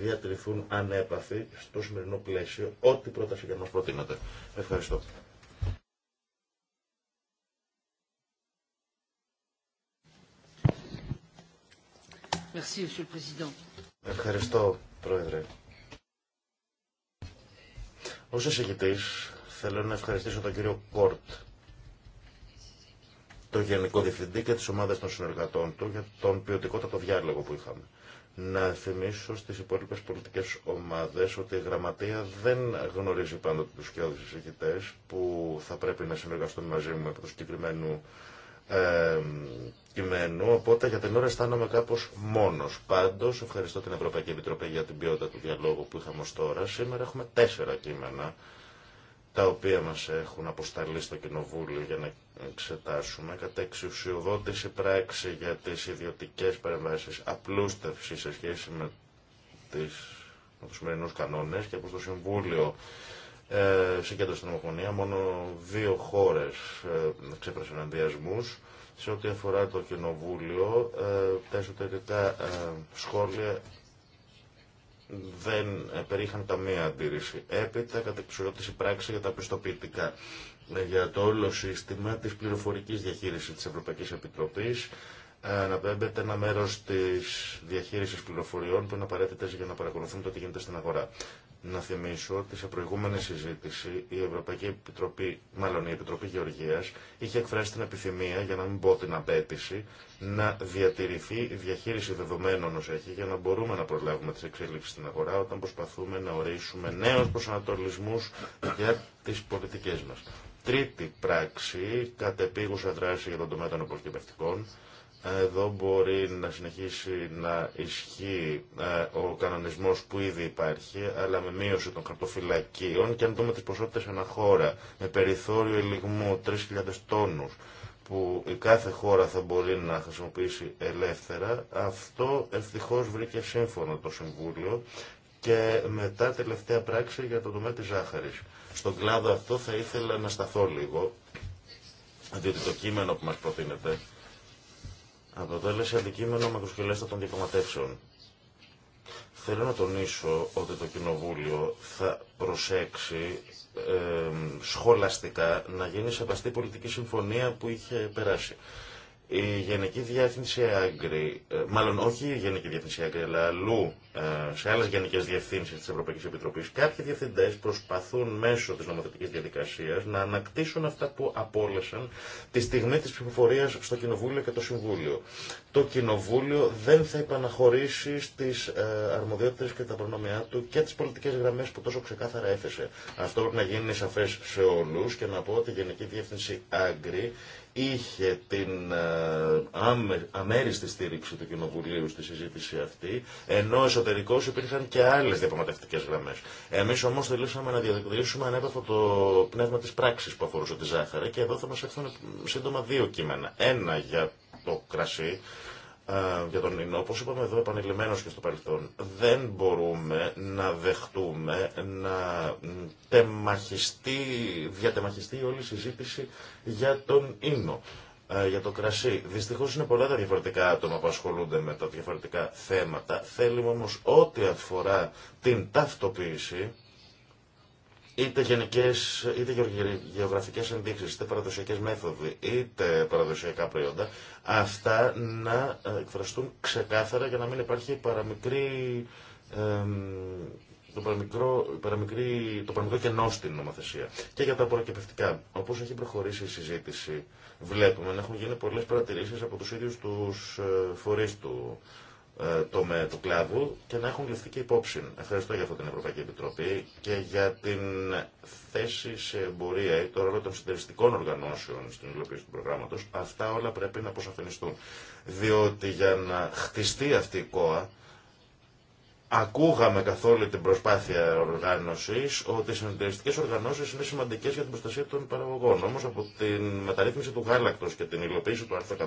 διατηρηθούν ανέπαθοι στο σημερινό πλαίσιο, ό,τι πρόταση για μας προτείνεται. Ευχαριστώ. Ευχαριστώ, Πρόεδρε. Ως εισηγητής θέλω να ευχαριστήσω τον κύριο Κόρτ, τον Γενικό Διευθυντή και τις ομάδες των συνεργατών του για τον ποιοτικότατο διάλογο που είχαμε. Να θυμίσω στις υπόλοιπες πολιτικές ομάδες ότι η Γραμματεία δεν γνωρίζει πάντοτε τους κοιόδους εισηγητές που θα πρέπει να συνεργαστούν μαζί μου από το συγκεκριμένο ε, κειμένου, οπότε για την ώρα αισθάνομαι κάπως μόνος. Πάντως, ευχαριστώ την Ευρωπαϊκή Επιτροπή για την ποιότητα του διαλόγου που είχαμε ως τώρα. Σήμερα έχουμε τέσσερα κείμενα, τα οποία μας έχουν αποσταλεί στο Κοινοβούλιο για να εξετάσουμε, κατά εξουσιοδότηση πράξη για τις ιδιωτικές παρεμβάσεις, απλούστευση σε σχέση με τις με τους σημερινούς κανόνες και από το Συμβούλιο ε, κέντρο στην ομοφωνία, μόνο δύο χώρες ε, ξέπρασαν ενδιασμούς. Σε ό,τι αφορά το κοινοβούλιο, ε, τα εσωτερικά ε, σχόλια δεν ε, περίχαν καμία αντίρρηση. Έπειτα, κατά εξουσιοδότηση πράξη για τα πιστοποιητικά ε, για το όλο σύστημα της πληροφορικής διαχείρισης της Ευρωπαϊκής Επιτροπής αναπέμπεται ε, ένα μέρος της διαχείρισης πληροφοριών που είναι απαραίτητες για να παρακολουθούν το τι γίνεται στην αγορά. Να θυμίσω ότι σε προηγούμενη συζήτηση η Ευρωπαϊκή Επιτροπή, μάλλον η Επιτροπή Γεωργίας, είχε εκφράσει την επιθυμία, για να μην πω την απέτηση, να διατηρηθεί η διαχείριση δεδομένων όσο έχει για να μπορούμε να προλάβουμε τις εξέλιξεις στην αγορά όταν προσπαθούμε να ορίσουμε νέους προσανατολισμούς για τις πολιτικές μας. Τρίτη πράξη, κατεπίγουσα δράση για τον τομέα των εδώ μπορεί να συνεχίσει να ισχύει ε, ο κανονισμός που ήδη υπάρχει, αλλά με μείωση των χαρτοφυλακίων και αν δούμε τις ποσότητες χώρα με περιθώριο ελιγμού 3.000 τόνους, που η κάθε χώρα θα μπορεί να χρησιμοποιήσει ελεύθερα, αυτό ευτυχώς βρήκε σύμφωνο το Συμβούλιο και μετά τελευταία πράξη για το τομέα τη ζάχαρης. Στον κλάδο αυτό θα ήθελα να σταθώ λίγο, διότι το κείμενο που μας προτείνεται αποτέλεσε αντικείμενο των διακομματεύσεων. Θέλω να τονίσω ότι το Κοινοβούλιο θα προσέξει σχολαστικά να γίνει σεβαστή πολιτική συμφωνία που είχε περάσει. Η Γενική Διεύθυνση Άγκρη, ε, μάλλον όχι η Γενική Διεύθυνση Άγκρη, αλλά αλλού, ε, σε άλλε γενικέ διευθύνσει τη Ευρωπαϊκή Επιτροπή, κάποιοι διευθυντέ προσπαθούν μέσω τη νομοθετική διαδικασία να ανακτήσουν αυτά που απόλυσαν τη στιγμή τη ψηφοφορία στο Κοινοβούλιο και το Συμβούλιο. Το Κοινοβούλιο δεν θα υπαναχωρήσει στι ε, αρμοδιότητε και τα προνομιά του και τι πολιτικέ γραμμέ που τόσο ξεκάθαρα έθεσε. Αυτό πρέπει να γίνει σαφέ σε όλου και να πω ότι η Γενική Διεύθυνση Άγκρη είχε την ε, αμέριστη στήριξη του Κοινοβουλίου στη συζήτηση αυτή, ενώ εσωτερικώς υπήρχαν και άλλες διαπραγματευτικέ γραμμές. Εμείς όμως θελήσαμε να διατηρήσουμε ανέπαφο το πνεύμα της πράξης που αφορούσε τη ζάχαρη και εδώ θα μας έρθουν σύντομα δύο κείμενα. Ένα για το κρασί, ε, για τον Ινό, όπως είπαμε εδώ επανειλημμένως και στο παρελθόν, δεν μπορούμε να δεχτούμε να τεμαχιστεί, διατεμαχιστεί όλη η συζήτηση για τον Ινό, ε, για το κρασί. Δυστυχώς είναι πολλά τα διαφορετικά άτομα που ασχολούνται με τα διαφορετικά θέματα. Θέλουμε όμως ό,τι αφορά την ταυτοποίηση, είτε γενικές, είτε γεωγραφικέ ενδείξει, είτε παραδοσιακέ μέθοδοι, είτε παραδοσιακά προϊόντα, αυτά να ε, εκφραστούν ξεκάθαρα για να μην υπάρχει παραμικρή, το, παραμικρό, παραμικρή, το παραμικρό κενό στην νομοθεσία. Και για τα απορροκεπευτικά, όπως έχει προχωρήσει η συζήτηση, βλέπουμε να έχουν γίνει πολλές παρατηρήσεις από τους ίδιους τους ε, φορείς του ε, με του κλάδου και να έχουν ληφθεί και υπόψη. Ευχαριστώ για αυτό την Ευρωπαϊκή Επιτροπή και για την θέση σε εμπορία ή το ρόλο των συντελεστικών οργανώσεων στην υλοποίηση του προγράμματος. Αυτά όλα πρέπει να αποσαφενιστούν. Διότι για να χτιστεί αυτή η ΚΟΑ Ακούγαμε καθόλου την προσπάθεια οργάνωση ότι οι συνεταιριστικέ οργανώσει είναι σημαντικέ για την προστασία των παραγωγών. Όμω από τη μεταρρύθμιση του γάλακτο και την υλοποίηση του άρθρου 122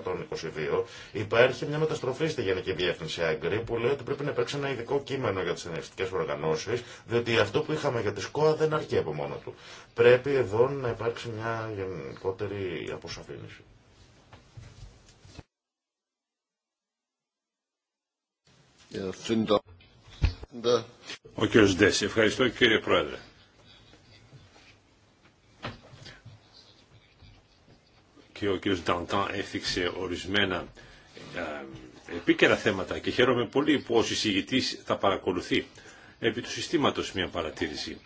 υπάρχει μια μεταστροφή στη Γενική Διεύθυνση Άγκρη που λέει ότι πρέπει να υπάρξει ένα ειδικό κείμενο για τι συνεταιριστικέ οργανώσει διότι αυτό που είχαμε για τη ΣΚΟΑ δεν αρκεί από μόνο του. Πρέπει εδώ να υπάρξει μια γενικότερη αποσαφήνιση. Ε, ναι. Ο κύριος Ντέση. Ευχαριστώ κύριε Πρόεδρε. Και ο κύριος Νταντάν έφτιαξε ορισμένα ε, επίκαιρα θέματα και χαίρομαι πολύ που ο συζητητής θα παρακολουθεί επί του συστήματος μια παρατήρηση.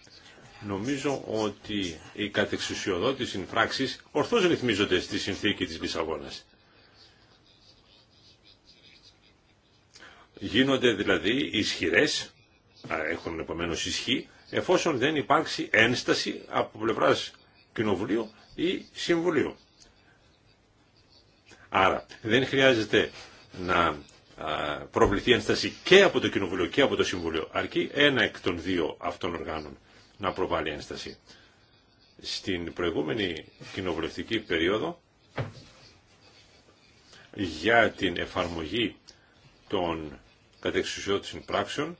Νομίζω ότι οι κατεξουσιοδότητες συνφράξεις ορθώς ρυθμίζονται στη συνθήκη της Λισαβόνας. Γίνονται δηλαδή ισχυρές έχουν επομένως ισχύ εφόσον δεν υπάρξει ένσταση από πλευράς Κοινοβουλίου ή Συμβουλίου. Άρα δεν χρειάζεται να προβληθεί ένσταση και από το Κοινοβουλίο και από το Συμβουλίο, αρκεί ένα εκ των δύο αυτών οργάνων να προβάλλει ένσταση. Στην προηγούμενη κοινοβουλευτική περίοδο για την εφαρμογή των κατεξουσιώτησης πράξεων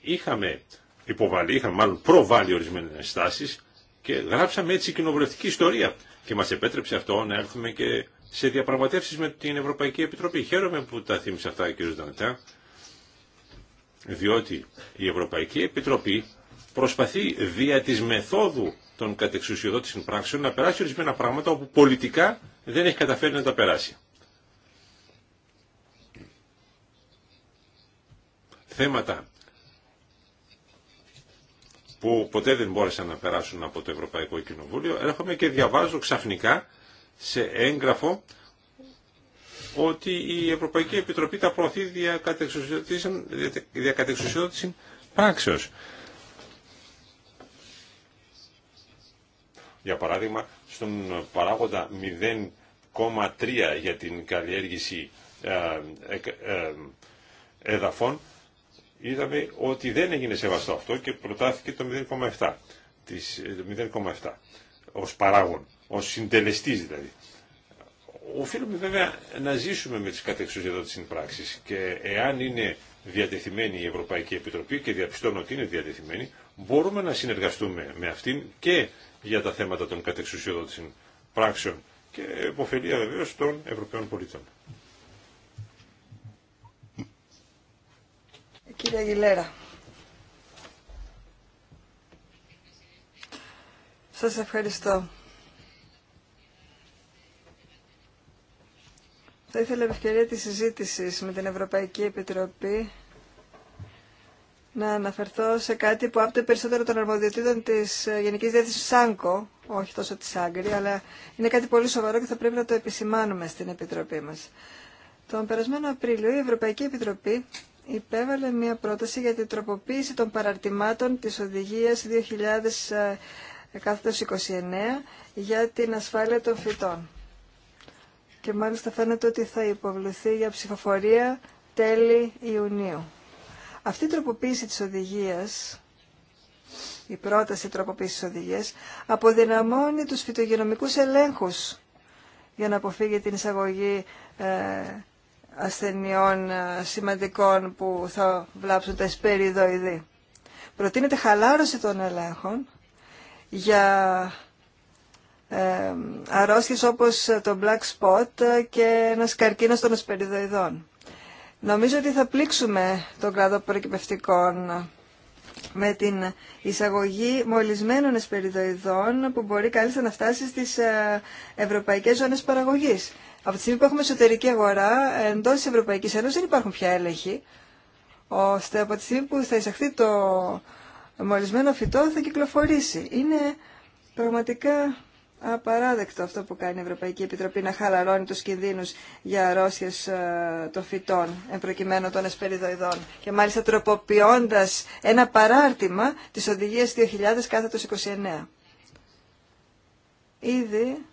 είχαμε υποβάλει, είχαμε μάλλον προβάλει ορισμένε στάσεις και γράψαμε έτσι κοινοβουλευτική ιστορία και μας επέτρεψε αυτό να έρθουμε και σε διαπραγματεύσεις με την Ευρωπαϊκή Επιτροπή. Χαίρομαι που τα θύμισε αυτά κ. Δαντά, διότι η Ευρωπαϊκή Επιτροπή προσπαθεί δια της μεθόδου των κατεξουσιοδότησης πράξεων να περάσει ορισμένα πράγματα όπου πολιτικά δεν έχει καταφέρει να τα περάσει. Θέματα που ποτέ δεν μπόρεσαν να περάσουν από το Ευρωπαϊκό Κοινοβούλιο, έρχομαι και διαβάζω ξαφνικά σε έγγραφο ότι η Ευρωπαϊκή Επιτροπή τα προωθεί διακατεξουσιοδότηση πράξεως. Για παράδειγμα, στον παράγοντα 0,3 για την καλλιέργηση ε, ε, ε εδαφών είδαμε ότι δεν έγινε σεβαστό αυτό και προτάθηκε το 0,7 της 0,7 ως παράγον, ως συντελεστής δηλαδή. Οφείλουμε βέβαια να ζήσουμε με τις κατεξουσιαδότητες συμπράξεις και εάν είναι διατεθειμένη η Ευρωπαϊκή Επιτροπή και διαπιστώνω ότι είναι διατεθειμένη, μπορούμε να συνεργαστούμε με αυτήν και για τα θέματα των κατεξουσιοδότησης πράξεων και υποφελία βεβαίω των Ευρωπαίων πολιτών. Κύριε Αγγιλέρα, Σας ευχαριστώ. Θα ήθελα ευκαιρία της συζήτησης με την Ευρωπαϊκή Επιτροπή να αναφερθώ σε κάτι που άπτε περισσότερο των αρμοδιοτήτων της ε, Γενικής Διεύθυνσης ΣΑΝΚΟ, όχι τόσο της Άγκρη, αλλά είναι κάτι πολύ σοβαρό και θα πρέπει να το επισημάνουμε στην Επιτροπή μας. Τον περασμένο Απρίλιο η Ευρωπαϊκή Επιτροπή υπέβαλε μία πρόταση για την τροποποίηση των παραρτημάτων της οδηγιας 2029 ε, για την ασφάλεια των φυτών. Και μάλιστα φαίνεται ότι θα υποβληθεί για ψηφοφορία τέλη Ιουνίου. Αυτή η τροποποίηση της οδηγίας, η πρόταση τροποποίησης της οδηγίας, αποδυναμώνει τους φυτογενομικούς ελέγχους για να αποφύγει την εισαγωγή ε, ασθενειών ε, σημαντικών που θα βλάψουν τα εσπεριδοειδή. Προτείνεται χαλάρωση των ελέγχων για ε, αρρώστιες όπως το black spot και ένας καρκίνος των εσπεριδοειδών. Νομίζω ότι θα πλήξουμε τον κλάδο προκυπευτικών με την εισαγωγή μολυσμένων εσπεριδοειδών που μπορεί καλύτερα να φτάσει στις ε, ευρωπαϊκές ζώνες παραγωγής. Από τη στιγμή που έχουμε εσωτερική αγορά, εντό τη Ευρωπαϊκή Ένωση δεν υπάρχουν πια έλεγχοι, ώστε από τη στιγμή που θα εισαχθεί το μολυσμένο φυτό θα κυκλοφορήσει. Είναι πραγματικά απαράδεκτο αυτό που κάνει η Ευρωπαϊκή Επιτροπή να χαλαρώνει του κινδύνου για αρρώστιε ε, των φυτών, εμπροκειμένου των εσπεριδοειδών και μάλιστα τροποποιώντα ένα παράρτημα τη οδηγία 2000 κάθετο 29. Ήδη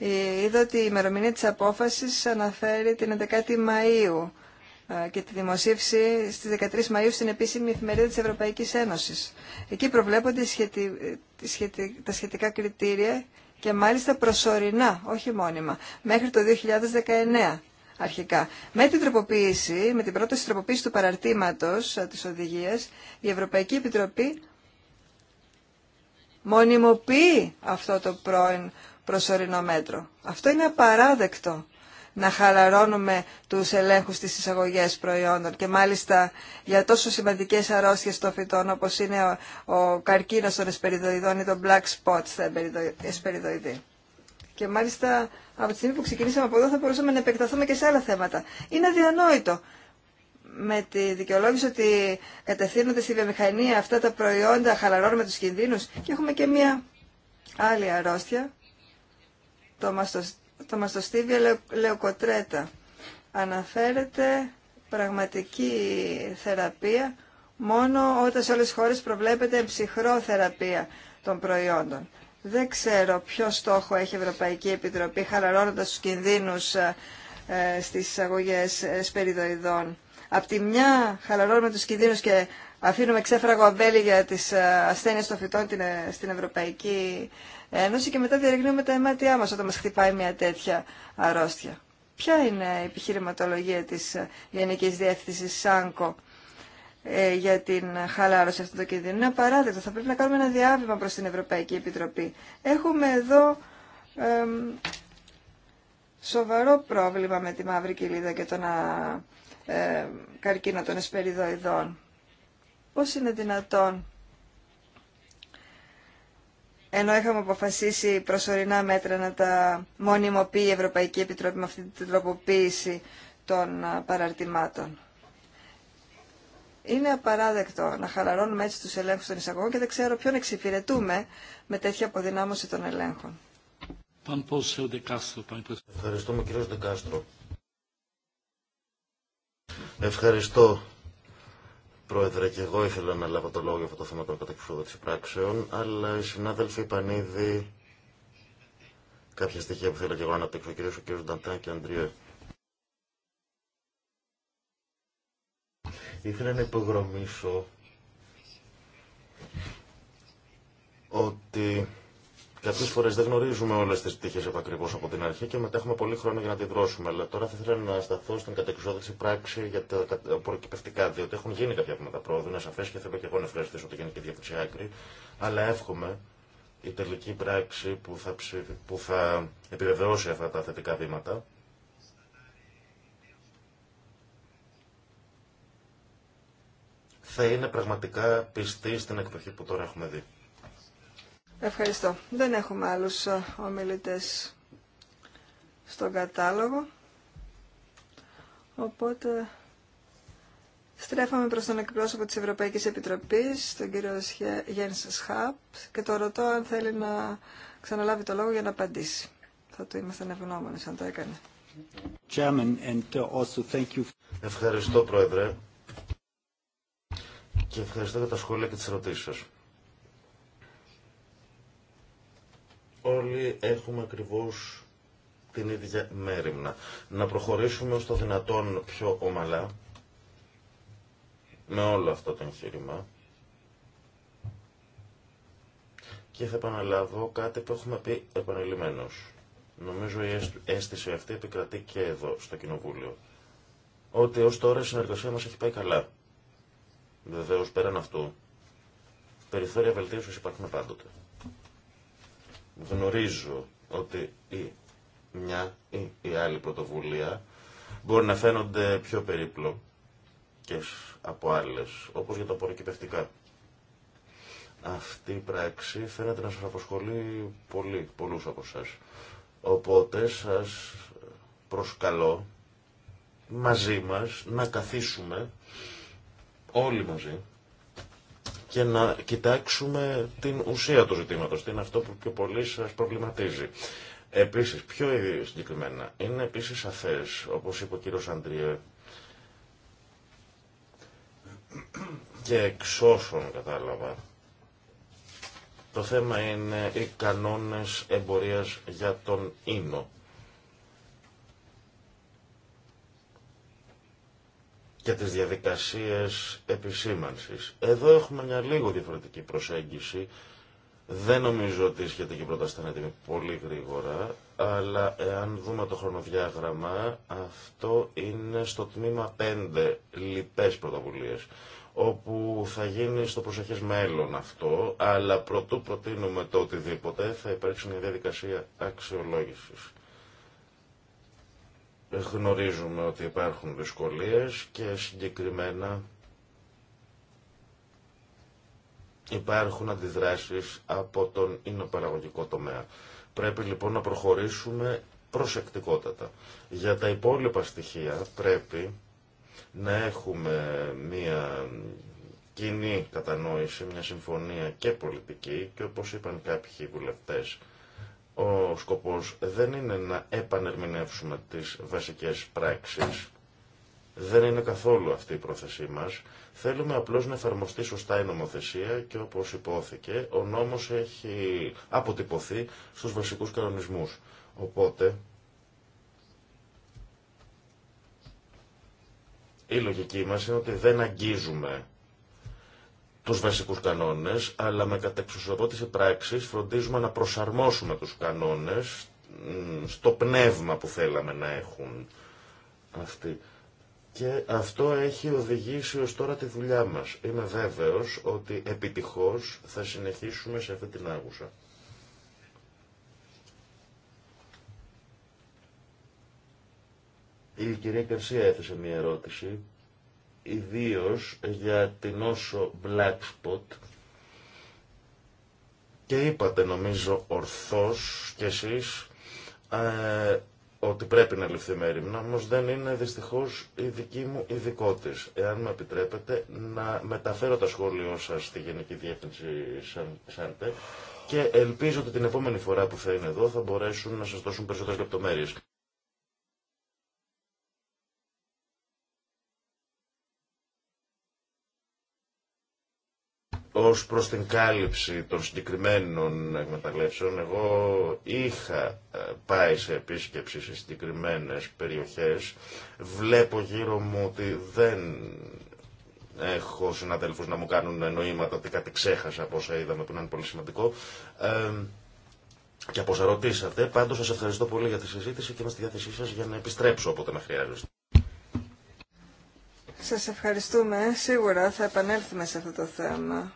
ε, είδα ότι η ημερομηνία της απόφασης αναφέρει την 11η Μαΐου ε, και τη δημοσίευση στις 13 Μαΐου στην επίσημη εφημερίδα της Ευρωπαϊκής Ένωσης. Εκεί προβλέπονται ε, τα σχετικά κριτήρια και μάλιστα προσωρινά, όχι μόνιμα, μέχρι το 2019 αρχικά. Με την τροποποίηση, με την πρόταση τροποποίηση του παραρτήματος της οδηγίας, η Ευρωπαϊκή Επιτροπή μονιμοποιεί αυτό το πρώην προσωρινό μέτρο. Αυτό είναι απαράδεκτο να χαλαρώνουμε τους ελέγχους στις εισαγωγές προϊόντων και μάλιστα για τόσο σημαντικές αρρώστιες των φυτών όπως είναι ο, ο καρκίνος των εσπεριδοειδών ή το black spot στα εσπεριδοειδή. Και μάλιστα από τη στιγμή που ξεκινήσαμε από εδώ θα μπορούσαμε να επεκταθούμε και σε άλλα θέματα. Είναι αδιανόητο με τη δικαιολόγηση ότι κατευθύνονται στη βιομηχανία αυτά τα προϊόντα, χαλαρώνουμε τους κινδύνους και έχουμε και μία άλλη αρρώστια το, μαστοσ... το μαστοστίβια λεοκοτρέτα. Αναφέρεται πραγματική θεραπεία μόνο όταν σε όλες τις χώρες προβλέπεται ψυχρό θεραπεία των προϊόντων. Δεν ξέρω ποιο στόχο έχει η Ευρωπαϊκή Επιτροπή χαλαρώνοντας τους κινδύνους ε, ε, στις εισαγωγές ε, σπεριδοειδών. Απ' τη μια χαλαρώνουμε τους κινδύνους και αφήνουμε ξέφραγο αμπέλη για τις ασθένειες των φυτών στην Ευρωπαϊκή Ένωση και μετά διαρριγνύουμε τα αιμάτια μας όταν μας χτυπάει μια τέτοια αρρώστια. Ποια είναι η επιχειρηματολογία της ε, Γενικής Διεύθυνσης ΣΑΝΚΟ ε, για την χαλάρωση αυτού του κίνδυνου. Είναι απαράδεκτο. Θα πρέπει να κάνουμε ένα διάβημα προς την Ευρωπαϊκή Επιτροπή. Έχουμε εδώ σοβαρό πρόβλημα με τη μαύρη κοιλίδα και τον ε, καρκίνο των εσπεριδοειδών. Πώς είναι δυνατόν ενώ είχαμε αποφασίσει προσωρινά μέτρα να τα μονιμοποιεί η Ευρωπαϊκή Επιτροπή με αυτή την τροποποίηση των παραρτημάτων. Είναι απαράδεκτο να χαλαρώνουμε έτσι τους ελέγχους των εισαγωγών και δεν ξέρω ποιον εξυπηρετούμε με τέτοια αποδυνάμωση των ελέγχων. Ευχαριστούμε κύριος Δεκάστρο. Ευχαριστώ Πρόεδρε, και εγώ ήθελα να λάβω το λόγο για αυτό το θέμα των τη πράξεων, αλλά οι συνάδελφοι είπαν ήδη κάποια στοιχεία που θέλω και εγώ να αναπτύξω, κυρίως ο κ. Νταντά και Αντριέ. Ήθελα να υπογραμμίσω ότι Κάποιε φορέ δεν γνωρίζουμε όλε τι πτυχέ επακριβώ από την αρχή και μετά έχουμε πολύ χρόνο για να αντιδρώσουμε. Αλλά τώρα θα ήθελα να σταθώ στην κατεξόδηση πράξη για τα προκυπευτικά, διότι έχουν γίνει κάποια βήματα πρόοδου, είναι σαφέ και θέλω και εγώ να ευχαριστήσω τη Γενική Διεύθυνση Άκρη. Αλλά εύχομαι η τελική πράξη που θα, που θα επιβεβαιώσει αυτά τα θετικά βήματα θα είναι πραγματικά πιστή στην εκδοχή που τώρα έχουμε δει. Ευχαριστώ. Δεν έχουμε άλλους ε, ομιλητές στον κατάλογο. Οπότε στρέφαμε προς τον εκπρόσωπο της Ευρωπαϊκής Επιτροπής, τον κύριο Γιάννη Σχάπ, και το ρωτώ αν θέλει να ξαναλάβει το λόγο για να απαντήσει. Θα του είμαστε ευγνώμονες αν το έκανε. Uh, ευχαριστώ, Πρόεδρε. Και ευχαριστώ για τα σχόλια και τις ερωτήσεις σας. όλοι έχουμε ακριβώς την ίδια μέρημνα. Να προχωρήσουμε στο το δυνατόν πιο ομαλά με όλο αυτό το εγχείρημα. Και θα επαναλάβω κάτι που έχουμε πει επανειλημμένω. Νομίζω η αίσθηση αυτή επικρατεί και εδώ, στο Κοινοβούλιο. Ότι ως τώρα η συνεργασία μας έχει πάει καλά. Βεβαίως, πέραν αυτού, περιθώρια βελτίωσης υπάρχουν πάντοτε. Γνωρίζω ότι η μια ή η άλλη πρωτοβουλία μπορεί να φαίνονται πιο περίπλοκες από άλλες, όπως για τα απορροκυπευτικά. Αυτή η πράξη φαίνεται να σας αποσχολεί πολύ, πολλούς από εσάς. Οπότε σας προσκαλώ μαζί μας να καθίσουμε όλοι μαζί και να κοιτάξουμε την ουσία του ζητήματος, την αυτό που πιο πολύ σας προβληματίζει. Επίσης, πιο συγκεκριμένα, είναι επίσης αθές, όπως είπε ο κύριος Αντριέ, και εξ όσων κατάλαβα, το θέμα είναι οι κανόνες εμπορίας για τον ίνο. και τις διαδικασίες επισήμανσης. Εδώ έχουμε μια λίγο διαφορετική προσέγγιση. Δεν νομίζω ότι η σχετική πρόταση θα είναι πολύ γρήγορα, αλλά εάν δούμε το χρονοδιάγραμμα, αυτό είναι στο τμήμα 5, λοιπές πρωτοβουλίες, όπου θα γίνει στο προσεχές μέλλον αυτό, αλλά προτού προτείνουμε το οτιδήποτε θα υπάρξει μια διαδικασία αξιολόγησης Γνωρίζουμε ότι υπάρχουν δυσκολίες και συγκεκριμένα υπάρχουν αντιδράσεις από τον ίνοπαραγωγικό τομέα. Πρέπει λοιπόν να προχωρήσουμε προσεκτικότατα. Για τα υπόλοιπα στοιχεία πρέπει να έχουμε μία κοινή κατανόηση, μια συμφωνία και πολιτική και όπως είπαν κάποιοι βουλευτές ο σκοπός δεν είναι να επανερμηνεύσουμε τις βασικές πράξεις. Δεν είναι καθόλου αυτή η πρόθεσή μας. Θέλουμε απλώς να εφαρμοστεί σωστά η νομοθεσία και όπως υπόθηκε, ο νόμος έχει αποτυπωθεί στους βασικούς κανονισμούς. Οπότε, η λογική μας είναι ότι δεν αγγίζουμε τους βασικού κανόνες, αλλά με κατεξουσιοδότηση πράξη φροντίζουμε να προσαρμόσουμε τους κανόνες στο πνεύμα που θέλαμε να έχουν αυτοί. Και αυτό έχει οδηγήσει ως τώρα τη δουλειά μας. Είμαι βέβαιος ότι επιτυχώς θα συνεχίσουμε σε αυτή την άγουσα. Η κυρία Καρσία έθεσε μια ερώτηση ιδίως για την όσο black spot και είπατε νομίζω ορθώς κι εσείς ε, ότι πρέπει να ληφθεί με έρημνα, όμως δεν είναι δυστυχώς η δική μου ειδικότης, Εάν με επιτρέπετε να μεταφέρω τα σχόλια σας στη Γενική Διεύθυνση Σάντε και ελπίζω ότι την επόμενη φορά που θα είναι εδώ θα μπορέσουν να σας δώσουν περισσότερες λεπτομέρειες. Ως προς την κάλυψη των συγκεκριμένων εκμεταλλεύσεων, εγώ είχα ε, πάει σε επίσκεψη σε συγκεκριμένες περιοχές. Βλέπω γύρω μου ότι δεν έχω συναδέλφους να μου κάνουν εννοήματα ότι κάτι ξέχασα από όσα είδαμε που είναι πολύ σημαντικό. Ε, και από όσα ρωτήσατε, πάντως σας ευχαριστώ πολύ για τη συζήτηση και είμαι στη διάθεσή σας για να επιστρέψω όποτε με χρειάζεστε. Σας ευχαριστούμε. Σίγουρα θα επανέλθουμε σε αυτό το θέμα.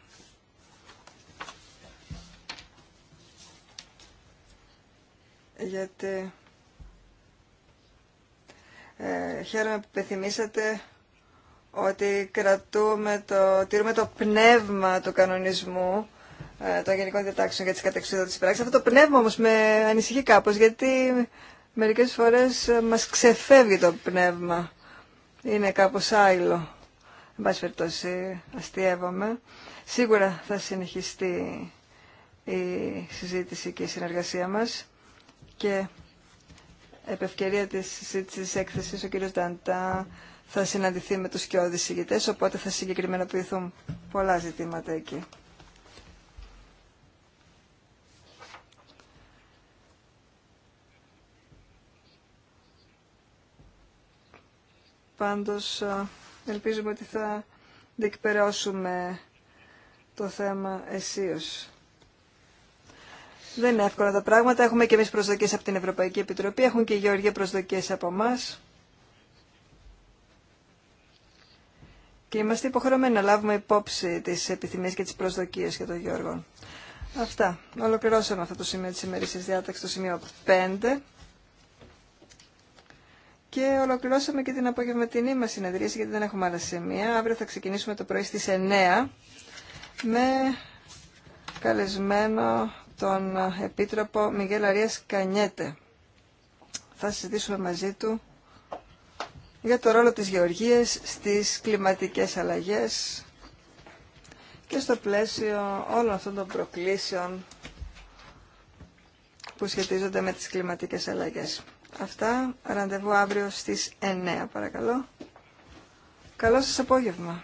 γιατί ε, χαίρομαι που πεθυμίσατε ότι κρατούμε το, τηρούμε το πνεύμα του κανονισμού ε, των γενικών διατάξεων για τις της πράξης. Αυτό το πνεύμα όμως με ανησυχεί κάπως, γιατί μερικές φορές ε, μας ξεφεύγει το πνεύμα. Είναι κάπως άειλο. Εν πάση περιπτώσει, αστείευομαι. Σίγουρα θα συνεχιστεί η συζήτηση και η συνεργασία μας και επ' ευκαιρία της συζήτησης έκθεσης ο κύριος Νταντά θα συναντηθεί με τους κοιόδη ηγητές, οπότε θα συγκεκριμενοποιηθούν πολλά ζητήματα εκεί. Πάντως, ελπίζουμε ότι θα διεκπαιρεώσουμε το θέμα αισίως. Δεν είναι εύκολα τα πράγματα. Έχουμε και εμεί προσδοκίε από την Ευρωπαϊκή Επιτροπή. Έχουν και οι Γεωργία προσδοκίε από εμά. Και είμαστε υποχρεωμένοι να λάβουμε υπόψη τι επιθυμίες και τι προσδοκίε για τον Γιώργο. Αυτά. Ολοκληρώσαμε αυτό το σημείο τη ημερήσια διάταξη το σημείο 5. Και ολοκληρώσαμε και την απογευματινή μα συνεδρίαση, γιατί δεν έχουμε άλλα σημεία. Αύριο θα ξεκινήσουμε το πρωί στι 9 με καλεσμένο τον Επίτροπο Μιγέλα Αρίας Κανιέτε. Θα συζητήσουμε μαζί του για το ρόλο της γεωργίας στις κλιματικές αλλαγές και στο πλαίσιο όλων αυτών των προκλήσεων που σχετίζονται με τις κλιματικές αλλαγές. Αυτά, ραντεβού αύριο στις 9 παρακαλώ. Καλό σας απόγευμα.